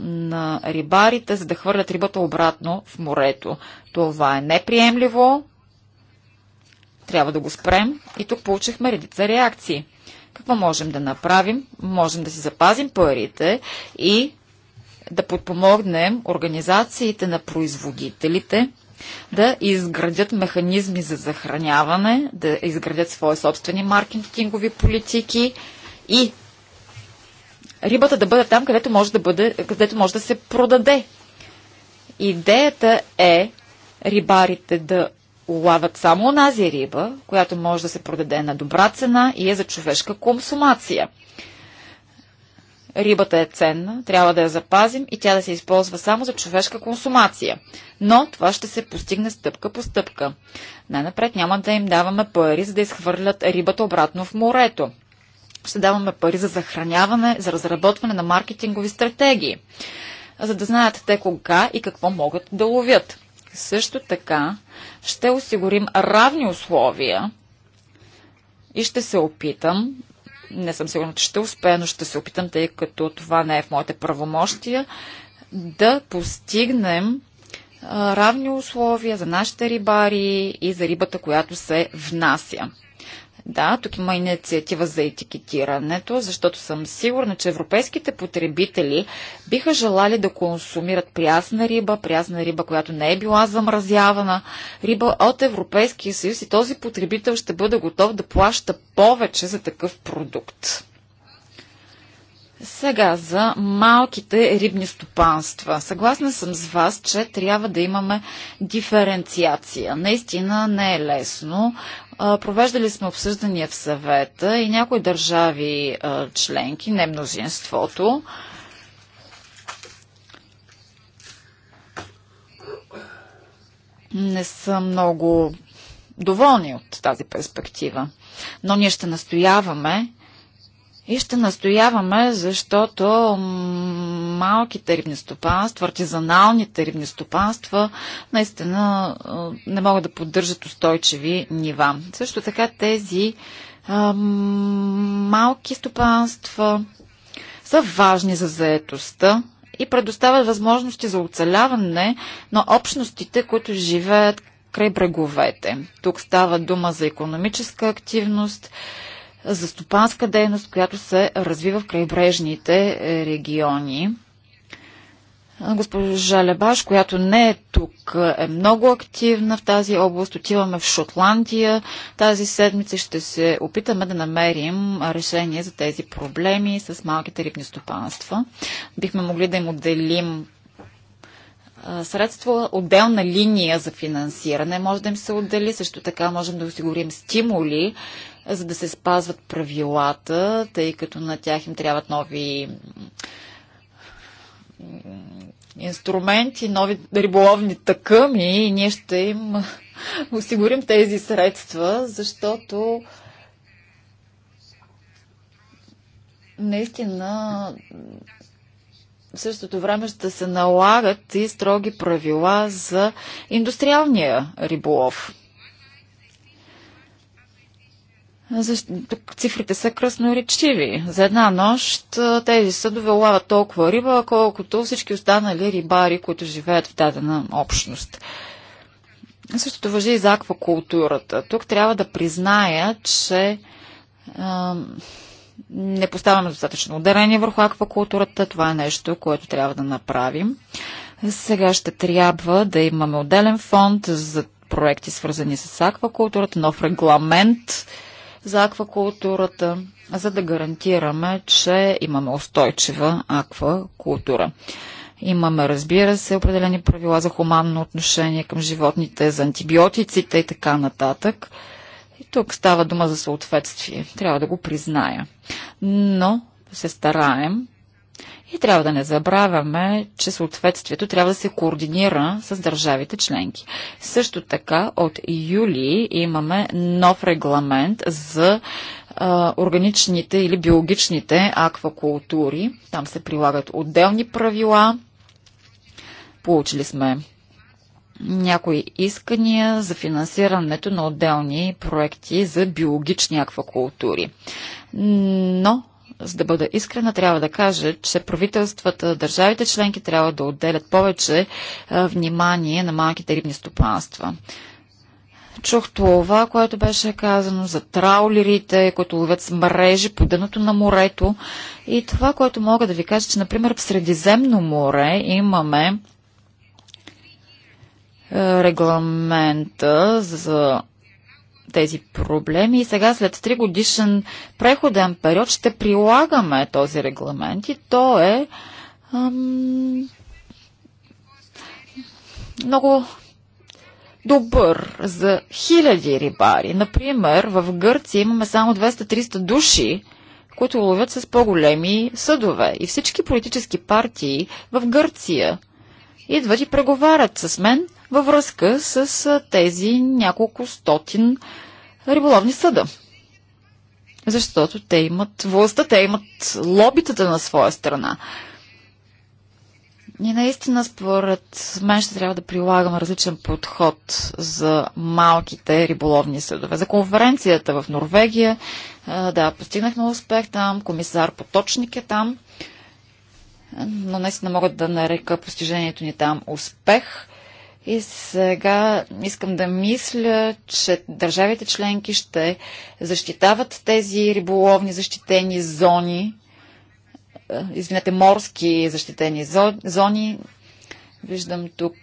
на рибарите, за да хвърлят рибата обратно в морето. Това е неприемливо. Трябва да го спрем. И тук получихме редица реакции. Какво можем да направим? Можем да си запазим парите и да подпомогнем организациите на производителите да изградят механизми за захраняване, да изградят свои собствени маркетингови политики и рибата да бъде там, където може да, бъде, където може да се продаде. Идеята е рибарите да улавят само онази риба, която може да се продаде на добра цена и е за човешка консумация. Рибата е ценна, трябва да я запазим и тя да се използва само за човешка консумация. Но това ще се постигне стъпка по стъпка. Най-напред няма да им даваме пари, за да изхвърлят рибата обратно в морето ще даваме пари за захраняване, за разработване на маркетингови стратегии, за да знаят те кога и какво могат да ловят. Също така ще осигурим равни условия и ще се опитам, не съм сигурна, че ще успея, но ще се опитам, тъй като това не е в моите правомощия, да постигнем равни условия за нашите рибари и за рибата, която се внася. Да, тук има инициатива за етикетирането, защото съм сигурна, че европейските потребители биха желали да консумират прясна риба, прясна риба, която не е била замразявана, риба от Европейския съюз и този потребител ще бъде готов да плаща повече за такъв продукт. Сега за малките рибни стопанства. Съгласна съм с вас, че трябва да имаме диференциация. Наистина не е лесно. Провеждали сме обсъждания в съвета и някои държави членки, не мнозинството, не са много доволни от тази перспектива. Но ние ще настояваме и ще настояваме, защото малките рибни стопанства, артизаналните рибни стопанства наистина не могат да поддържат устойчиви нива. Също така тези а, малки стопанства са важни за заетостта и предоставят възможности за оцеляване на общностите, които живеят край бреговете. Тук става дума за економическа активност, за стопанска дейност, която се развива в крайбрежните региони. Госпожа Лебаш, която не е тук, е много активна в тази област. Отиваме в Шотландия. Тази седмица ще се опитаме да намерим решение за тези проблеми с малките рибни стопанства. Бихме могли да им отделим средства, отделна линия за финансиране може да им се отдели. Също така можем да осигурим стимули за да се спазват правилата, тъй като на тях им трябват нови инструменти, нови риболовни такъми и ние ще им осигурим тези средства, защото наистина в същото време ще се налагат и строги правила за индустриалния риболов. Цифрите са кръсноречиви. За една нощ тези съдове лават толкова риба, колкото всички останали рибари, които живеят в дадена общност. Същото въжи и за аквакултурата. Тук трябва да призная, че а, не поставяме достатъчно ударение върху аквакултурата. Това е нещо, което трябва да направим. Сега ще трябва да имаме отделен фонд за проекти, свързани с аквакултурата, нов регламент за аквакултурата, за да гарантираме, че имаме устойчива аквакултура. Имаме, разбира се, определени правила за хуманно отношение към животните, за антибиотиците и така нататък. И тук става дума за съответствие. Трябва да го призная. Но се стараем и трябва да не забравяме, че съответствието трябва да се координира с държавите членки. Също така от юли имаме нов регламент за а, органичните или биологичните аквакултури. Там се прилагат отделни правила. Получили сме някои искания за финансирането на отделни проекти за биологични аквакултури. Но за да бъда искрена, трябва да кажа, че правителствата, държавите членки трябва да отделят повече внимание на малките рибни стопанства. Чух това, което беше казано за траулерите, които ловят с мрежи по дъното на морето. И това, което мога да ви кажа, че, например, в Средиземно море имаме регламента за тези проблеми и сега след 3 годишен преходен период ще прилагаме този регламент и то е ам, много добър за хиляди рибари. Например, в Гърция имаме само 200-300 души, които ловят с по-големи съдове. И всички политически партии в Гърция идват и преговарят с мен във връзка с тези няколко стотин риболовни съда. Защото те имат властта, те имат лобитата на своя страна. И наистина, според мен, ще трябва да прилагам различен подход за малките риболовни съдове. За конференцията в Норвегия, да, постигнахме успех там, комисар Поточник е там, но наистина могат да нарека постижението ни там успех. И сега искам да мисля, че държавите членки ще защитават тези риболовни защитени зони, е, извинете, морски защитени зони. Виждам тук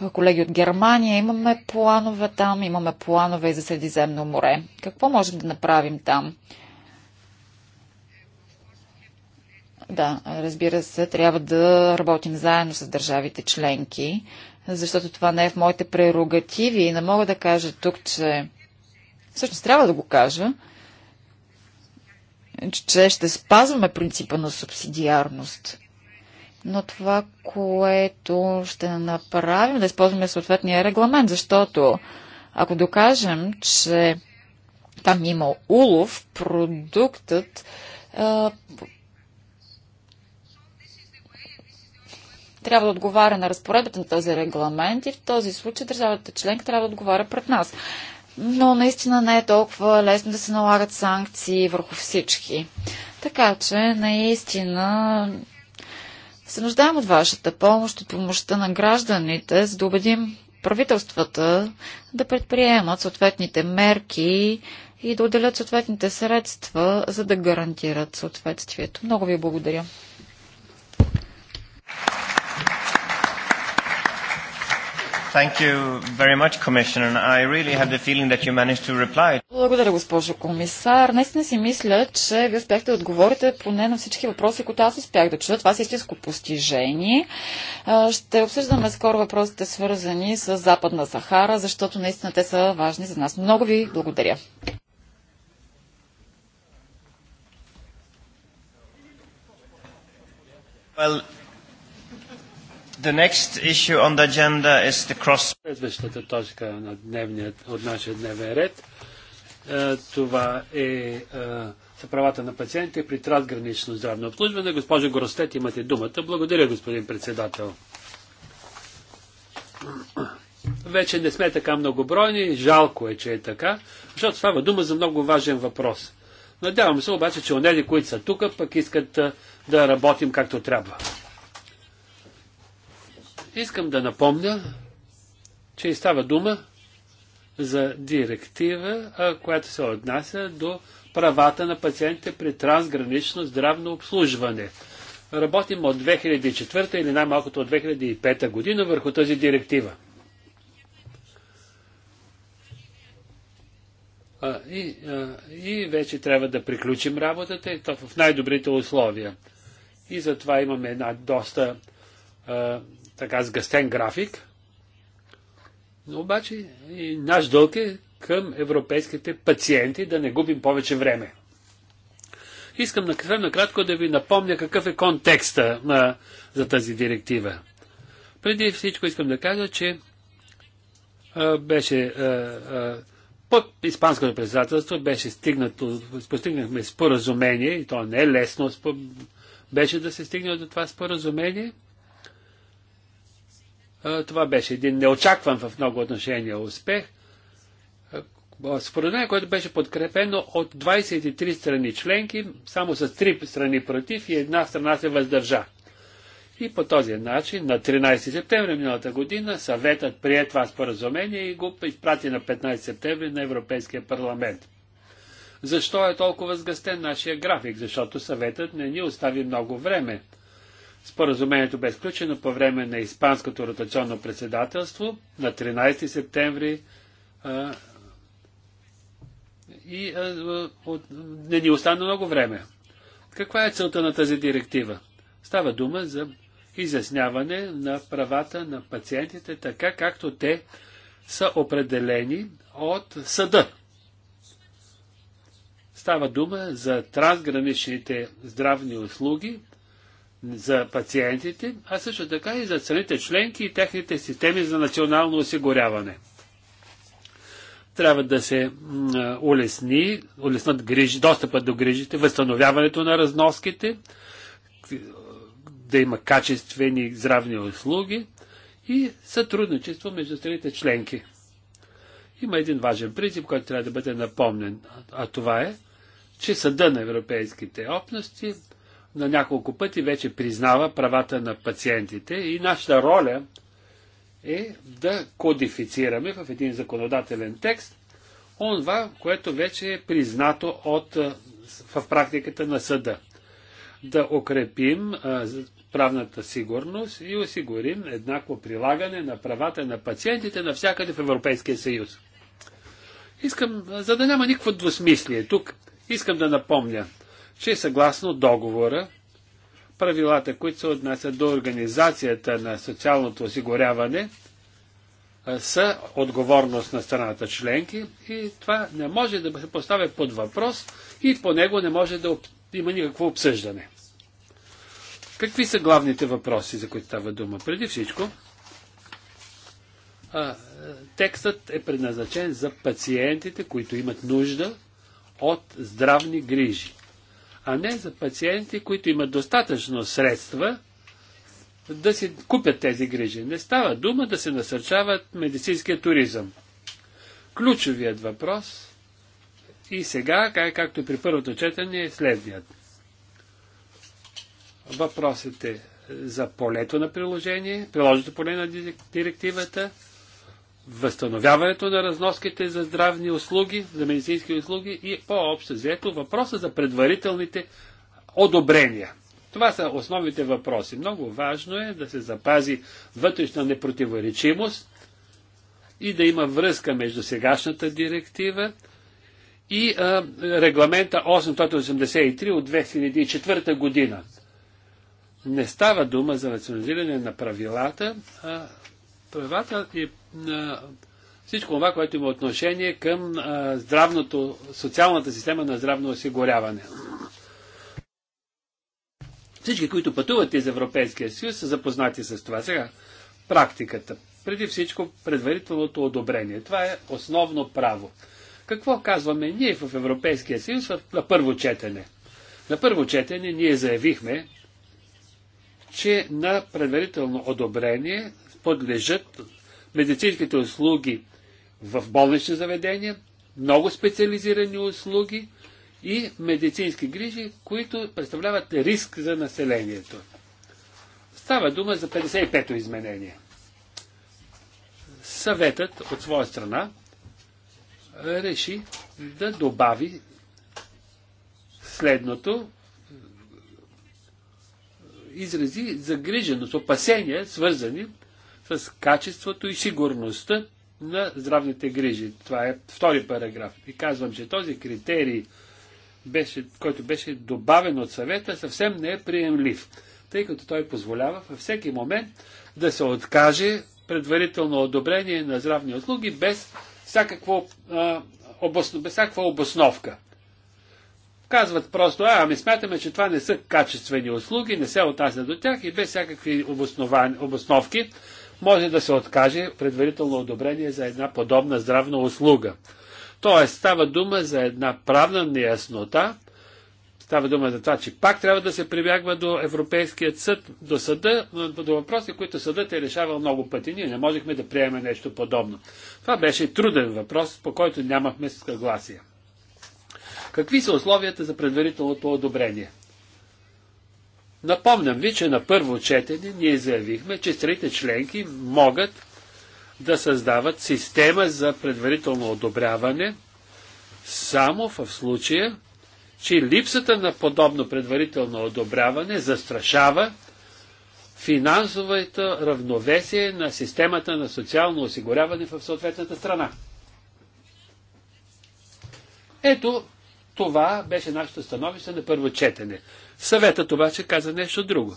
е, колеги от Германия. Имаме планове там, имаме планове и за Средиземно море. Какво можем да направим там? Да, разбира се, трябва да работим заедно с държавите членки защото това не е в моите прерогативи и не мога да кажа тук, че всъщност трябва да го кажа, че ще спазваме принципа на субсидиарност. Но това, което ще направим, е да използваме съответния регламент, защото ако докажем, че там има улов, продуктът а, трябва да отговаря на разпоредбата на този регламент и в този случай държавата членка трябва да отговаря пред нас. Но наистина не е толкова лесно да се налагат санкции върху всички. Така че наистина се нуждаем от вашата помощ, от помощта на гражданите, за да убедим правителствата да предприемат съответните мерки и да отделят съответните средства, за да гарантират съответствието. Много ви благодаря. Thank you very much, Commissioner. I really have the feeling that you managed to reply. Благодаря, госпожо комисар. Наистина си мисля, че ви успяхте да отговорите поне на всички въпроси, които аз успях да чуя. Това е истинско постижение. Ще обсъждаме скоро въпросите, свързани с Западна Сахара, защото наистина те са важни за нас. Много ви благодаря. Well, The next issue on the agenda is the cross... Следващата точка на дневният, от нашия дневен ред. Е, това е са е, правата на пациентите при трансгранично здравно обслужване. Госпожо Горостет, имате думата. Благодаря, господин председател. Вече не сме така многобройни, жалко е, че е така, защото става дума за много важен въпрос. Надявам се обаче, че онези, които са тук, пък искат е, да работим както трябва. Искам да напомня, че става дума за директива, която се отнася до правата на пациентите при трансгранично здравно обслужване. Работим от 2004 или най-малкото от 2005 година върху тази директива. А, и, а, и вече трябва да приключим работата и то в най-добрите условия. И затова имаме една доста така сгъстен график, но обаче и наш дълг е към европейските пациенти да не губим повече време. Искам съвсем накратко да ви напомня какъв е контекста на, за тази директива. Преди всичко искам да кажа, че а, беше а, а, под Испанското председателство беше стигнато, постигнахме споразумение, и то не е лесно, беше да се стигне до това споразумение – това беше един неочакван в много отношения успех, споразумение, което беше подкрепено от 23 страни членки, само с 3 страни против и една страна се въздържа. И по този начин на 13 септември миналата година съветът прие това споразумение и го изпрати на 15 септември на Европейския парламент. Защо е толкова сгъстен нашия график? Защото съветът не ни остави много време – Споразумението бе сключено по време на Испанското ротационно председателство на 13 септември а, и а, от, не ни остана много време. Каква е целта на тази директива? Става дума за изясняване на правата на пациентите, така както те са определени от съда. Става дума за трансграничните здравни услуги, за пациентите, а също така и за страните членки и техните системи за национално осигуряване. Трябва да се улесни, улеснат грижи, достъпа до грижите, възстановяването на разноските, да има качествени здравни услуги и сътрудничество между страните членки. Има един важен принцип, който трябва да бъде напомнен, а това е, че съда на европейските общности на няколко пъти вече признава правата на пациентите и нашата роля е да кодифицираме в един законодателен текст онва, което вече е признато от, в практиката на съда. Да укрепим правната сигурност и осигурим еднакво прилагане на правата на пациентите навсякъде в Европейския съюз. Искам, за да няма никакво двусмислие тук, искам да напомня – че съгласно договора, правилата, които се отнасят до организацията на социалното осигуряване, са отговорност на страната членки и това не може да се поставя под въпрос и по него не може да има никакво обсъждане. Какви са главните въпроси, за които става дума? Преди всичко, текстът е предназначен за пациентите, които имат нужда от здравни грижи а не за пациенти, които имат достатъчно средства да си купят тези грижи. Не става дума да се насърчават медицинския туризъм. Ключовият въпрос и сега, както и при първото четене, е следният. Въпросът е за полето на приложение, приложното поле на директивата – възстановяването на разноските за здравни услуги, за медицински услуги и по-общо взето въпроса за предварителните одобрения. Това са основните въпроси. Много важно е да се запази вътрешна непротиворечимост и да има връзка между сегашната директива и а, регламента 883 от 2004 година. Не става дума за рационализиране на правилата, а правилата и на всичко това, което има отношение към а, здравното, социалната система на здравно осигуряване. Всички, които пътуват из Европейския съюз, са запознати с това. Сега, практиката. Преди всичко, предварителното одобрение. Това е основно право. Какво казваме ние в Европейския съюз на първо четене? На първо четене ние заявихме, че на предварително одобрение подлежат медицинските услуги в болнични заведения, много специализирани услуги и медицински грижи, които представляват риск за населението. Става дума за 55-то изменение. Съветът от своя страна реши да добави следното изрази загриженост, опасения, свързани с качеството и сигурността на здравните грижи. Това е втори параграф. И казвам, че този критерий, беше, който беше добавен от съвета, съвсем не е приемлив, тъй като той позволява във всеки момент да се откаже предварително одобрение на здравни услуги без всякакво, а, обосно, без всякаква обосновка. Казват просто, а, ами смятаме, че това не са качествени услуги, не се отнася до тях и без всякакви обосновки може да се откаже предварително одобрение за една подобна здравна услуга. Тоест, става дума за една правна неяснота, става дума за това, че пак трябва да се прибягва до Европейският съд, до съда, до въпроси, които съдът е решавал много пъти. Ние не можехме да приемем нещо подобно. Това беше труден въпрос, по който нямахме съгласие. Какви са условията за предварителното одобрение? Напомням ви, че на първо четене ние заявихме, че страните членки могат да създават система за предварително одобряване само в случая, че липсата на подобно предварително одобряване застрашава финансовото равновесие на системата на социално осигуряване в съответната страна. Ето, това беше нашето становище на първо четене. Съветът обаче каза нещо друго.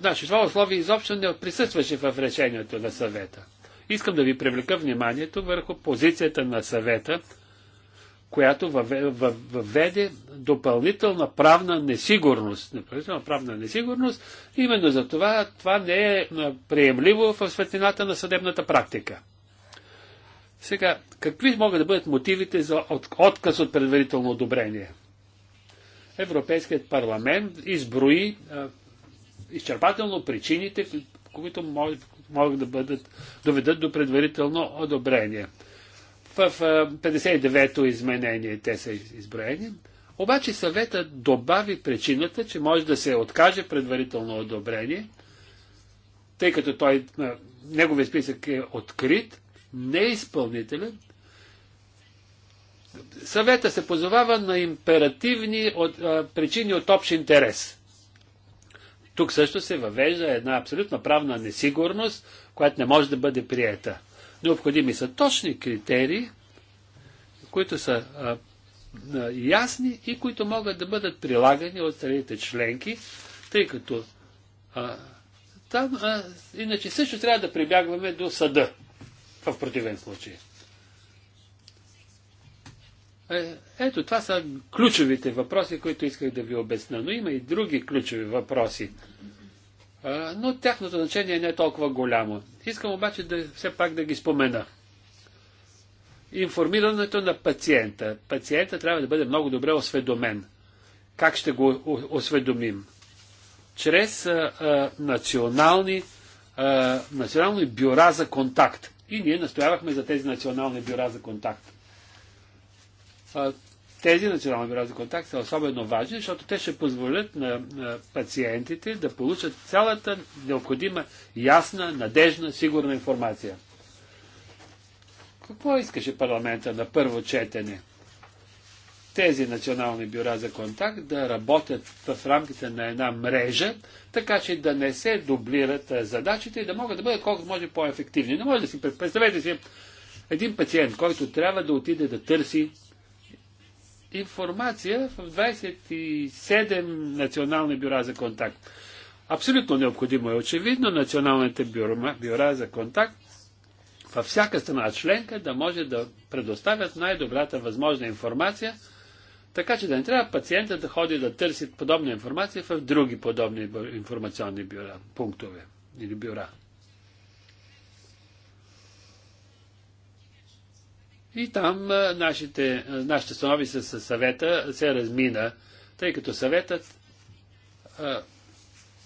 Значи, това условие изобщо не присъстваше в решението на съвета. Искам да ви привлека вниманието върху позицията на съвета, която въведе допълнителна правна несигурност. Допълнителна правна несигурност, именно за това това не е приемливо в светлината на съдебната практика. Сега, какви могат да бъдат мотивите за отказ от предварително одобрение? Европейският парламент изброи а, изчерпателно причините, които могат, могат да бъдат, доведат до предварително одобрение. В 59-то изменение те са изброени. Обаче съветът добави причината, че може да се откаже предварително одобрение, тъй като той, неговият списък е открит не е изпълнителен, съвета се позовава на императивни от, а, причини от общ интерес. Тук също се въвежда една абсолютно правна несигурност, която не може да бъде приета. Необходими са точни критерии, които са а, а, ясни и които могат да бъдат прилагани от страните членки, тъй като а, там а, иначе също трябва да прибягваме до съда в противен случай. Е, ето, това са ключовите въпроси, които исках да ви обясня. Но има и други ключови въпроси. но тяхното значение не е толкова голямо. Искам обаче да все пак да ги спомена. Информирането на пациента. Пациента трябва да бъде много добре осведомен. Как ще го осведомим? Чрез а, а, национални, а, национални бюра за контакт. И ние настоявахме за тези национални бюра за контакт. Тези национални бюра за контакт са особено важни, защото те ще позволят на, пациентите да получат цялата необходима, ясна, надежна, сигурна информация. Какво искаше парламента на първо четене? тези национални бюра за контакт да работят в рамките на една мрежа, така че да не се дублират задачите и да могат да бъдат колкото може по-ефективни. Не може да си представете си един пациент, който трябва да отиде да търси информация в 27 национални бюра за контакт. Абсолютно необходимо е очевидно националните бюра, бюра за контакт във всяка страна членка да може да предоставят най-добрата възможна информация – така че да не трябва пациента да ходи да търси подобна информация в други подобни информационни бюра, пунктове или бюра. И там нашите, нашите становища с съвета се размина, тъй като съветът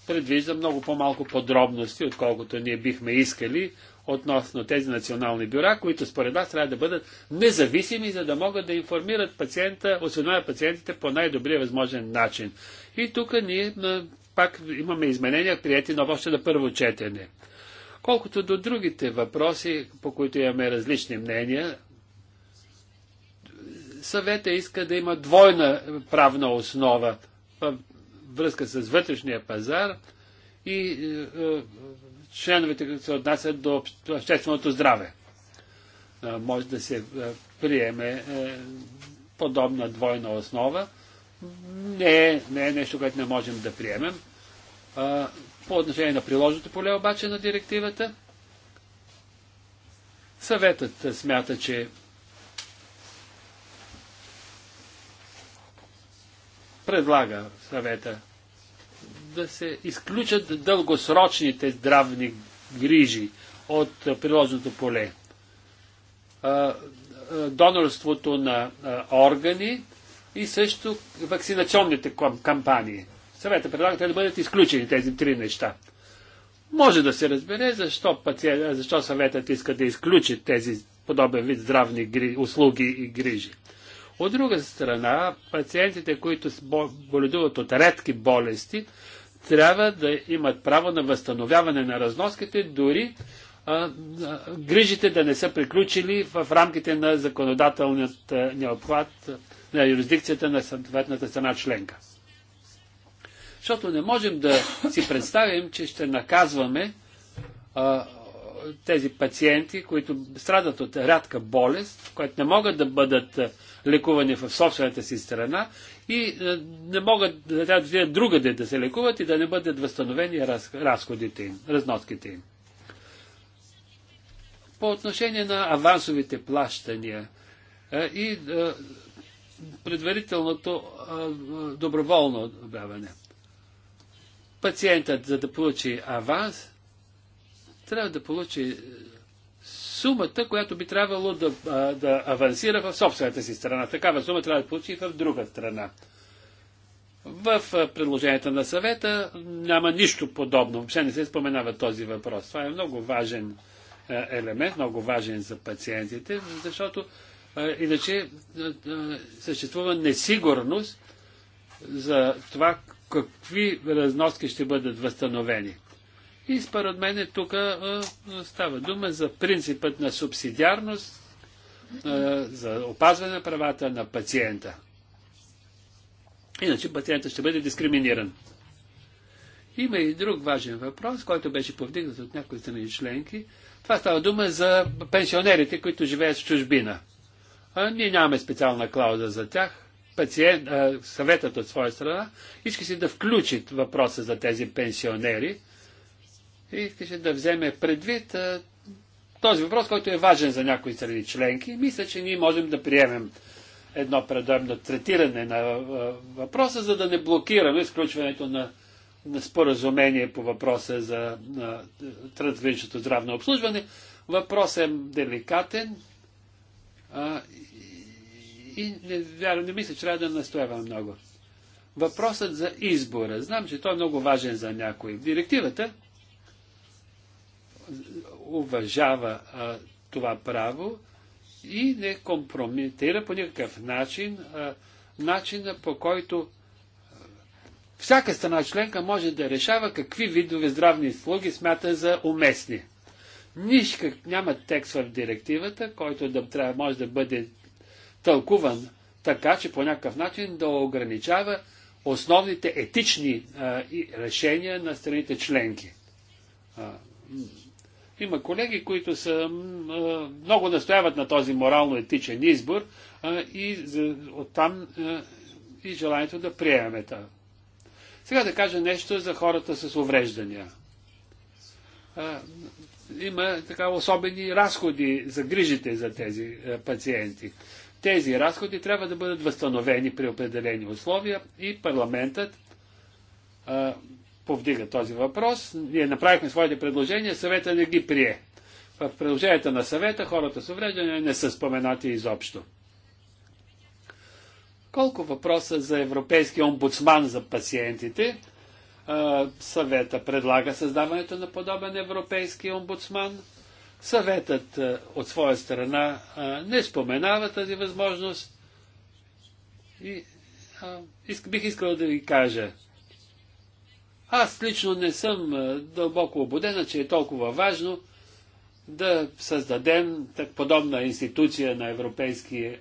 предвижда много по-малко подробности, отколкото ние бихме искали относно тези национални бюра, които според вас трябва да бъдат независими, за да могат да информират пациента, осведомяват пациентите по най-добрия възможен начин. И тук ние пак имаме изменения, прияти на още на първо четене. Колкото до другите въпроси, по които имаме различни мнения, съвета иска да има двойна правна основа във връзка с вътрешния пазар и членовете, които се отнасят до общественото здраве. Може да се приеме е, подобна двойна основа. Не, е, не е нещо, което не можем да приемем. По отношение на приложното поле обаче на директивата, съветът смята, че предлага съвета да се изключат дългосрочните здравни грижи от приложното поле. Донорството на органи и също вакцинационните кампании. Съвета предлага да бъдат изключени тези три неща. Може да се разбере защо, пациент, защо съветът иска да изключи тези подобен вид здравни услуги и грижи. От друга страна, пациентите, които боледуват от редки болести, трябва да имат право на възстановяване на разноските, дори а, грижите да не са приключили в рамките на законодателният необхват на юрисдикцията на съответната страна членка. Защото не можем да си представим, че ще наказваме а, тези пациенти, които страдат от рядка болест, които не могат да бъдат лекуване в собствената си страна и е, не могат да отидат другаде да се лекуват и да не бъдат възстановени разходите им, разноските им. По отношение на авансовите плащания е, и е, предварителното доброволно обявяване. Пациентът, за да получи аванс, трябва да получи сумата, която би трябвало да, да авансира в собствената си страна. Такава сума трябва да получи и в друга страна. В предложенията на съвета няма нищо подобно. Въобще не се споменава този въпрос. Това е много важен елемент, много важен за пациентите, защото иначе съществува несигурност за това какви разноски ще бъдат възстановени. И според мен тук става дума за принципът на субсидиарност, за опазване на правата на пациента. Иначе пациентът ще бъде дискриминиран. Има и друг важен въпрос, който беше повдигнат от някои страни членки. Това става дума за пенсионерите, които живеят в чужбина. А, ние нямаме специална клауза за тях. Пациент, а, съветът от своя страна иска си да включи въпроса за тези пенсионери – и искаше да вземе предвид а, този въпрос, който е важен за някои страни членки. Мисля, че ние можем да приемем едно предоемно третиране на а, въпроса, за да не блокираме изключването на, на споразумение по въпроса за трансграничното здравно обслужване. Въпрос е деликатен а, и не, вярвам, не мисля, че трябва да настоявам много. Въпросът за избора. Знам, че той е много важен за някои. В директивата уважава а, това право и не компрометира по никакъв начин а, начина по който всяка страна членка може да решава какви видове здравни услуги смята за уместни. Нищо няма текст в директивата, който да трябва, може да бъде тълкуван така, че по някакъв начин да ограничава основните етични а, и решения на страните членки. А, има колеги, които са, много настояват на този морално-етичен избор и оттам и желанието да приемеме това. Сега да кажа нещо за хората с увреждания. Има така особени разходи за грижите за тези пациенти. Тези разходи трябва да бъдат възстановени при определени условия и парламентът повдига този въпрос. Ние направихме своите предложения, съвета не ги прие. В предложенията на съвета хората с увреждане не са споменати изобщо. Колко въпроса за Европейски омбудсман за пациентите? Съвета предлага създаването на подобен Европейски омбудсман. Съветът от своя страна не споменава тази възможност. И, а, бих искал да ви кажа, аз лично не съм дълбоко убедена, че е толкова важно да създадем так подобна институция на Европейски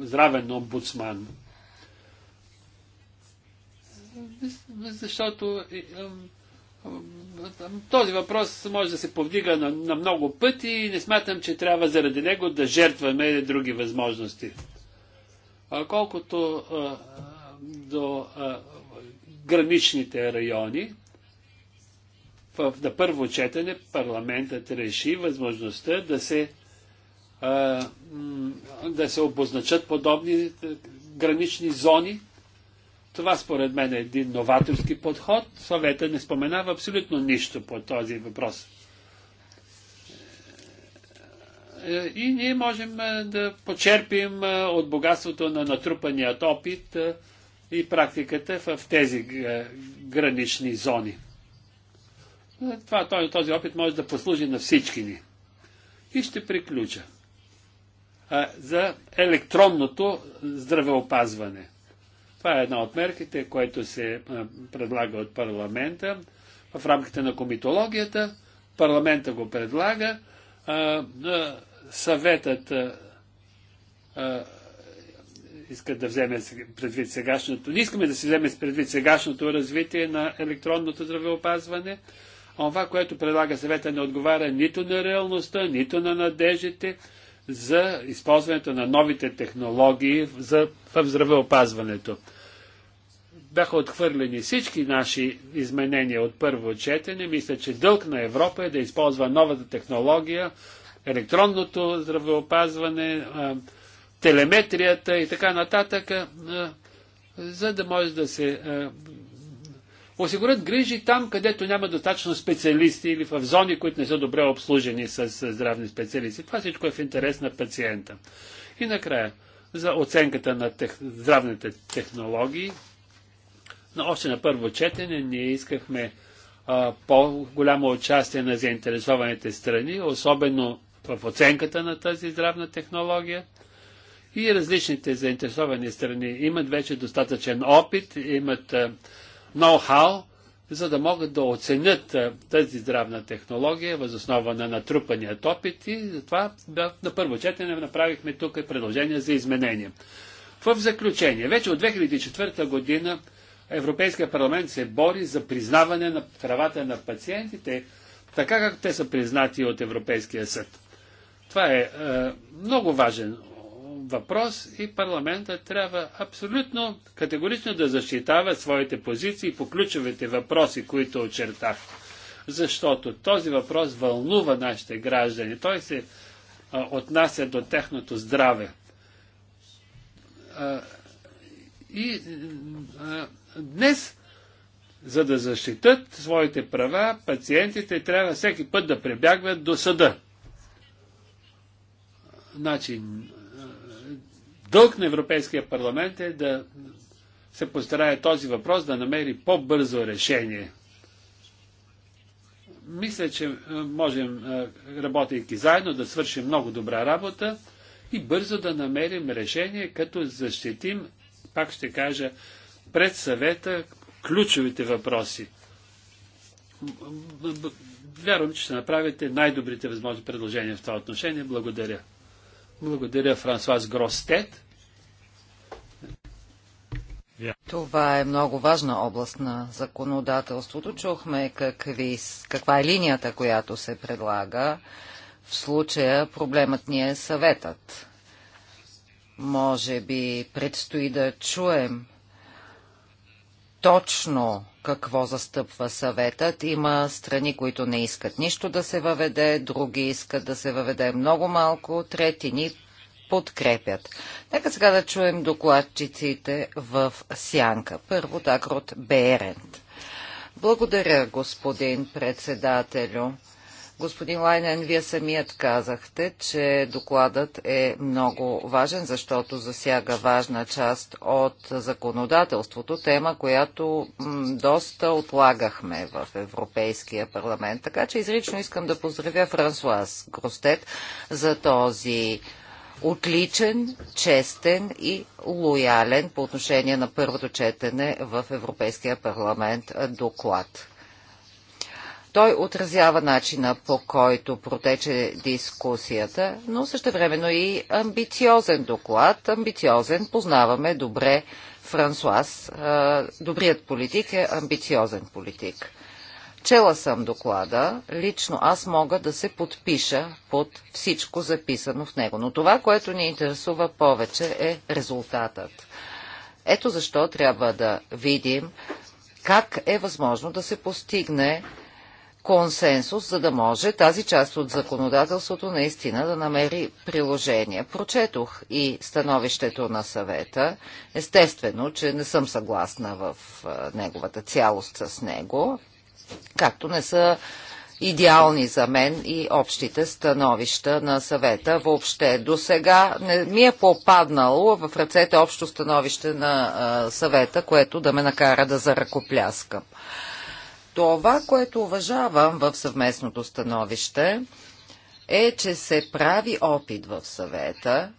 здравен омбудсман. Защото този въпрос може да се повдига на, на много пъти и не смятам, че трябва заради него да жертваме други възможности. А колкото а, до а, граничните райони. В, на първо четене парламентът реши възможността да се, а, да се обозначат подобни гранични зони. Това според мен е един новаторски подход. Съвета не споменава абсолютно нищо по този въпрос. Е, и ние можем да почерпим от богатството на натрупаният опит и практиката в тези е, гранични зони. Е, това, този, опит може да послужи на всички ни. И ще приключа за електронното здравеопазване. Това е една от мерките, което се е, предлага от парламента в рамките на комитологията. Парламента го предлага. съветът искат да вземе предвид сегашното, не искаме да се вземе предвид сегашното развитие на електронното здравеопазване. Онова, което предлага съвета, не отговаря нито на реалността, нито на надеждите за използването на новите технологии за, в здравеопазването. Бяха отхвърлени всички наши изменения от първо четене. Мисля, че дълг на Европа е да използва новата технология, електронното здравеопазване, телеметрията и така нататък, за да може да се осигурят грижи там, където няма достатъчно специалисти или в зони, които не са добре обслужени с здравни специалисти. Това всичко е в интерес на пациента. И накрая, за оценката на тех... здравните технологии, но още на първо четене ние искахме по-голямо участие на заинтересованите страни, особено в оценката на тази здравна технология и различните заинтересовани страни имат вече достатъчен опит, имат е, ноу-хау, за да могат да оценят е, тази здравна технология възоснова на натрупаният опит и затова на първо четене направихме тук предложение за изменение. В заключение, вече от 2004 година Европейския парламент се бори за признаване на правата на пациентите, така както те са признати от Европейския съд. Това е, е много важен въпрос и парламента трябва абсолютно категорично да защитава своите позиции по ключовите въпроси, които очертах. Защото този въпрос вълнува нашите граждани. Той се а, отнася до техното здраве. А, и а, днес, за да защитат своите права, пациентите трябва всеки път да прибягват до съда. Значи, дълг на Европейския парламент е да се постарае този въпрос да намери по-бързо решение. Мисля, че е, можем, е, работейки заедно, да свършим много добра работа и бързо да намерим решение, като защитим, пак ще кажа, пред съвета ключовите въпроси. Вярвам, че ще направите най-добрите възможни предложения в това отношение. Благодаря. Благодаря, Франсуаз Гростет. Това е много важна област на законодателството. Чухме какви, каква е линията, която се предлага. В случая проблемът ни е съветът. Може би предстои да чуем точно какво застъпва съветът. Има страни, които не искат нищо да се въведе, други искат да се въведе много малко, трети ни подкрепят. Нека сега да чуем докладчиците в Сянка. Първо так от Берент. Благодаря, господин председателю. Господин Лайнен, вие самият казахте, че докладът е много важен, защото засяга важна част от законодателството, тема, която доста отлагахме в Европейския парламент. Така че изрично искам да поздравя Франсуаз Гростет за този отличен, честен и лоялен по отношение на първото четене в Европейския парламент доклад. Той отразява начина по който протече дискусията, но същевременно и амбициозен доклад. Амбициозен познаваме добре Франсуаз. Добрият политик е амбициозен политик. Чела съм доклада, лично аз мога да се подпиша под всичко записано в него. Но това, което ни интересува повече е резултатът. Ето защо трябва да видим как е възможно да се постигне консенсус, за да може тази част от законодателството наистина да намери приложение. Прочетох и становището на съвета. Естествено, че не съм съгласна в неговата цялост с него, както не са идеални за мен и общите становища на съвета въобще. До сега не ми е попаднало в ръцете общо становище на съвета, което да ме накара да заръкопляскам. Това, което уважавам в съвместното становище, е, че се прави опит в съвета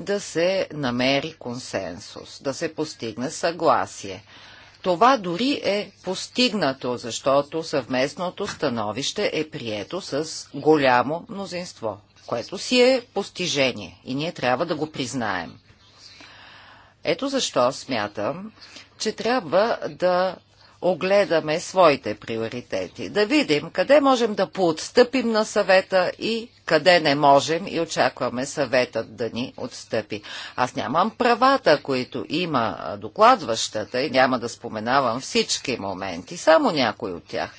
да се намери консенсус, да се постигне съгласие. Това дори е постигнато, защото съвместното становище е прието с голямо мнозинство, което си е постижение и ние трябва да го признаем. Ето защо смятам, че трябва да огледаме своите приоритети, да видим къде можем да поотстъпим на съвета и къде не можем и очакваме съветът да ни отстъпи. Аз нямам правата, които има докладващата и няма да споменавам всички моменти, само някой от тях.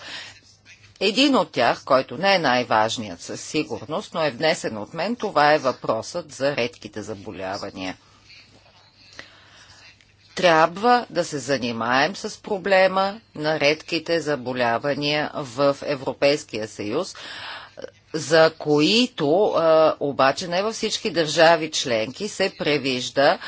Един от тях, който не е най-важният със сигурност, но е внесен от мен, това е въпросът за редките заболявания – трябва да се занимаем с проблема на редките заболявания в Европейския съюз, за които а, обаче не във всички държави членки се превижда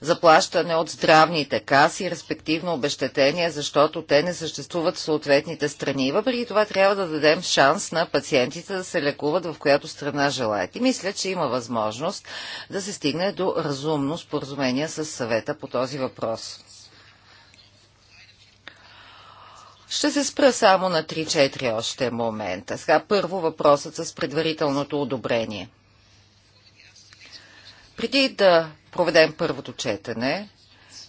заплащане от здравните каси, респективно обещетения, защото те не съществуват в съответните страни. Въпреки това трябва да дадем шанс на пациентите да се лекуват в която страна желаят. И мисля, че има възможност да се стигне до разумно споразумение с съвета по този въпрос. Ще се спра само на 3-4 още момента. Сега първо въпросът с предварителното одобрение. Преди да проведем първото четене,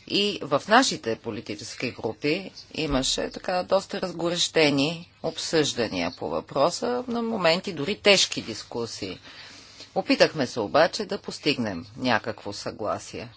и в нашите политически групи имаше така доста разгорещени обсъждания по въпроса, на моменти дори тежки дискусии. Опитахме се обаче да постигнем някакво съгласие.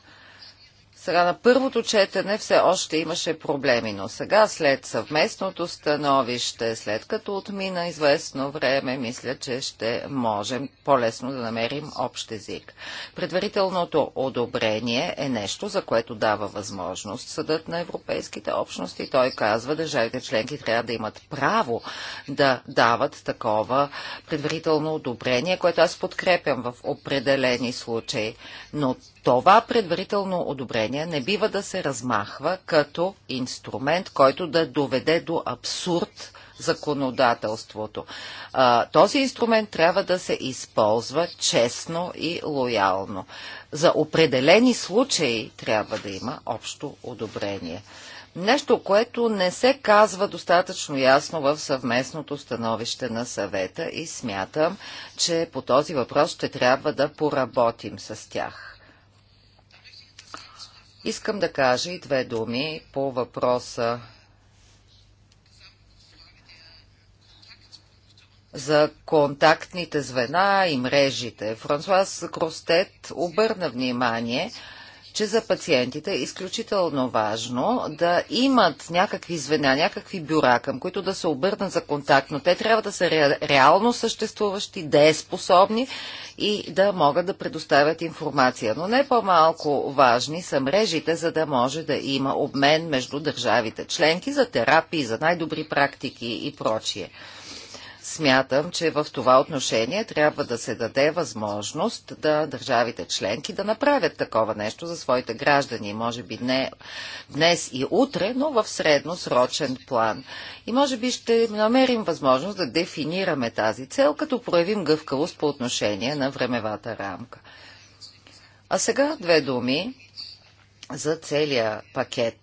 Сега на първото четене все още имаше проблеми, но сега след съвместното становище, след като отмина известно време, мисля, че ще можем по-лесно да намерим общ език. Предварителното одобрение е нещо, за което дава възможност съдът на европейските общности. Той казва, държавите членки трябва да имат право да дават такова предварително одобрение, което аз подкрепям в определени случаи. Но това предварително одобрение не бива да се размахва като инструмент, който да доведе до абсурд законодателството. А, този инструмент трябва да се използва честно и лоялно. За определени случаи трябва да има общо одобрение. Нещо, което не се казва достатъчно ясно в съвместното становище на съвета и смятам, че по този въпрос ще трябва да поработим с тях. Искам да кажа и две думи по въпроса за контактните звена и мрежите. Франсуаз Кростет обърна внимание, че за пациентите е изключително важно да имат някакви звена, някакви бюра, към които да се обърнат за контакт, но те трябва да са ре, реално съществуващи, дееспособни и да могат да предоставят информация. Но не по-малко важни са мрежите, за да може да има обмен между държавите членки за терапии, за най-добри практики и прочие. Смятам, че в това отношение трябва да се даде възможност да държавите членки да направят такова нещо за своите граждани. Може би не днес и утре, но в средносрочен план. И може би ще намерим възможност да дефинираме тази цел, като проявим гъвкавост по отношение на времевата рамка. А сега две думи за целия пакет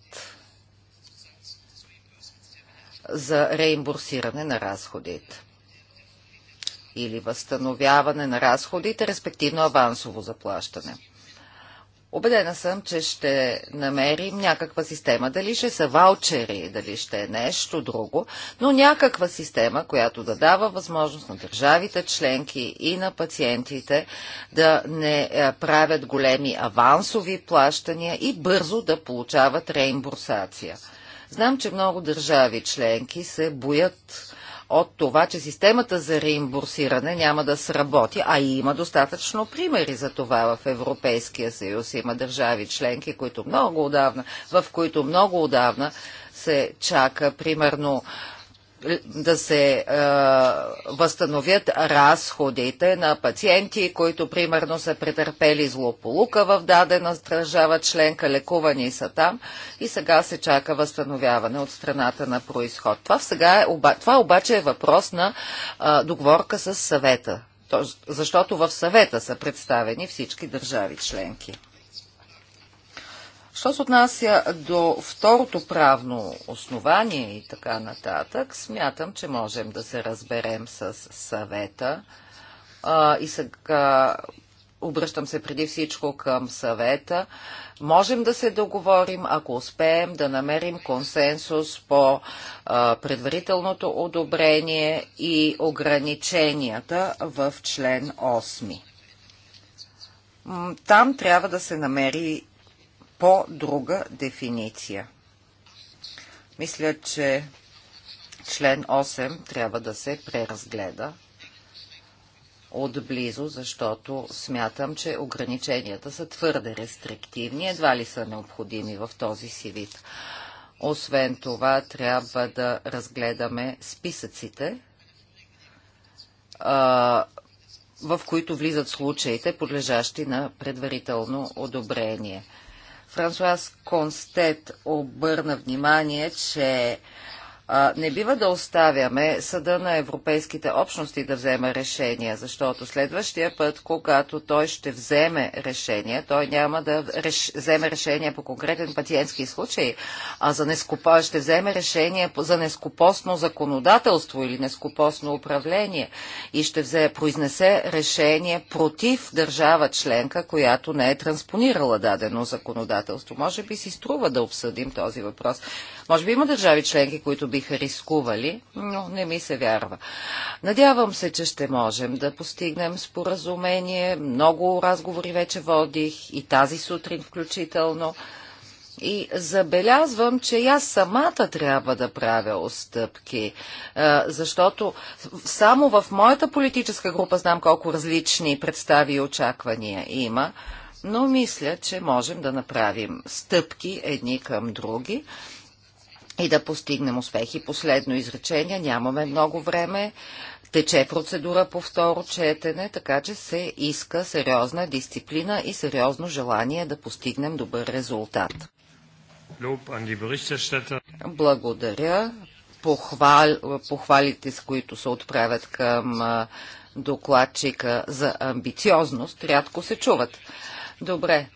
за реимбурсиране на разходите или възстановяване на разходите, респективно авансово заплащане. Обедена съм, че ще намерим някаква система. Дали ще са ваучери, дали ще е нещо друго, но някаква система, която да дава възможност на държавите, членки и на пациентите да не е, правят големи авансови плащания и бързо да получават реимбурсация. Знам, че много държави членки се боят от това, че системата за реимбурсиране няма да сработи, а и има достатъчно примери за това в Европейския съюз. Има държави членки, които много отдавна, в които много отдавна се чака, примерно, да се е, възстановят разходите на пациенти, които примерно са претърпели злополука в дадена държава членка, лекувани са там и сега се чака възстановяване от страната на происход. Това, сега е, това обаче е въпрос на е, договорка с съвета, защото в съвета са представени всички държави членки. Що се отнася до второто правно основание и така нататък, смятам, че можем да се разберем с съвета. А, и сега обръщам се преди всичко към съвета. Можем да се договорим, ако успеем да намерим консенсус по а, предварителното одобрение и ограниченията в член 8. Там трябва да се намери по-друга дефиниция. Мисля, че член 8 трябва да се преразгледа отблизо, защото смятам, че ограниченията са твърде рестриктивни, едва ли са необходими в този си вид. Освен това, трябва да разгледаме списъците, в които влизат случаите, подлежащи на предварително одобрение. Франсуаз Констет обърна внимание, че не бива да оставяме съда на европейските общности да взема решения, защото следващия път, когато той ще вземе решение, той няма да реш... вземе решение по конкретен пациентски случай, а за нескупо... ще вземе решение за нескопостно законодателство или нескопостно управление и ще взе... произнесе решение против държава членка, която не е транспонирала дадено законодателство. Може би си струва да обсъдим този въпрос. Може би има държави членки, които биха рискували, но не ми се вярва. Надявам се, че ще можем да постигнем споразумение. Много разговори вече водих и тази сутрин включително. И забелязвам, че аз самата трябва да правя отстъпки, защото само в моята политическа група знам колко различни представи и очаквания има, но мисля, че можем да направим стъпки едни към други и да постигнем успехи. Последно изречение, нямаме много време. Тече процедура по второ четене, така че се иска сериозна дисциплина и сериозно желание да постигнем добър резултат. Благодаря. Похвал, похвалите, с които се отправят към докладчика за амбициозност, рядко се чуват. Добре,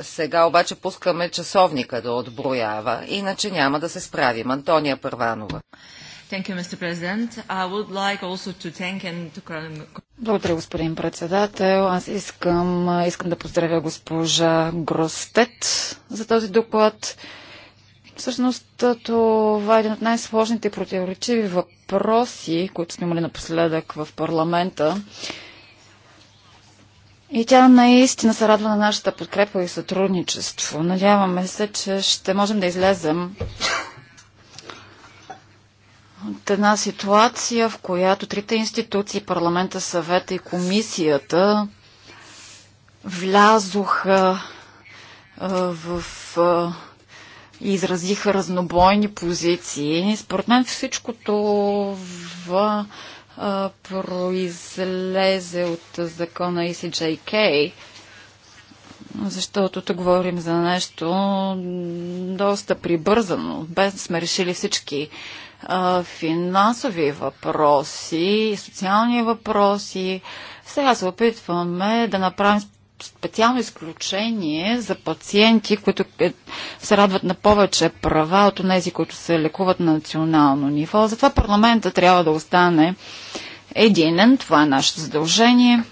сега обаче пускаме часовника да отброява, иначе няма да се справим. Антония Първанова. Благодаря, господин председател. Аз искам, искам да поздравя госпожа Гростет за този доклад. Всъщност това е един от най-сложните и противоречиви въпроси, които сме имали напоследък в парламента. И тя наистина се радва на нашата подкрепа и сътрудничество. Надяваме се, че ще можем да излезем от една ситуация, в която трите институции, парламента, съвета и комисията влязоха в и изразиха разнобойни позиции. Според мен всичко това а, произлезе от закона ECJK, защото тук говорим за нещо доста прибързано, без сме решили всички а, финансови въпроси, социални въпроси. Сега се опитваме да направим специално изключение за пациенти, които е, се радват на повече права от тези, които се лекуват на национално ниво. Затова парламента трябва да остане единен. Това е нашето задължение,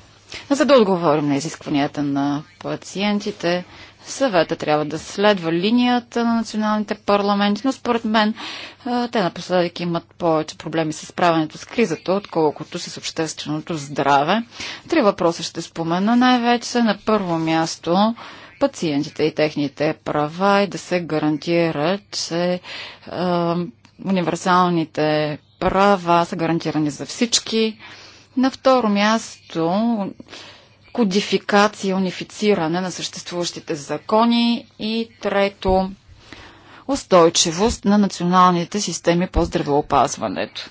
за да отговорим на изискванията на пациентите, Съвета трябва да следва линията на националните парламенти, но според мен те напоследък имат повече проблеми с справянето с кризата, отколкото с общественото здраве. Три въпроса ще спомена най-вече. На първо място пациентите и техните права и да се гарантира, че е, универсалните права са гарантирани за всички. На второ място кодификация, унифициране на съществуващите закони и трето устойчивост на националните системи по здравеопазването.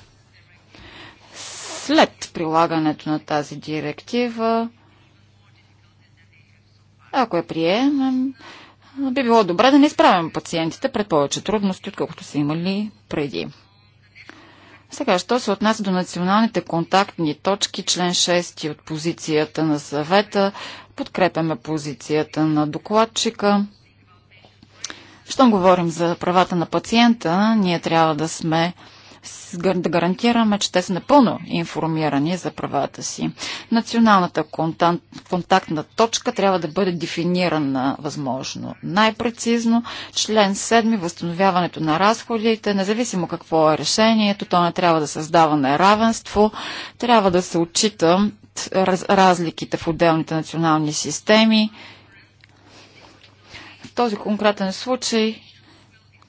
След прилагането на тази директива, ако я приемем, би било добре да не изправим пациентите пред повече трудности, отколкото са имали преди. Сега, що се отнася до националните контактни точки, член 6 от позицията на съвета, подкрепяме позицията на докладчика. Щом говорим за правата на пациента, ние трябва да сме да гарантираме, че те са напълно информирани за правата си. Националната контактна точка трябва да бъде дефинирана възможно най-прецизно. Член 7. Възстановяването на разходите, независимо какво е решението, то не трябва да създава неравенство, трябва да се отчита разликите в отделните национални системи. В този конкретен случай,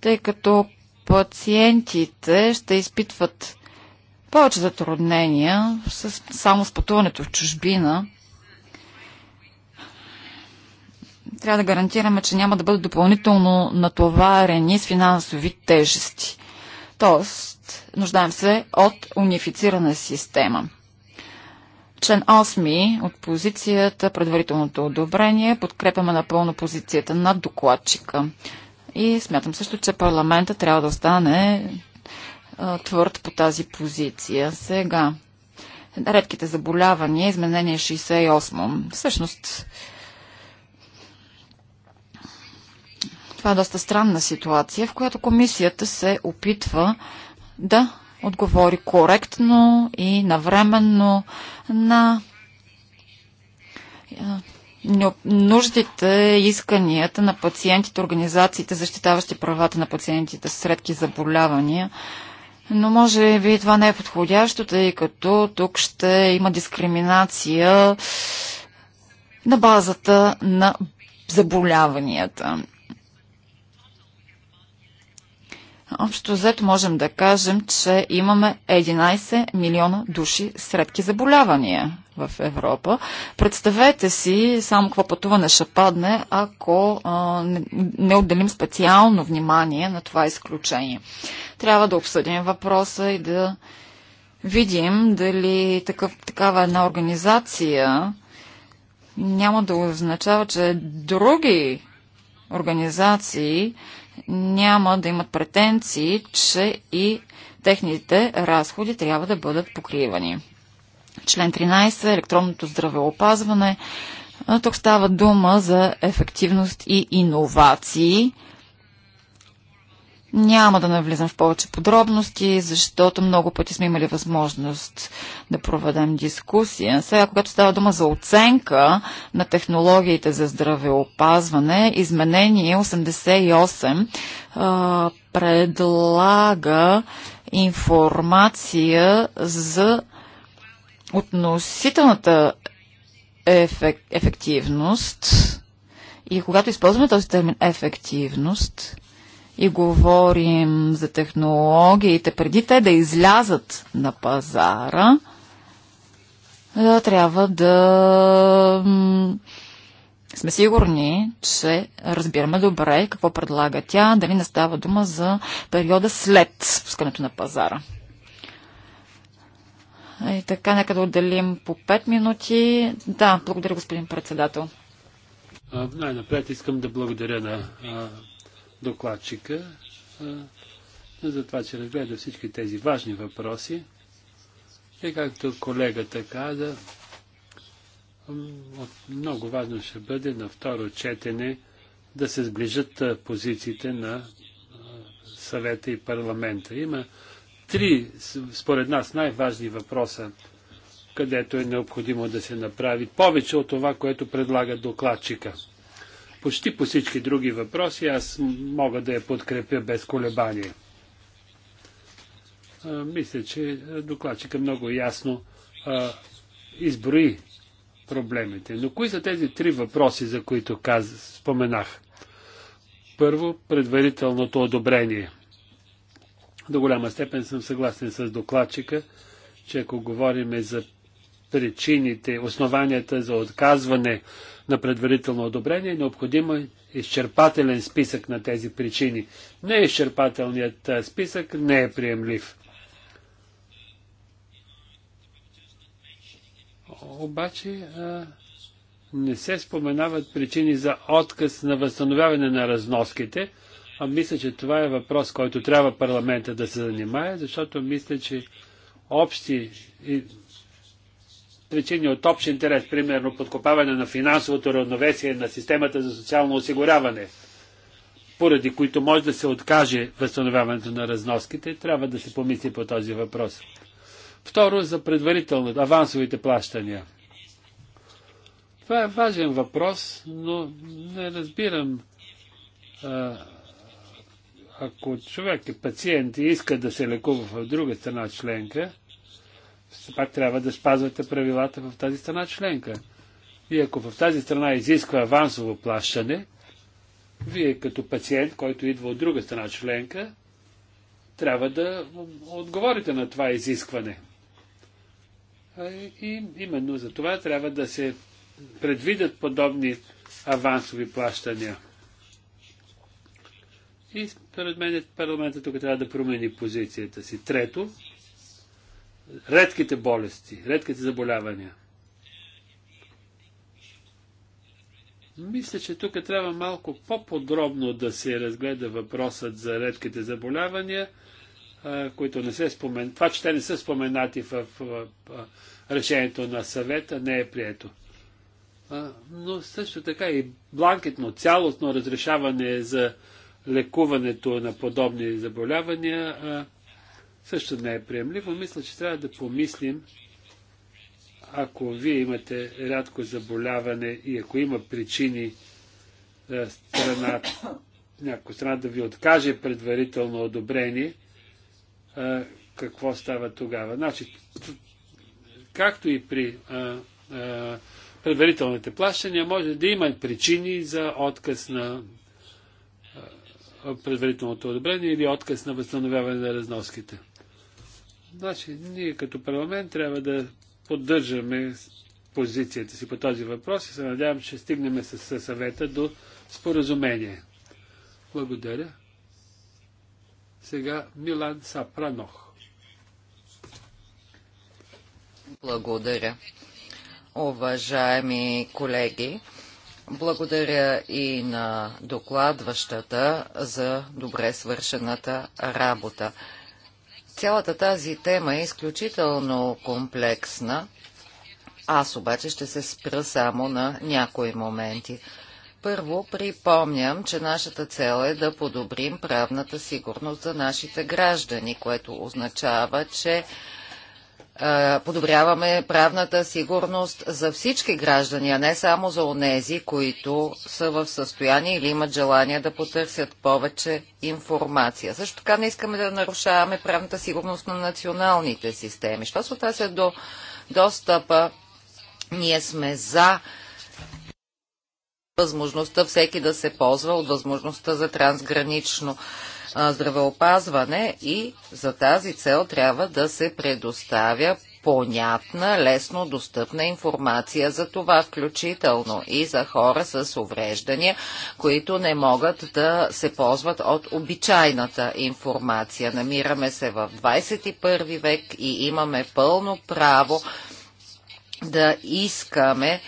тъй като пациентите ще изпитват повече затруднения с, само с пътуването в чужбина. Трябва да гарантираме, че няма да бъдат допълнително натоварени с финансови тежести. Тоест, нуждаем се от унифицирана система. Член 8 от позицията, предварителното одобрение, подкрепяме напълно позицията на докладчика. И смятам също, че парламента трябва да остане твърд по тази позиция. Сега, редките заболявания, изменение 68. Всъщност, това е доста странна ситуация, в която комисията се опитва да отговори коректно и навременно на нуждите, исканията на пациентите, организациите, защитаващи правата на пациентите с редки заболявания. Но може би това не е подходящо, тъй като тук ще има дискриминация на базата на заболяванията. Общо взето можем да кажем, че имаме 11 милиона души с редки заболявания в Европа. Представете си само какво пътуване ще падне, ако а, не, отделим специално внимание на това изключение. Трябва да обсъдим въпроса и да видим дали такъв, такава една организация няма да означава, че други организации няма да имат претенции, че и техните разходи трябва да бъдат покривани. Член 13. Електронното здравеопазване. Тук става дума за ефективност и иновации. Няма да навлизам в повече подробности, защото много пъти сме имали възможност да проведем дискусия. Сега, когато става дума за оценка на технологиите за здравеопазване, изменение 88 а, предлага информация за относителната ефек, ефективност и когато използваме този термин ефективност, и говорим за технологиите, преди те да излязат на пазара, да, е, трябва да сме сигурни, че разбираме добре какво предлага тя, дали не става дума за периода след пускането на пазара. И така, нека да отделим по 5 минути. Да, благодаря, господин председател. Най-напред искам да благодаря на докладчика за това, че разгледа всички тези важни въпроси. И както колегата каза, много важно ще бъде на второ четене да се сближат позициите на съвета и парламента. Има три, според нас, най-важни въпроса, където е необходимо да се направи повече от това, което предлага докладчика почти по всички други въпроси аз мога да я подкрепя без колебание. Мисля, че докладчика много ясно а, изброи проблемите. Но кои са тези три въпроси, за които каз... споменах? Първо, предварителното одобрение. До голяма степен съм съгласен с докладчика, че ако говорим за причините, основанията за отказване на предварително одобрение, е необходим изчерпателен списък на тези причини. Не е изчерпателният списък не е приемлив. Обаче не се споменават причини за отказ на възстановяване на разноските, а мисля, че това е въпрос, който трябва парламента да се занимае, защото мисля, че общи причини от общ интерес, примерно подкопаване на финансовото равновесие на системата за социално осигуряване, поради които може да се откаже възстановяването на разноските, трябва да се помисли по този въпрос. Второ, за предварително, авансовите плащания. Това е важен въпрос, но не разбирам. ако човек е пациент и иска да се лекува в друга страна членка, все пак трябва да спазвате правилата в тази страна членка. И ако в тази страна изисква авансово плащане, вие като пациент, който идва от друга страна членка, трябва да отговорите на това изискване. И именно за това трябва да се предвидят подобни авансови плащания. И според мен парламентът тук трябва да промени позицията си. Трето, редките болести, редките заболявания. Мисля, че тук трябва малко по-подробно да се разгледа въпросът за редките заболявания, които не се спомен... Това, че те не са споменати в решението на съвета, не е прието. Но също така и бланкетно, цялостно разрешаване за лекуването на подобни заболявания също не е приемливо. Мисля, че трябва да помислим, ако вие имате рядко заболяване и ако има причини е, страна, някоя страна да ви откаже предварително одобрение, е, какво става тогава? Значи, както и при е, предварителните плащания, може да има причини за отказ на предварителното одобрение или отказ на възстановяване на разноските. Значи, ние като парламент трябва да поддържаме позицията си по този въпрос и се надявам, че стигнем с съвета до споразумение. Благодаря. Сега Милан Сапранох. Благодаря. Уважаеми колеги, благодаря и на докладващата за добре свършената работа. Цялата тази тема е изключително комплексна. Аз обаче ще се спра само на някои моменти. Първо припомням, че нашата цел е да подобрим правната сигурност за нашите граждани, което означава, че е, подобряваме правната сигурност за всички граждани, а не само за онези, които са в състояние или имат желание да потърсят повече информация. Също така не искаме да нарушаваме правната сигурност на националните системи. Що се отнася до достъпа, ние сме за възможността всеки да се ползва от възможността за трансгранично здравеопазване и за тази цел трябва да се предоставя понятна, лесно достъпна информация за това, включително и за хора с увреждания, които не могат да се ползват от обичайната информация. Намираме се в 21 век и имаме пълно право да искаме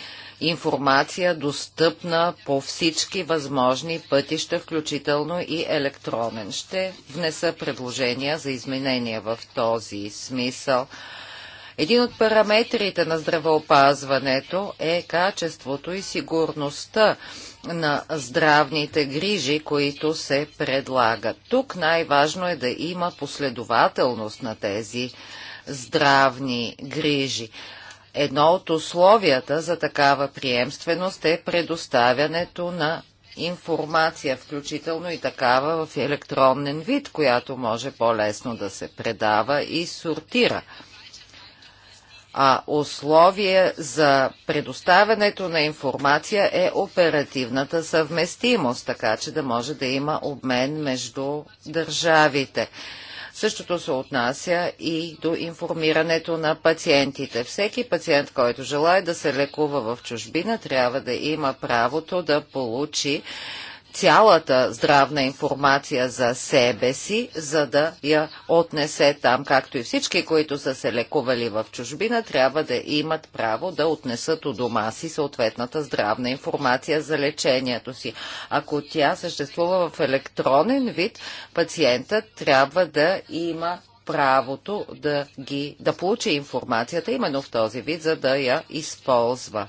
информация достъпна по всички възможни пътища, включително и електронен. Ще внеса предложения за изменения в този смисъл. Един от параметрите на здравеопазването е качеството и сигурността на здравните грижи, които се предлагат. Тук най-важно е да има последователност на тези здравни грижи. Едно от условията за такава приемственост е предоставянето на информация, включително и такава в електронен вид, която може по-лесно да се предава и сортира. А условие за предоставянето на информация е оперативната съвместимост, така че да може да има обмен между държавите. Същото се отнася и до информирането на пациентите. Всеки пациент, който желая да се лекува в чужбина, трябва да има правото да получи цялата здравна информация за себе си, за да я отнесе там, както и всички, които са се лекували в чужбина, трябва да имат право да отнесат у дома си съответната здравна информация за лечението си. Ако тя съществува в електронен вид, пациентът трябва да има правото да, ги, да получи информацията именно в този вид, за да я използва.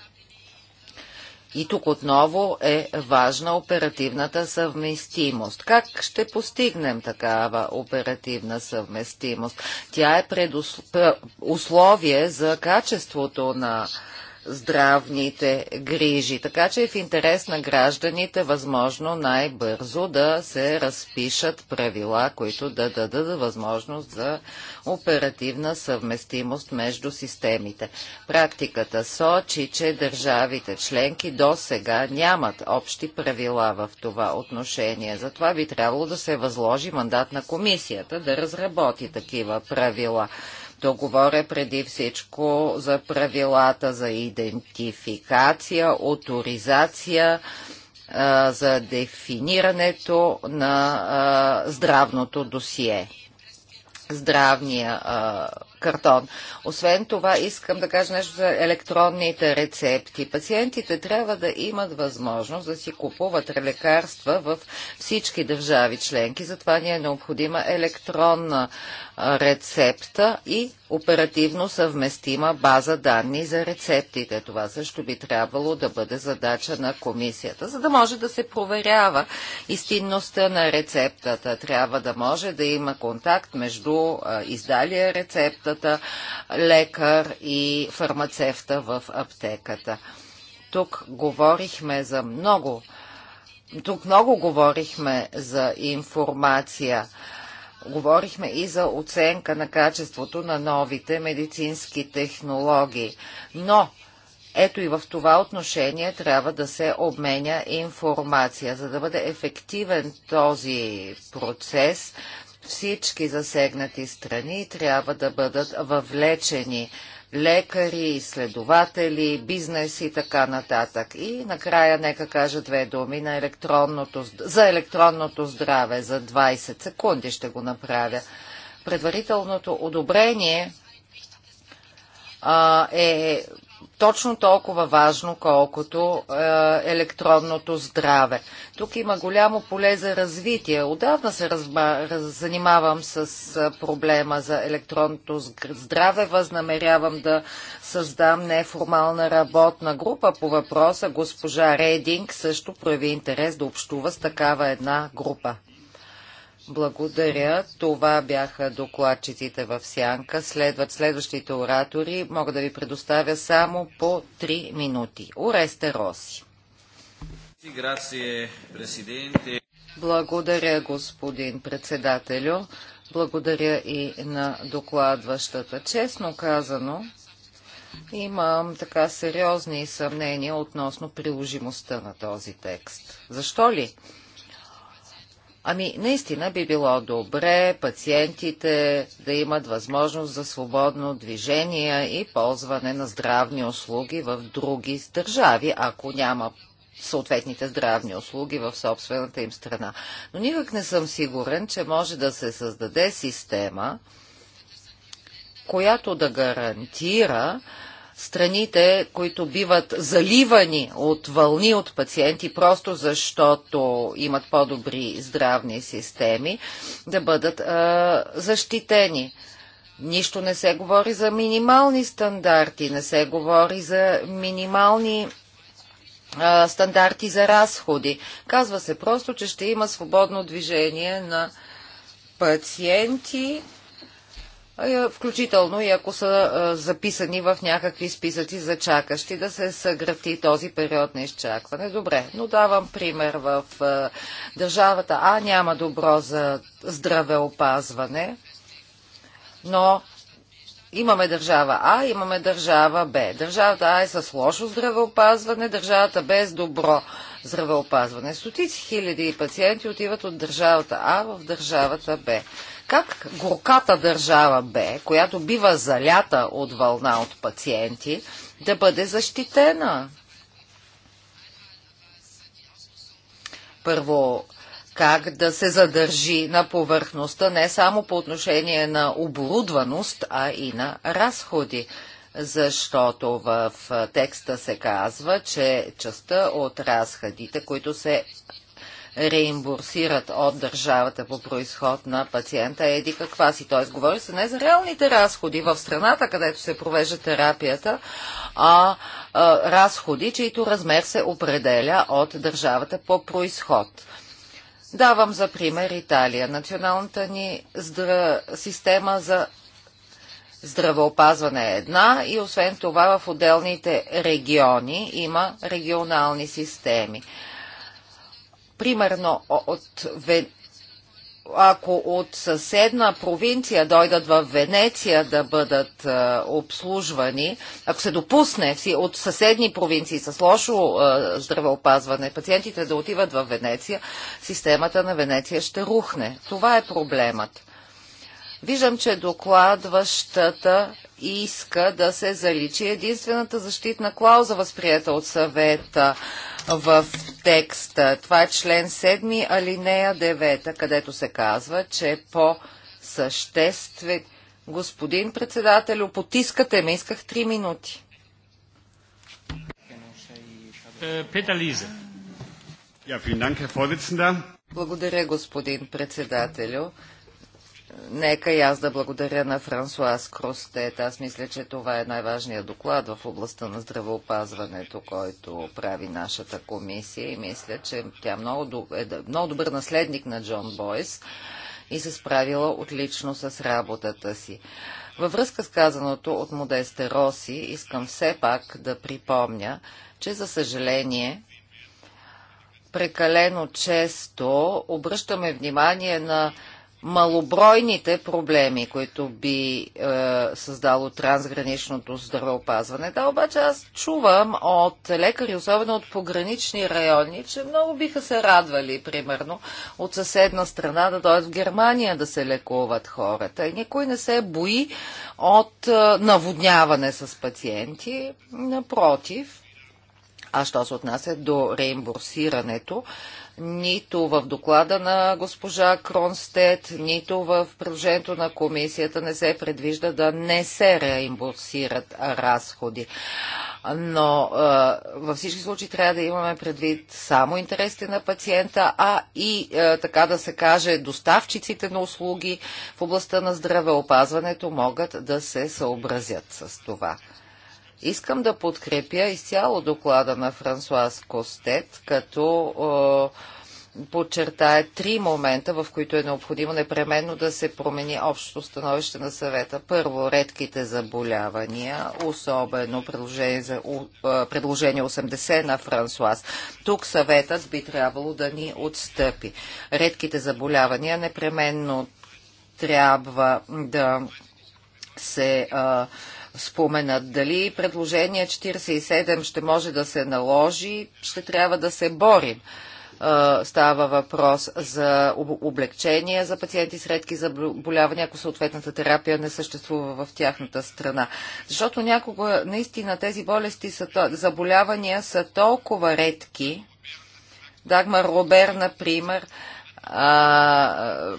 И тук отново е важна оперативната съвместимост. Как ще постигнем такава оперативна съвместимост? Тя е условие за качеството на здравните грижи. Така че е в интерес на гражданите възможно най-бързо да се разпишат правила, които да дадат възможност за оперативна съвместимост между системите. Практиката сочи, че държавите членки до сега нямат общи правила в това отношение. Затова би трябвало да се възложи мандат на комисията да разработи такива правила. То говоря преди всичко за правилата за идентификация, авторизация, за дефинирането на здравното досие. Здравния картон. Освен това, искам да кажа нещо за електронните рецепти. Пациентите трябва да имат възможност да си купуват лекарства в всички държави членки. Затова ни е необходима електронна рецепта и оперативно съвместима база данни за рецептите. Това също би трябвало да бъде задача на комисията, за да може да се проверява истинността на рецептата. Трябва да може да има контакт между издалия рецепта, работата лекар и фармацевта в аптеката. Тук говорихме за много, тук много говорихме за информация. Говорихме и за оценка на качеството на новите медицински технологии. Но ето и в това отношение трябва да се обменя информация. За да бъде ефективен този процес, всички засегнати страни трябва да бъдат въвлечени лекари, изследователи, бизнес и така нататък. И накрая нека кажа две думи на електронното, за електронното здраве. За 20 секунди ще го направя. Предварителното одобрение а, е точно толкова важно, колкото е, електронното здраве. Тук има голямо поле за развитие. Отдавна се разма, раз, занимавам с е, проблема за електронното здраве. Възнамерявам да създам неформална работна група по въпроса. Госпожа Рейдинг също прояви интерес да общува с такава една група. Благодаря. Това бяха докладчиците в Сянка. Следват следващите оратори. Мога да ви предоставя само по 3 минути. Оресте Роси. Благодаря, господин председателю. Благодаря и на докладващата. Честно казано, имам така сериозни съмнения относно приложимостта на този текст. Защо ли? Ами, наистина би било добре пациентите да имат възможност за свободно движение и ползване на здравни услуги в други държави, ако няма съответните здравни услуги в собствената им страна. Но никак не съм сигурен, че може да се създаде система, която да гарантира, страните, които биват заливани от вълни от пациенти, просто защото имат по-добри здравни системи, да бъдат а, защитени. Нищо не се говори за минимални стандарти, не се говори за минимални а, стандарти за разходи. Казва се просто, че ще има свободно движение на пациенти е, включително и ако са е, записани в някакви списъци за чакащи, да се съграти този период на изчакване. Добре, но давам пример в е, държавата А няма добро за здравеопазване, но имаме държава А, имаме държава Б. Държавата А е с лошо здравеопазване, държавата Б е с добро здравеопазване. Стотици хиляди пациенти отиват от държавата А в държавата Б. Как горката държава бе, която бива залята от вълна от пациенти, да бъде защитена? Първо, как да се задържи на повърхността не само по отношение на оборудваност, а и на разходи защото в текста се казва, че частта от разходите, които се реимбурсират от държавата по происход на пациента еди каква си. Т.е. говори се не за реалните разходи в страната, където се провежда терапията, а, а разходи, чието размер се определя от държавата по происход. Давам за пример Италия. Националната ни здра... система за здравеопазване е една и освен това в отделните региони има регионални системи. Примерно от ако от съседна провинция дойдат в Венеция да бъдат а, е, обслужвани, ако се допусне от съседни провинции с лошо а, е, здравеопазване пациентите да отиват в Венеция, системата на Венеция ще рухне. Това е проблемът. Виждам, че докладващата иска да се заличи единствената защитна клауза, възприета от съвета в текста. Това е член 7, алинея 9, където се казва, че по съществен... Господин председател, потискате ме, исках 3 минути. Е, Петър Лиза. Благодаря, господин председателю. Нека и аз да благодаря на Франсуаз Кростет. Аз мисля, че това е най-важният доклад в областта на здравеопазването, който прави нашата комисия и мисля, че тя много, е много добър наследник на Джон Бойс и се справила отлично с работата си. Във връзка с казаното от Модесте Роси, искам все пак да припомня, че за съжаление прекалено често обръщаме внимание на малобройните проблеми, които би е, създало трансграничното здравеопазване. Да, обаче аз чувам от лекари, особено от погранични райони, че много биха се радвали, примерно, от съседна страна да дойдат в Германия да се лекуват хората. И никой не се бои от е, наводняване с пациенти. Напротив, а що се отнася до реимбурсирането, нито в доклада на госпожа Кронстед, нито в предложението на комисията не се предвижда да не се реимбурсират разходи. Но а, във всички случаи трябва да имаме предвид само интересите на пациента, а и а, така да се каже, доставчиците на услуги в областта на здравеопазването могат да се съобразят с това. Искам да подкрепя изцяло доклада на Франсуаз Костет, като е, подчертая три момента, в които е необходимо непременно да се промени общото становище на съвета. Първо, редките заболявания, особено предложение, за, е, предложение 80 на Франсуаз. Тук съветът би трябвало да ни отстъпи. Редките заболявания непременно трябва да се Е, споменат. Дали предложение 47 ще може да се наложи, ще трябва да се борим. Става въпрос за облегчение за пациенти с редки заболявания, ако съответната терапия не съществува в тяхната страна. Защото някога наистина тези болести, са, заболявания са толкова редки. Дагмар Робер, например, а,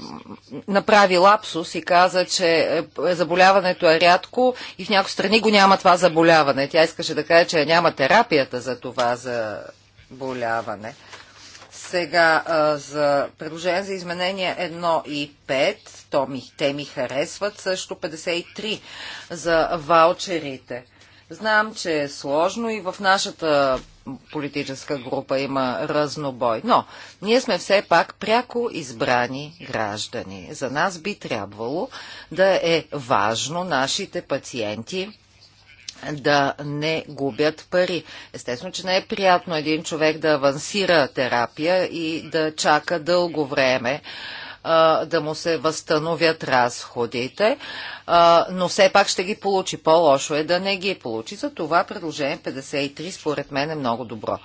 направи лапсус и каза, че е, заболяването е рядко и в някои страни го няма това заболяване. Тя искаше да каже, че няма терапията за това заболяване. Сега а, за предложение за изменения 1 и 5, то ми, те ми харесват, също 53 за ваучерите. Знам, че е сложно и в нашата политическа група има разнобой. Но ние сме все пак пряко избрани граждани. За нас би трябвало да е важно нашите пациенти да не губят пари. Естествено, че не е приятно един човек да авансира терапия и да чака дълго време да му се възстановят разходите, но все пак ще ги получи. По-лошо е да не ги получи. За това предложение 53 според мен е много добро.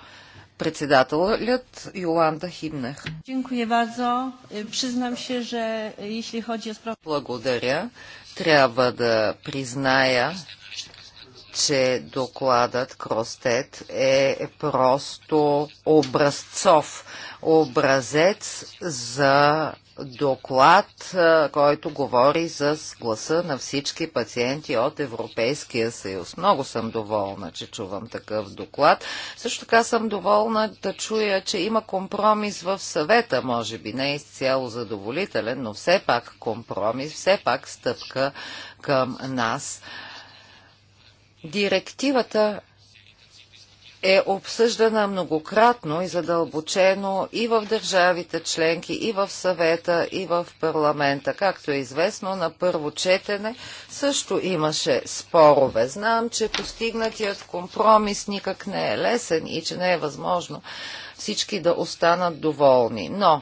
Председателят Йоланда Химнер. Е, е, Благодаря. Трябва да призная, че докладът Кростет е просто образцов, образец за доклад, който говори за гласа на всички пациенти от Европейския съюз. Много съм доволна, че чувам такъв доклад. Също така съм доволна да чуя, че има компромис в съвета, може би не е изцяло задоволителен, но все пак компромис, все пак стъпка към нас. Директивата е обсъждана многократно и задълбочено и в държавите членки, и в съвета, и в парламента. Както е известно, на първо четене също имаше спорове. Знам, че постигнатият компромис никак не е лесен и че не е възможно всички да останат доволни. Но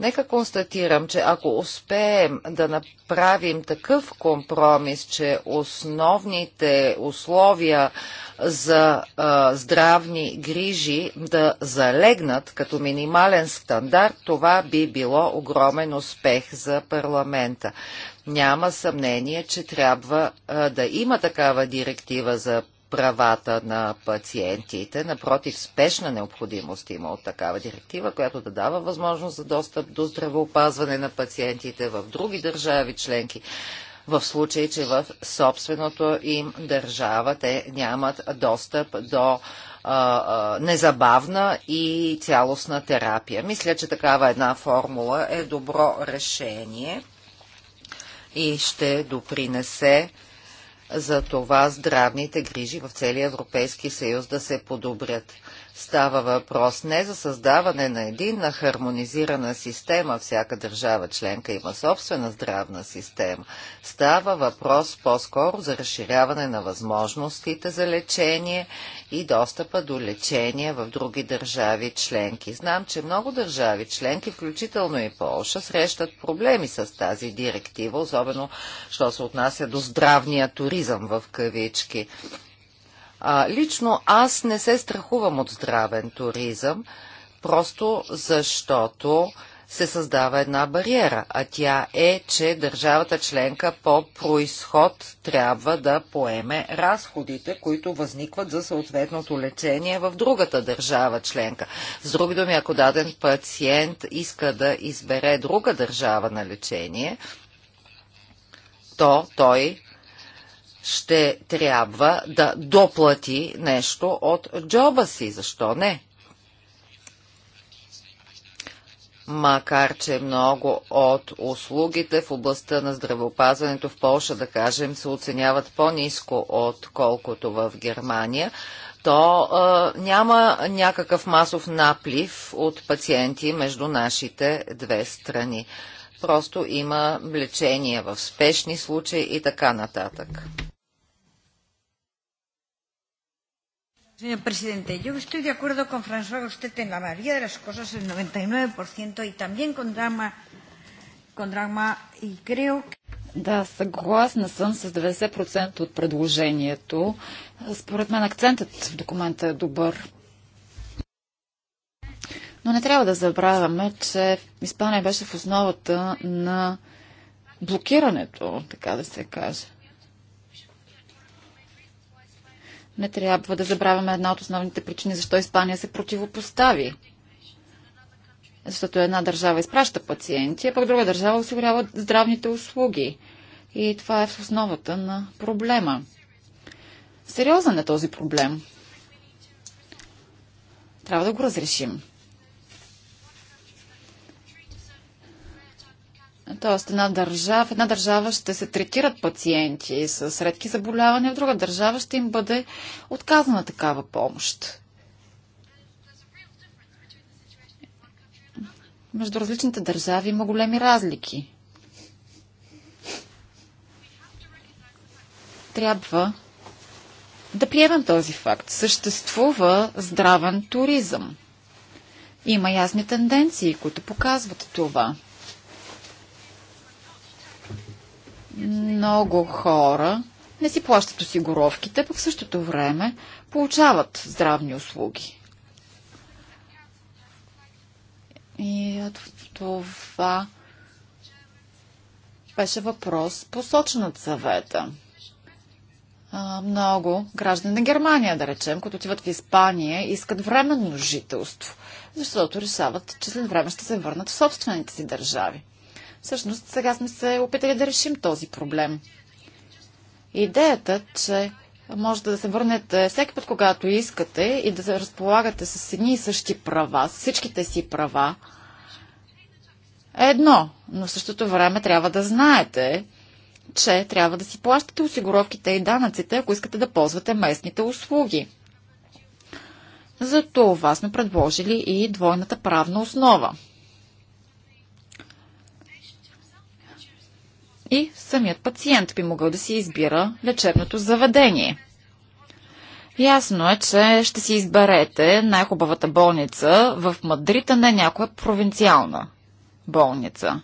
Нека констатирам, че ако успеем да направим такъв компромис, че основните условия за а, здравни грижи да залегнат като минимален стандарт, това би било огромен успех за парламента. Няма съмнение, че трябва а, да има такава директива за правата на пациентите. Напротив, спешна необходимост има от такава директива, която да дава възможност за достъп до здравеопазване на пациентите в други държави членки в случай, че в собственото им държава те нямат достъп до а, а, незабавна и цялостна терапия. Мисля, че такава една формула е добро решение и ще допринесе за това здравните грижи в целия Европейски съюз да се подобрят. Става въпрос не за създаване на единна хармонизирана система, всяка държава членка има собствена здравна система. Става въпрос по-скоро за разширяване на възможностите за лечение и достъпа до лечение в други държави членки. Знам, че много държави членки, включително и Полша, срещат проблеми с тази директива, особено що се отнася до здравния туризъм в кавички. А, лично аз не се страхувам от здравен туризъм, просто защото се създава една бариера, а тя е, че държавата членка по происход трябва да поеме разходите, които възникват за съответното лечение в другата държава членка. С други думи, ако даден пациент иска да избере друга държава на лечение, то той ще трябва да доплати нещо от джоба си. Защо не? Макар, че много от услугите в областта на здравеопазването в Польша, да кажем, се оценяват по-низко, отколкото в Германия, то е, няма някакъв масов наплив от пациенти между нашите две страни. Просто има лечение в спешни случаи и така нататък. Señor presidente, yo estoy de acuerdo con François Gostet en la mayoría de las cosas, el 99%, y también con Drama, con Drama y creo que... Да, съгласна съм с 90% от предложението. Според мен акцентът в документа е добър. Но не трябва да забравяме, че Испания беше в основата на блокирането, така да се каже. Не трябва да забравяме една от основните причини, защо Испания се противопостави. Защото една държава изпраща пациенти, а пък друга държава осигурява здравните услуги. И това е в основата на проблема. Сериозен е този проблем. Трябва да го разрешим. Тоест, една държава, една държава ще се третират пациенти с редки заболявания, в друга държава ще им бъде отказана такава помощ. Между различните държави има големи разлики. Трябва да приемем този факт. Съществува здравен туризъм. Има ясни тенденции, които показват това. много хора не си плащат осигуровките, пък в същото време получават здравни услуги. И това беше въпрос посочен от съвета. много граждани на Германия, да речем, които отиват в Испания, искат временно жителство, защото решават, че след време ще се върнат в собствените си държави. Всъщност сега сме се опитали да решим този проблем. Идеята, че можете да се върнете всеки път, когато искате и да се разполагате с едни и същи права, с всичките си права, е едно, но в същото време трябва да знаете, че трябва да си плащате осигуровките и данъците, ако искате да ползвате местните услуги. За това сме предложили и двойната правна основа – и самият пациент би могъл да си избира лечебното заведение. Ясно е, че ще си изберете най-хубавата болница в Мадрид, а не някоя провинциална болница.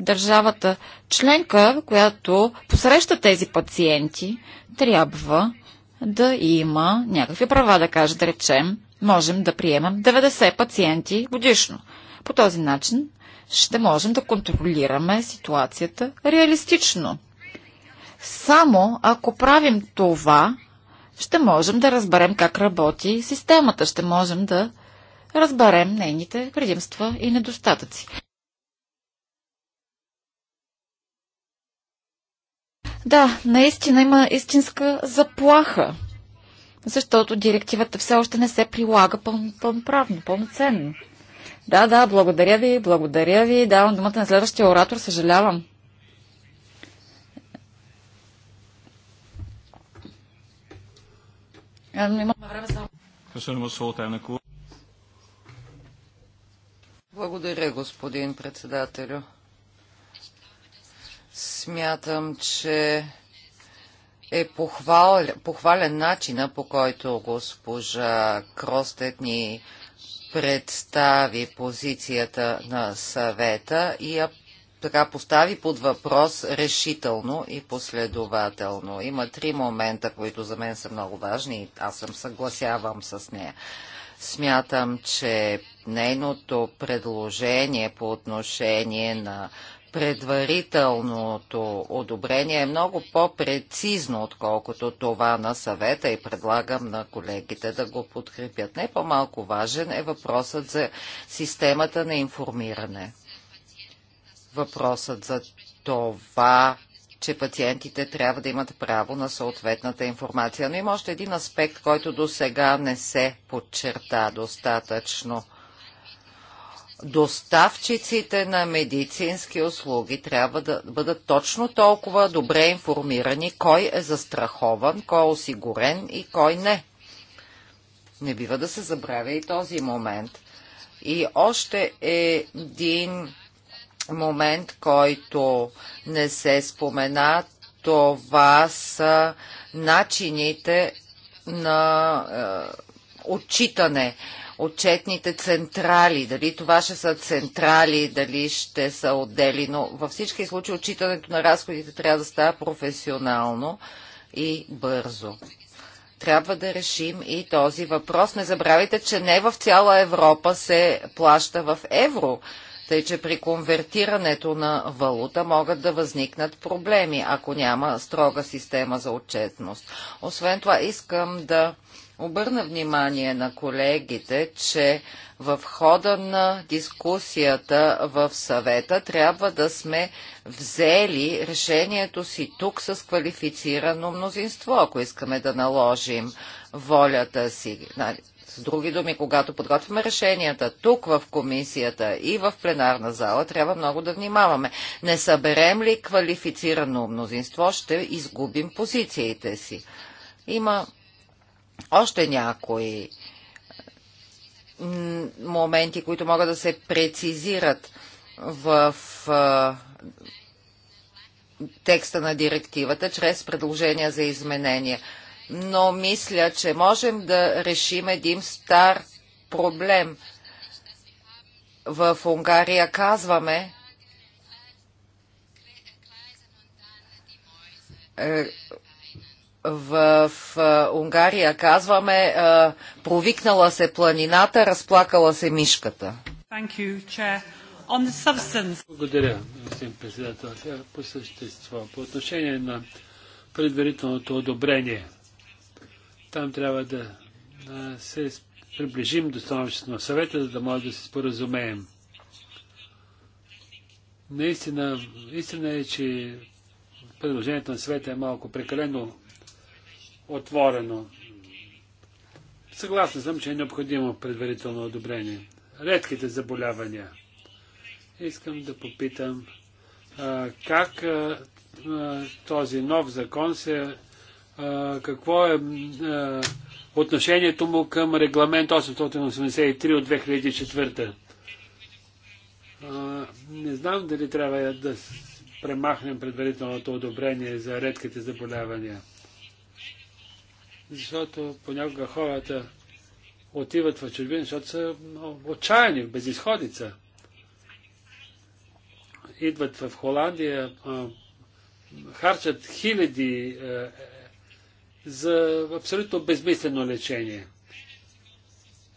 държавата членка, която посреща тези пациенти, трябва да има някакви права, да каже, да речем, можем да приемам 90 пациенти годишно. По този начин ще можем да контролираме ситуацията реалистично. Само ако правим това, ще можем да разберем как работи системата, ще можем да разберем нейните предимства и недостатъци. Да, наистина има истинска заплаха, защото директивата все още не се прилага пълноправно, пълноценно. Да, да, благодаря ви, благодаря ви. Давам думата на следващия оратор, съжалявам. Благодаря, господин председателю. Смятам, че е похвал, похвален начина, по който госпожа Кростет ни представи позицията на съвета и я така постави под въпрос решително и последователно. Има три момента, които за мен са много важни и аз съм съгласявам с нея. Смятам, че нейното предложение по отношение на предварителното одобрение е много по-прецизно, отколкото това на съвета и предлагам на колегите да го подкрепят. Не по-малко важен е въпросът за системата на информиране. Въпросът за това, че пациентите трябва да имат право на съответната информация. Но има още един аспект, който до сега не се подчерта достатъчно – доставчиците на медицински услуги трябва да бъдат точно толкова добре информирани кой е застрахован, кой е осигурен и кой не. Не бива да се забравя и този момент. И още един момент, който не се спомена, това са начините на е, отчитане. Е, отчетните централи, дали това ще са централи, дали ще са отдели, но във всички случаи отчитането на разходите трябва да става професионално и бързо. Трябва да решим и този въпрос. Не забравяйте, че не в цяла Европа се плаща в евро тъй че при конвертирането на валута могат да възникнат проблеми, ако няма строга система за отчетност. Освен това искам да обърна внимание на колегите, че в хода на дискусията в съвета трябва да сме взели решението си тук с квалифицирано мнозинство, ако искаме да наложим волята си. Нали, с други думи, когато подготвяме решенията тук в комисията и в пленарна зала, трябва много да внимаваме. Не съберем ли квалифицирано мнозинство, ще изгубим позициите си. Има още някои моменти, които могат да се прецизират в текста на директивата чрез предложения за изменения. Но мисля, че можем да решим един стар проблем. В Унгария казваме, е, в Унгария казваме провикнала се планината, разплакала се мишката. You, Благодаря, господин председател. по същество. По отношение на предварителното одобрение, там трябва да се приближим до становището на съвета, за да може да се споразумеем. Наистина, истина е, че предложението на света е малко прекалено отворено. Съгласен съм, че е необходимо предварително одобрение. Редките заболявания. Искам да попитам как този нов закон се. какво е отношението му към регламент 883 от 2004? не знам дали трябва да премахнем предварителното одобрение за редките заболявания защото понякога хората отиват в чужбина, защото са отчаяни, в безисходица. Идват в Холандия, харчат хиляди е, е, за абсолютно безмислено лечение.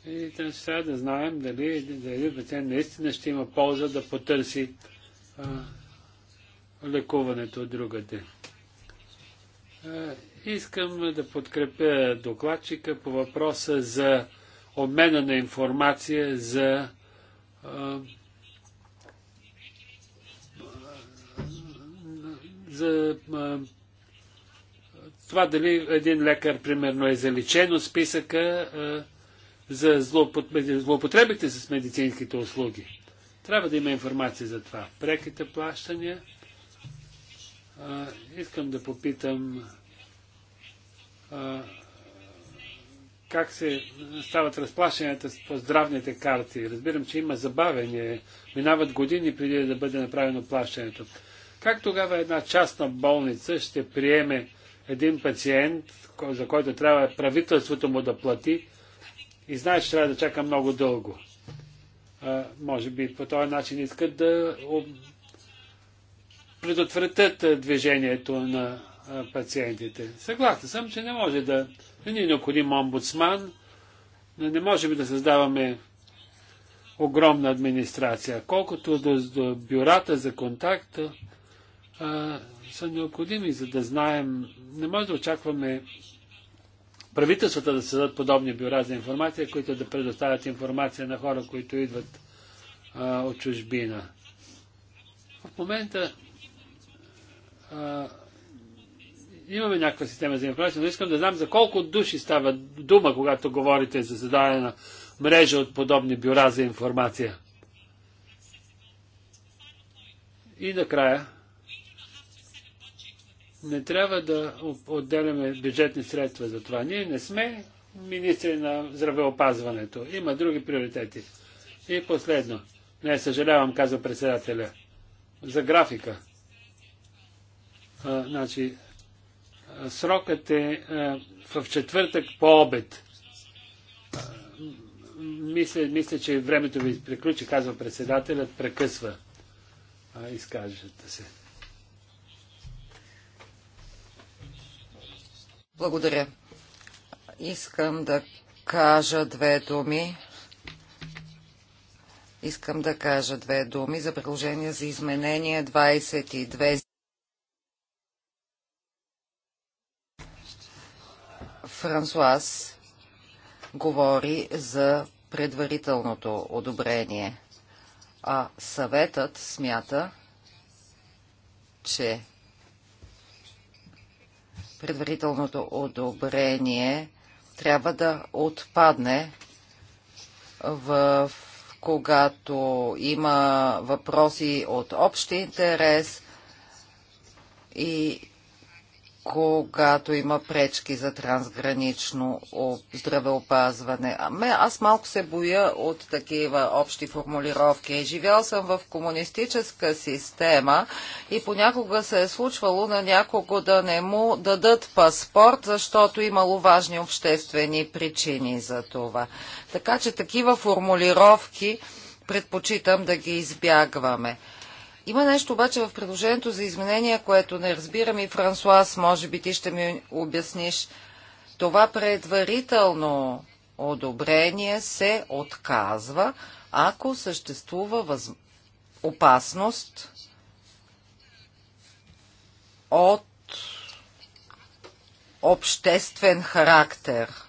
И трябва да знаем дали един пациент наистина ще има полза да потърси лекуването от другата. Е, Искам да подкрепя докладчика по въпроса за обмена на информация за за това дали един лекар, примерно, е заличен от списъка за злоупотребите с медицинските услуги. Трябва да има информация за това. Преките плащания. Искам да попитам как се стават разплащанията по здравните карти. Разбирам, че има забавене. Минават години преди да бъде направено плащането. Как тогава една частна болница ще приеме един пациент, за който трябва правителството му да плати и знае, че трябва да чака много дълго? А, може би по този начин искат да предотвратят движението на пациентите. Съгласен съм, че не може да... Не ни е необходим омбудсман, но не можем да създаваме огромна администрация. Колкото до, до бюрата за контакт а, са необходими, за да знаем... Не може да очакваме правителствата да създадат подобни бюра за информация, които да предоставят информация на хора, които идват а, от чужбина. В момента а, имаме някаква система за информация, но искам да знам за колко души става дума, когато говорите за създадена на мрежа от подобни бюра за информация. И накрая, не трябва да отделяме бюджетни средства за това. Ние не сме министри на здравеопазването. Има други приоритети. И последно. Не, съжалявам, казва председателя. За графика. А, значи, Срокът е, е в четвъртък по обед. Мисля, мисля, че времето ви приключи, казва председателят, прекъсва изкажете се. Благодаря. Искам да кажа две думи. Искам да кажа две думи за приложение за изменение 22. Франсуас говори за предварителното одобрение, а съветът смята, че предварителното одобрение трябва да отпадне в когато има въпроси от общ интерес и когато има пречки за трансгранично здравеопазване. аз малко се боя от такива общи формулировки. Живял съм в комунистическа система и понякога се е случвало на някого да не му дадат паспорт, защото имало важни обществени причини за това. Така че такива формулировки предпочитам да ги избягваме. Има нещо обаче в предложението за изменения, което не разбирам и Франсуас, може би ти ще ми обясниш. Това предварително одобрение се отказва, ако съществува въз... опасност от обществен характер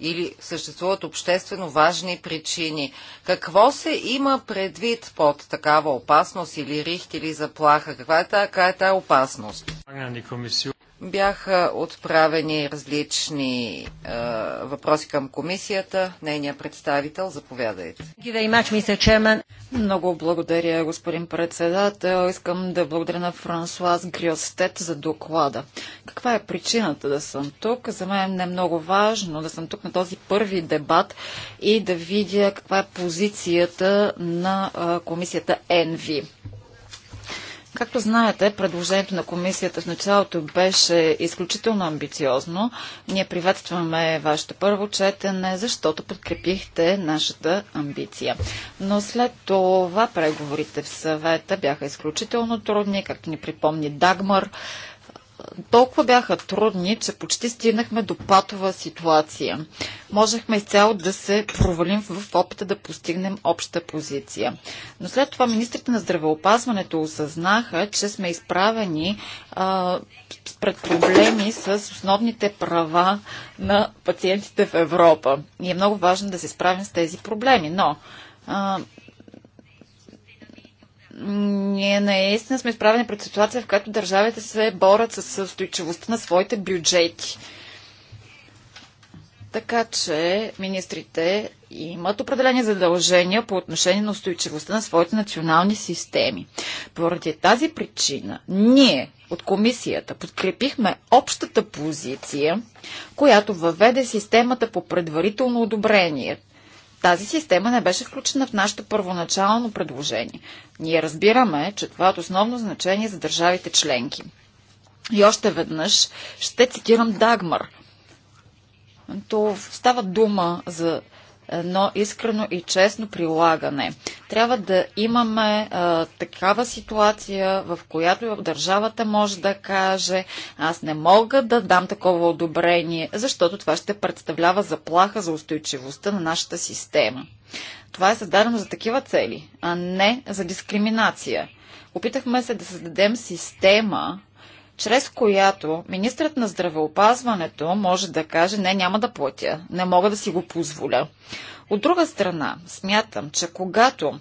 или съществуват обществено важни причини. Какво се има предвид под такава опасност или рихт или заплаха? Каква е тая, е та опасност? Бяха отправени различни е, въпроси към комисията. Нейният представител, заповядайте. Много благодаря, господин председател. Искам да благодаря на Франсуаз Гриостет за доклада. Каква е причината да съм тук? За мен е много важно да съм тук на този първи дебат и да видя каква е позицията на е, комисията ЕНВИ. Както знаете, предложението на комисията в началото беше изключително амбициозно. Ние приветстваме вашето първо четене, защото подкрепихте нашата амбиция. Но след това преговорите в съвета бяха изключително трудни, както ни припомни Дагмар толкова бяха трудни, че почти стигнахме до патова ситуация. Можехме изцяло да се провалим в опита да постигнем обща позиция. Но след това министрите на здравеопазването осъзнаха, че сме изправени а, пред проблеми с основните права на пациентите в Европа. И е много важно да се справим с тези проблеми. Но а, ние наистина сме изправени пред ситуация, в която държавите се борят с устойчивостта на своите бюджети. Така че министрите имат определени задължения по отношение на устойчивостта на своите национални системи. Поради тази причина ние от комисията подкрепихме общата позиция, която въведе системата по предварително одобрение тази система не беше включена в нашето първоначално предложение. Ние разбираме, че това е от основно значение за държавите членки. И още веднъж ще цитирам Дагмар. То става дума за едно искрено и честно прилагане. Трябва да имаме а, такава ситуация, в която държавата може да каже аз не мога да дам такова одобрение, защото това ще представлява заплаха за устойчивостта на нашата система. Това е създадено за такива цели, а не за дискриминация. Опитахме се да създадем система, чрез която министрът на здравеопазването може да каже не, няма да платя, не мога да си го позволя. От друга страна, смятам, че когато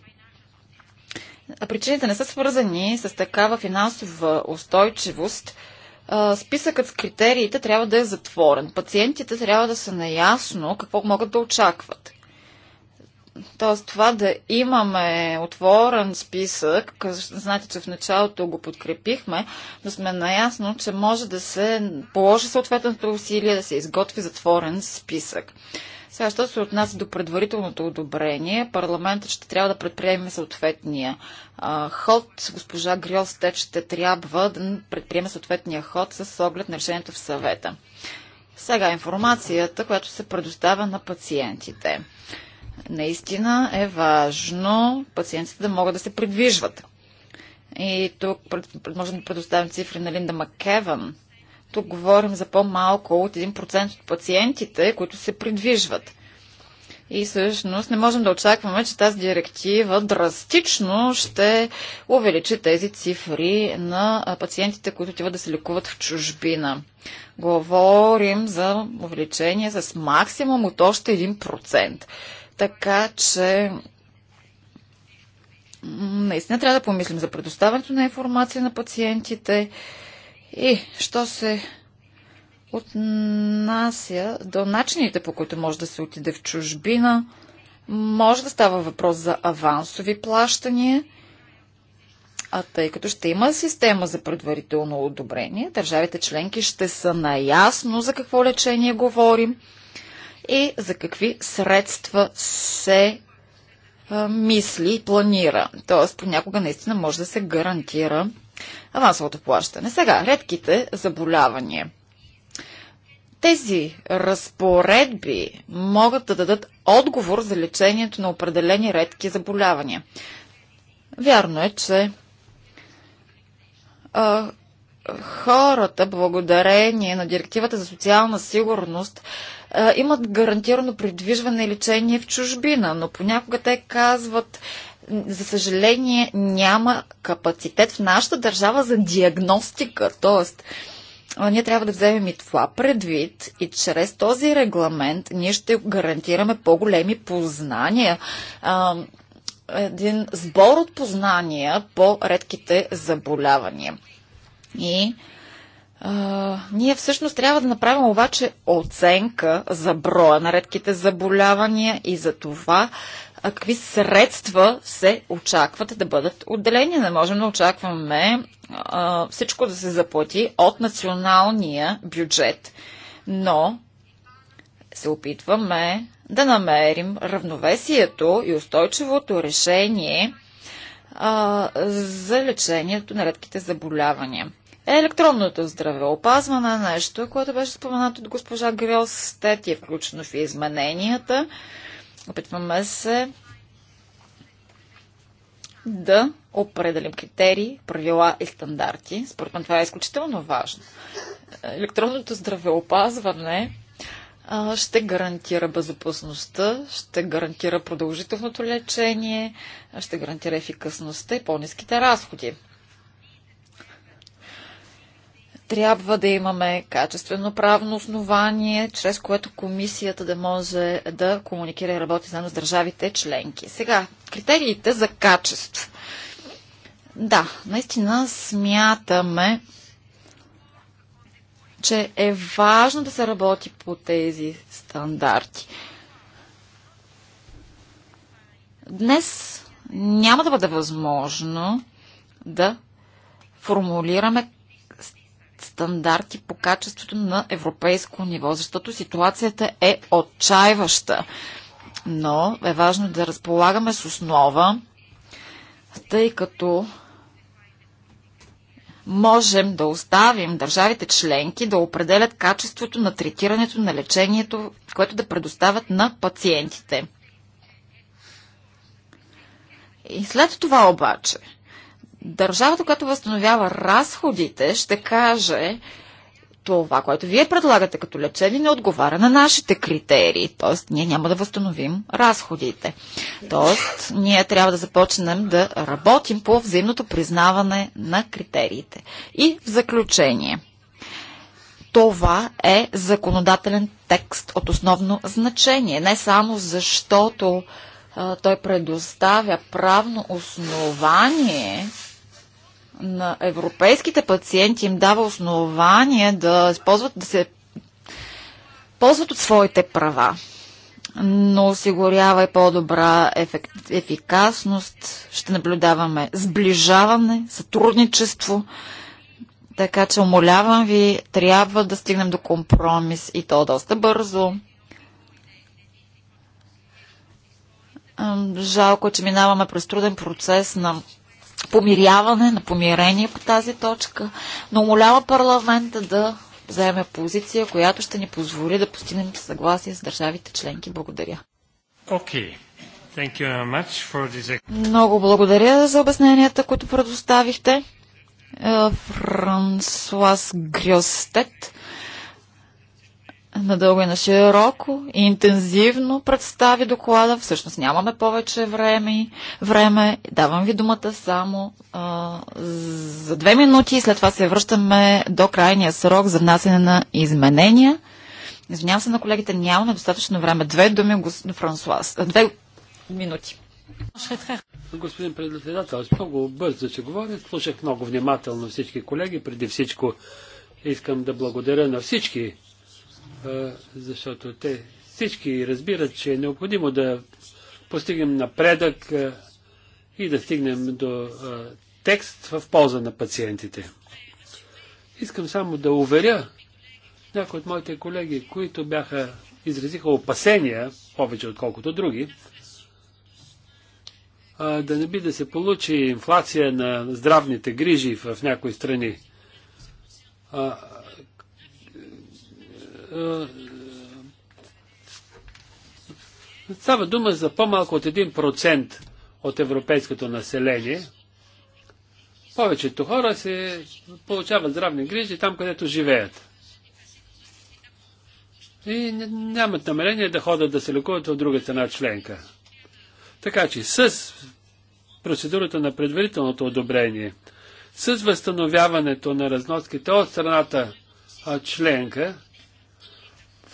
причините не са свързани с такава финансова устойчивост, списъкът с критериите трябва да е затворен. Пациентите трябва да са наясно какво могат да очакват. Тоест това да имаме отворен списък, знаете, че в началото го подкрепихме, да сме наясно, че може да се положи съответното усилие да се изготви затворен списък. Сега, що се отнася до предварителното одобрение, парламентът ще трябва да предприеме съответния а, ход. Госпожа Грилстет ще трябва да предприеме съответния ход с оглед на решението в съвета. Сега информацията, която се предоставя на пациентите. Наистина е важно пациентите да могат да се придвижват. И тук можем да предоставим цифри на Линда Маккеван. Тук говорим за по-малко от 1% от пациентите, които се придвижват. И всъщност не можем да очакваме, че тази директива драстично ще увеличи тези цифри на пациентите, които отиват да се лекуват в чужбина. Говорим за увеличение с максимум от още 1%. Така че наистина трябва да помислим за предоставянето на информация на пациентите и що се отнася до начините, по които може да се отиде в чужбина. Може да става въпрос за авансови плащания, а тъй като ще има система за предварително одобрение, държавите членки ще са наясно за какво лечение говорим и за какви средства се мисли и планира. Тоест, понякога наистина може да се гарантира авансовото плащане. Сега, редките заболявания. Тези разпоредби могат да дадат отговор за лечението на определени редки заболявания. Вярно е, че а, хората, благодарение на директивата за социална сигурност, а, имат гарантирано придвижване и лечение в чужбина, но понякога те казват, за съжаление, няма капацитет в нашата държава за диагностика. Тоест, ние трябва да вземем и това предвид и чрез този регламент ние ще гарантираме по-големи познания. А, един сбор от познания по редките заболявания. И а, ние всъщност трябва да направим обаче оценка за броя на редките заболявания и за това а какви средства се очакват да бъдат отделени. Не можем да очакваме а, всичко да се заплати от националния бюджет. Но се опитваме да намерим равновесието и устойчивото решение а, за лечението на редките заболявания електронното здравеопазване, е нещо, което беше споменато от госпожа Грилс, те е включено в измененията. Опитваме се да определим критерии, правила и стандарти. Според мен това е изключително важно. Електронното здравеопазване ще гарантира безопасността, ще гарантира продължителното лечение, ще гарантира ефикасността и по-низките разходи. Трябва да имаме качествено правно основание, чрез което комисията да може да комуникира и работи заедно с държавите членки. Сега, критериите за качество. Да, наистина смятаме, че е важно да се работи по тези стандарти. Днес няма да бъде възможно да формулираме стандарти по качеството на европейско ниво, защото ситуацията е отчаиваща. Но е важно да разполагаме с основа, тъй като можем да оставим държавите членки да определят качеството на третирането на лечението, което да предоставят на пациентите. И след това обаче – държавата, която възстановява разходите, ще каже, това, което вие предлагате като лечение, не отговаря на нашите критерии. Тоест, ние няма да възстановим разходите. Тоест, ние трябва да започнем да работим по взаимното признаване на критериите. И в заключение. Това е законодателен текст от основно значение. Не само защото а, той предоставя правно основание на европейските пациенти им дава основание да, използват, да се ползват от своите права, но осигурява и по-добра ефек... ефикасност. Ще наблюдаваме сближаване, сътрудничество. Така че, умолявам ви, трябва да стигнем до компромис и то доста бързо. Жалко, е, че минаваме през труден процес на помиряване, на помирение по тази точка, но умолява парламента да вземе позиция, която ще ни позволи да постигнем съгласие с държавите членки. Благодаря. Okay. Thank you very much for this... Много благодаря за обясненията, които предоставихте. Е, Франсуас Грюстет надълго и на широко и интензивно представи доклада. Всъщност нямаме повече време. време. Давам ви думата само а, за две минути и след това се връщаме до крайния срок за внасяне на изменения. Извинявам се на колегите, нямаме достатъчно време. Две думи, господин Франсуас, Две минути. Господин председател, много бързо ще говоря. Слушах много внимателно всички колеги. Преди всичко искам да благодаря на всички защото те всички разбират, че е необходимо да постигнем напредък и да стигнем до текст в полза на пациентите. Искам само да уверя някои от моите колеги, които бяха изразиха опасения, повече отколкото други, да не би да се получи инфлация на здравните грижи в някои страни. Е, е, става дума за по-малко от 1% от европейското население. Повечето хора се получават здравни грижи там, където живеят. И нямат намерение да ходят да се лекуват в друга страна членка. Така че с процедурата на предварителното одобрение, с възстановяването на разноските от страната членка,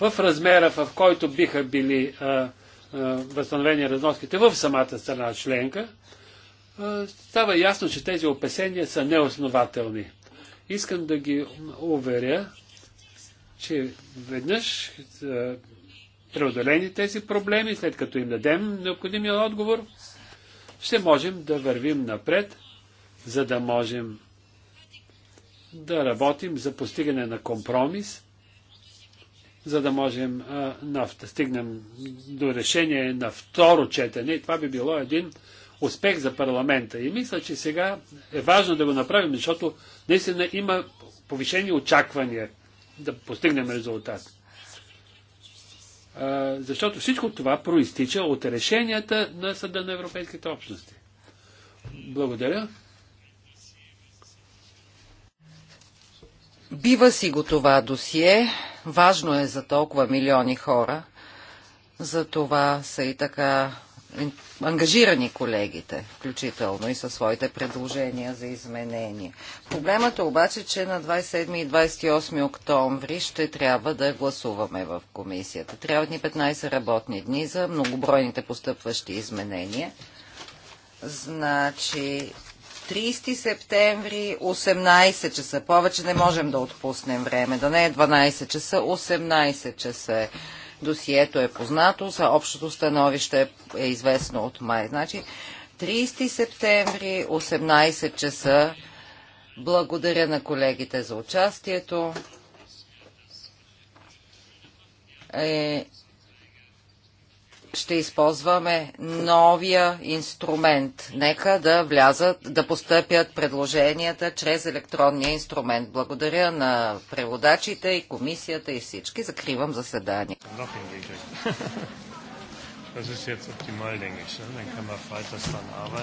в размера, в който биха били а, а, възстановени разноските в самата страна членка, а, става ясно, че тези опасения са неоснователни. Искам да ги уверя, че веднъж а, преодолени тези проблеми, след като им дадем необходимия отговор, ще можем да вървим напред, за да можем да работим за постигане на компромис – за да можем а, на, да стигнем до решение на второ четене. Това би било един успех за парламента. И мисля, че сега е важно да го направим, защото наистина има повишени очаквания да постигнем резултат. А, защото всичко това проистича от решенията на Съда на Европейските общности. Благодаря. Бива си го това досие важно е за толкова милиони хора. За това са и така ангажирани колегите, включително и със своите предложения за изменение. Проблемът е обаче, че на 27 и 28 октомври ще трябва да гласуваме в комисията. Трябват ни 15 работни дни за многобройните постъпващи изменения. Значи 30 септември, 18 часа. Повече не можем да отпуснем време. Да не е 12 часа, 18 часа. Е. Досието е познато, за общото становище е известно от май. Значи 30 септември, 18 часа. Благодаря на колегите за участието. Е, ще използваме новия инструмент. Нека да влязат, да постъпят предложенията чрез електронния инструмент. Благодаря на преводачите и комисията и всички. Закривам заседание. Това е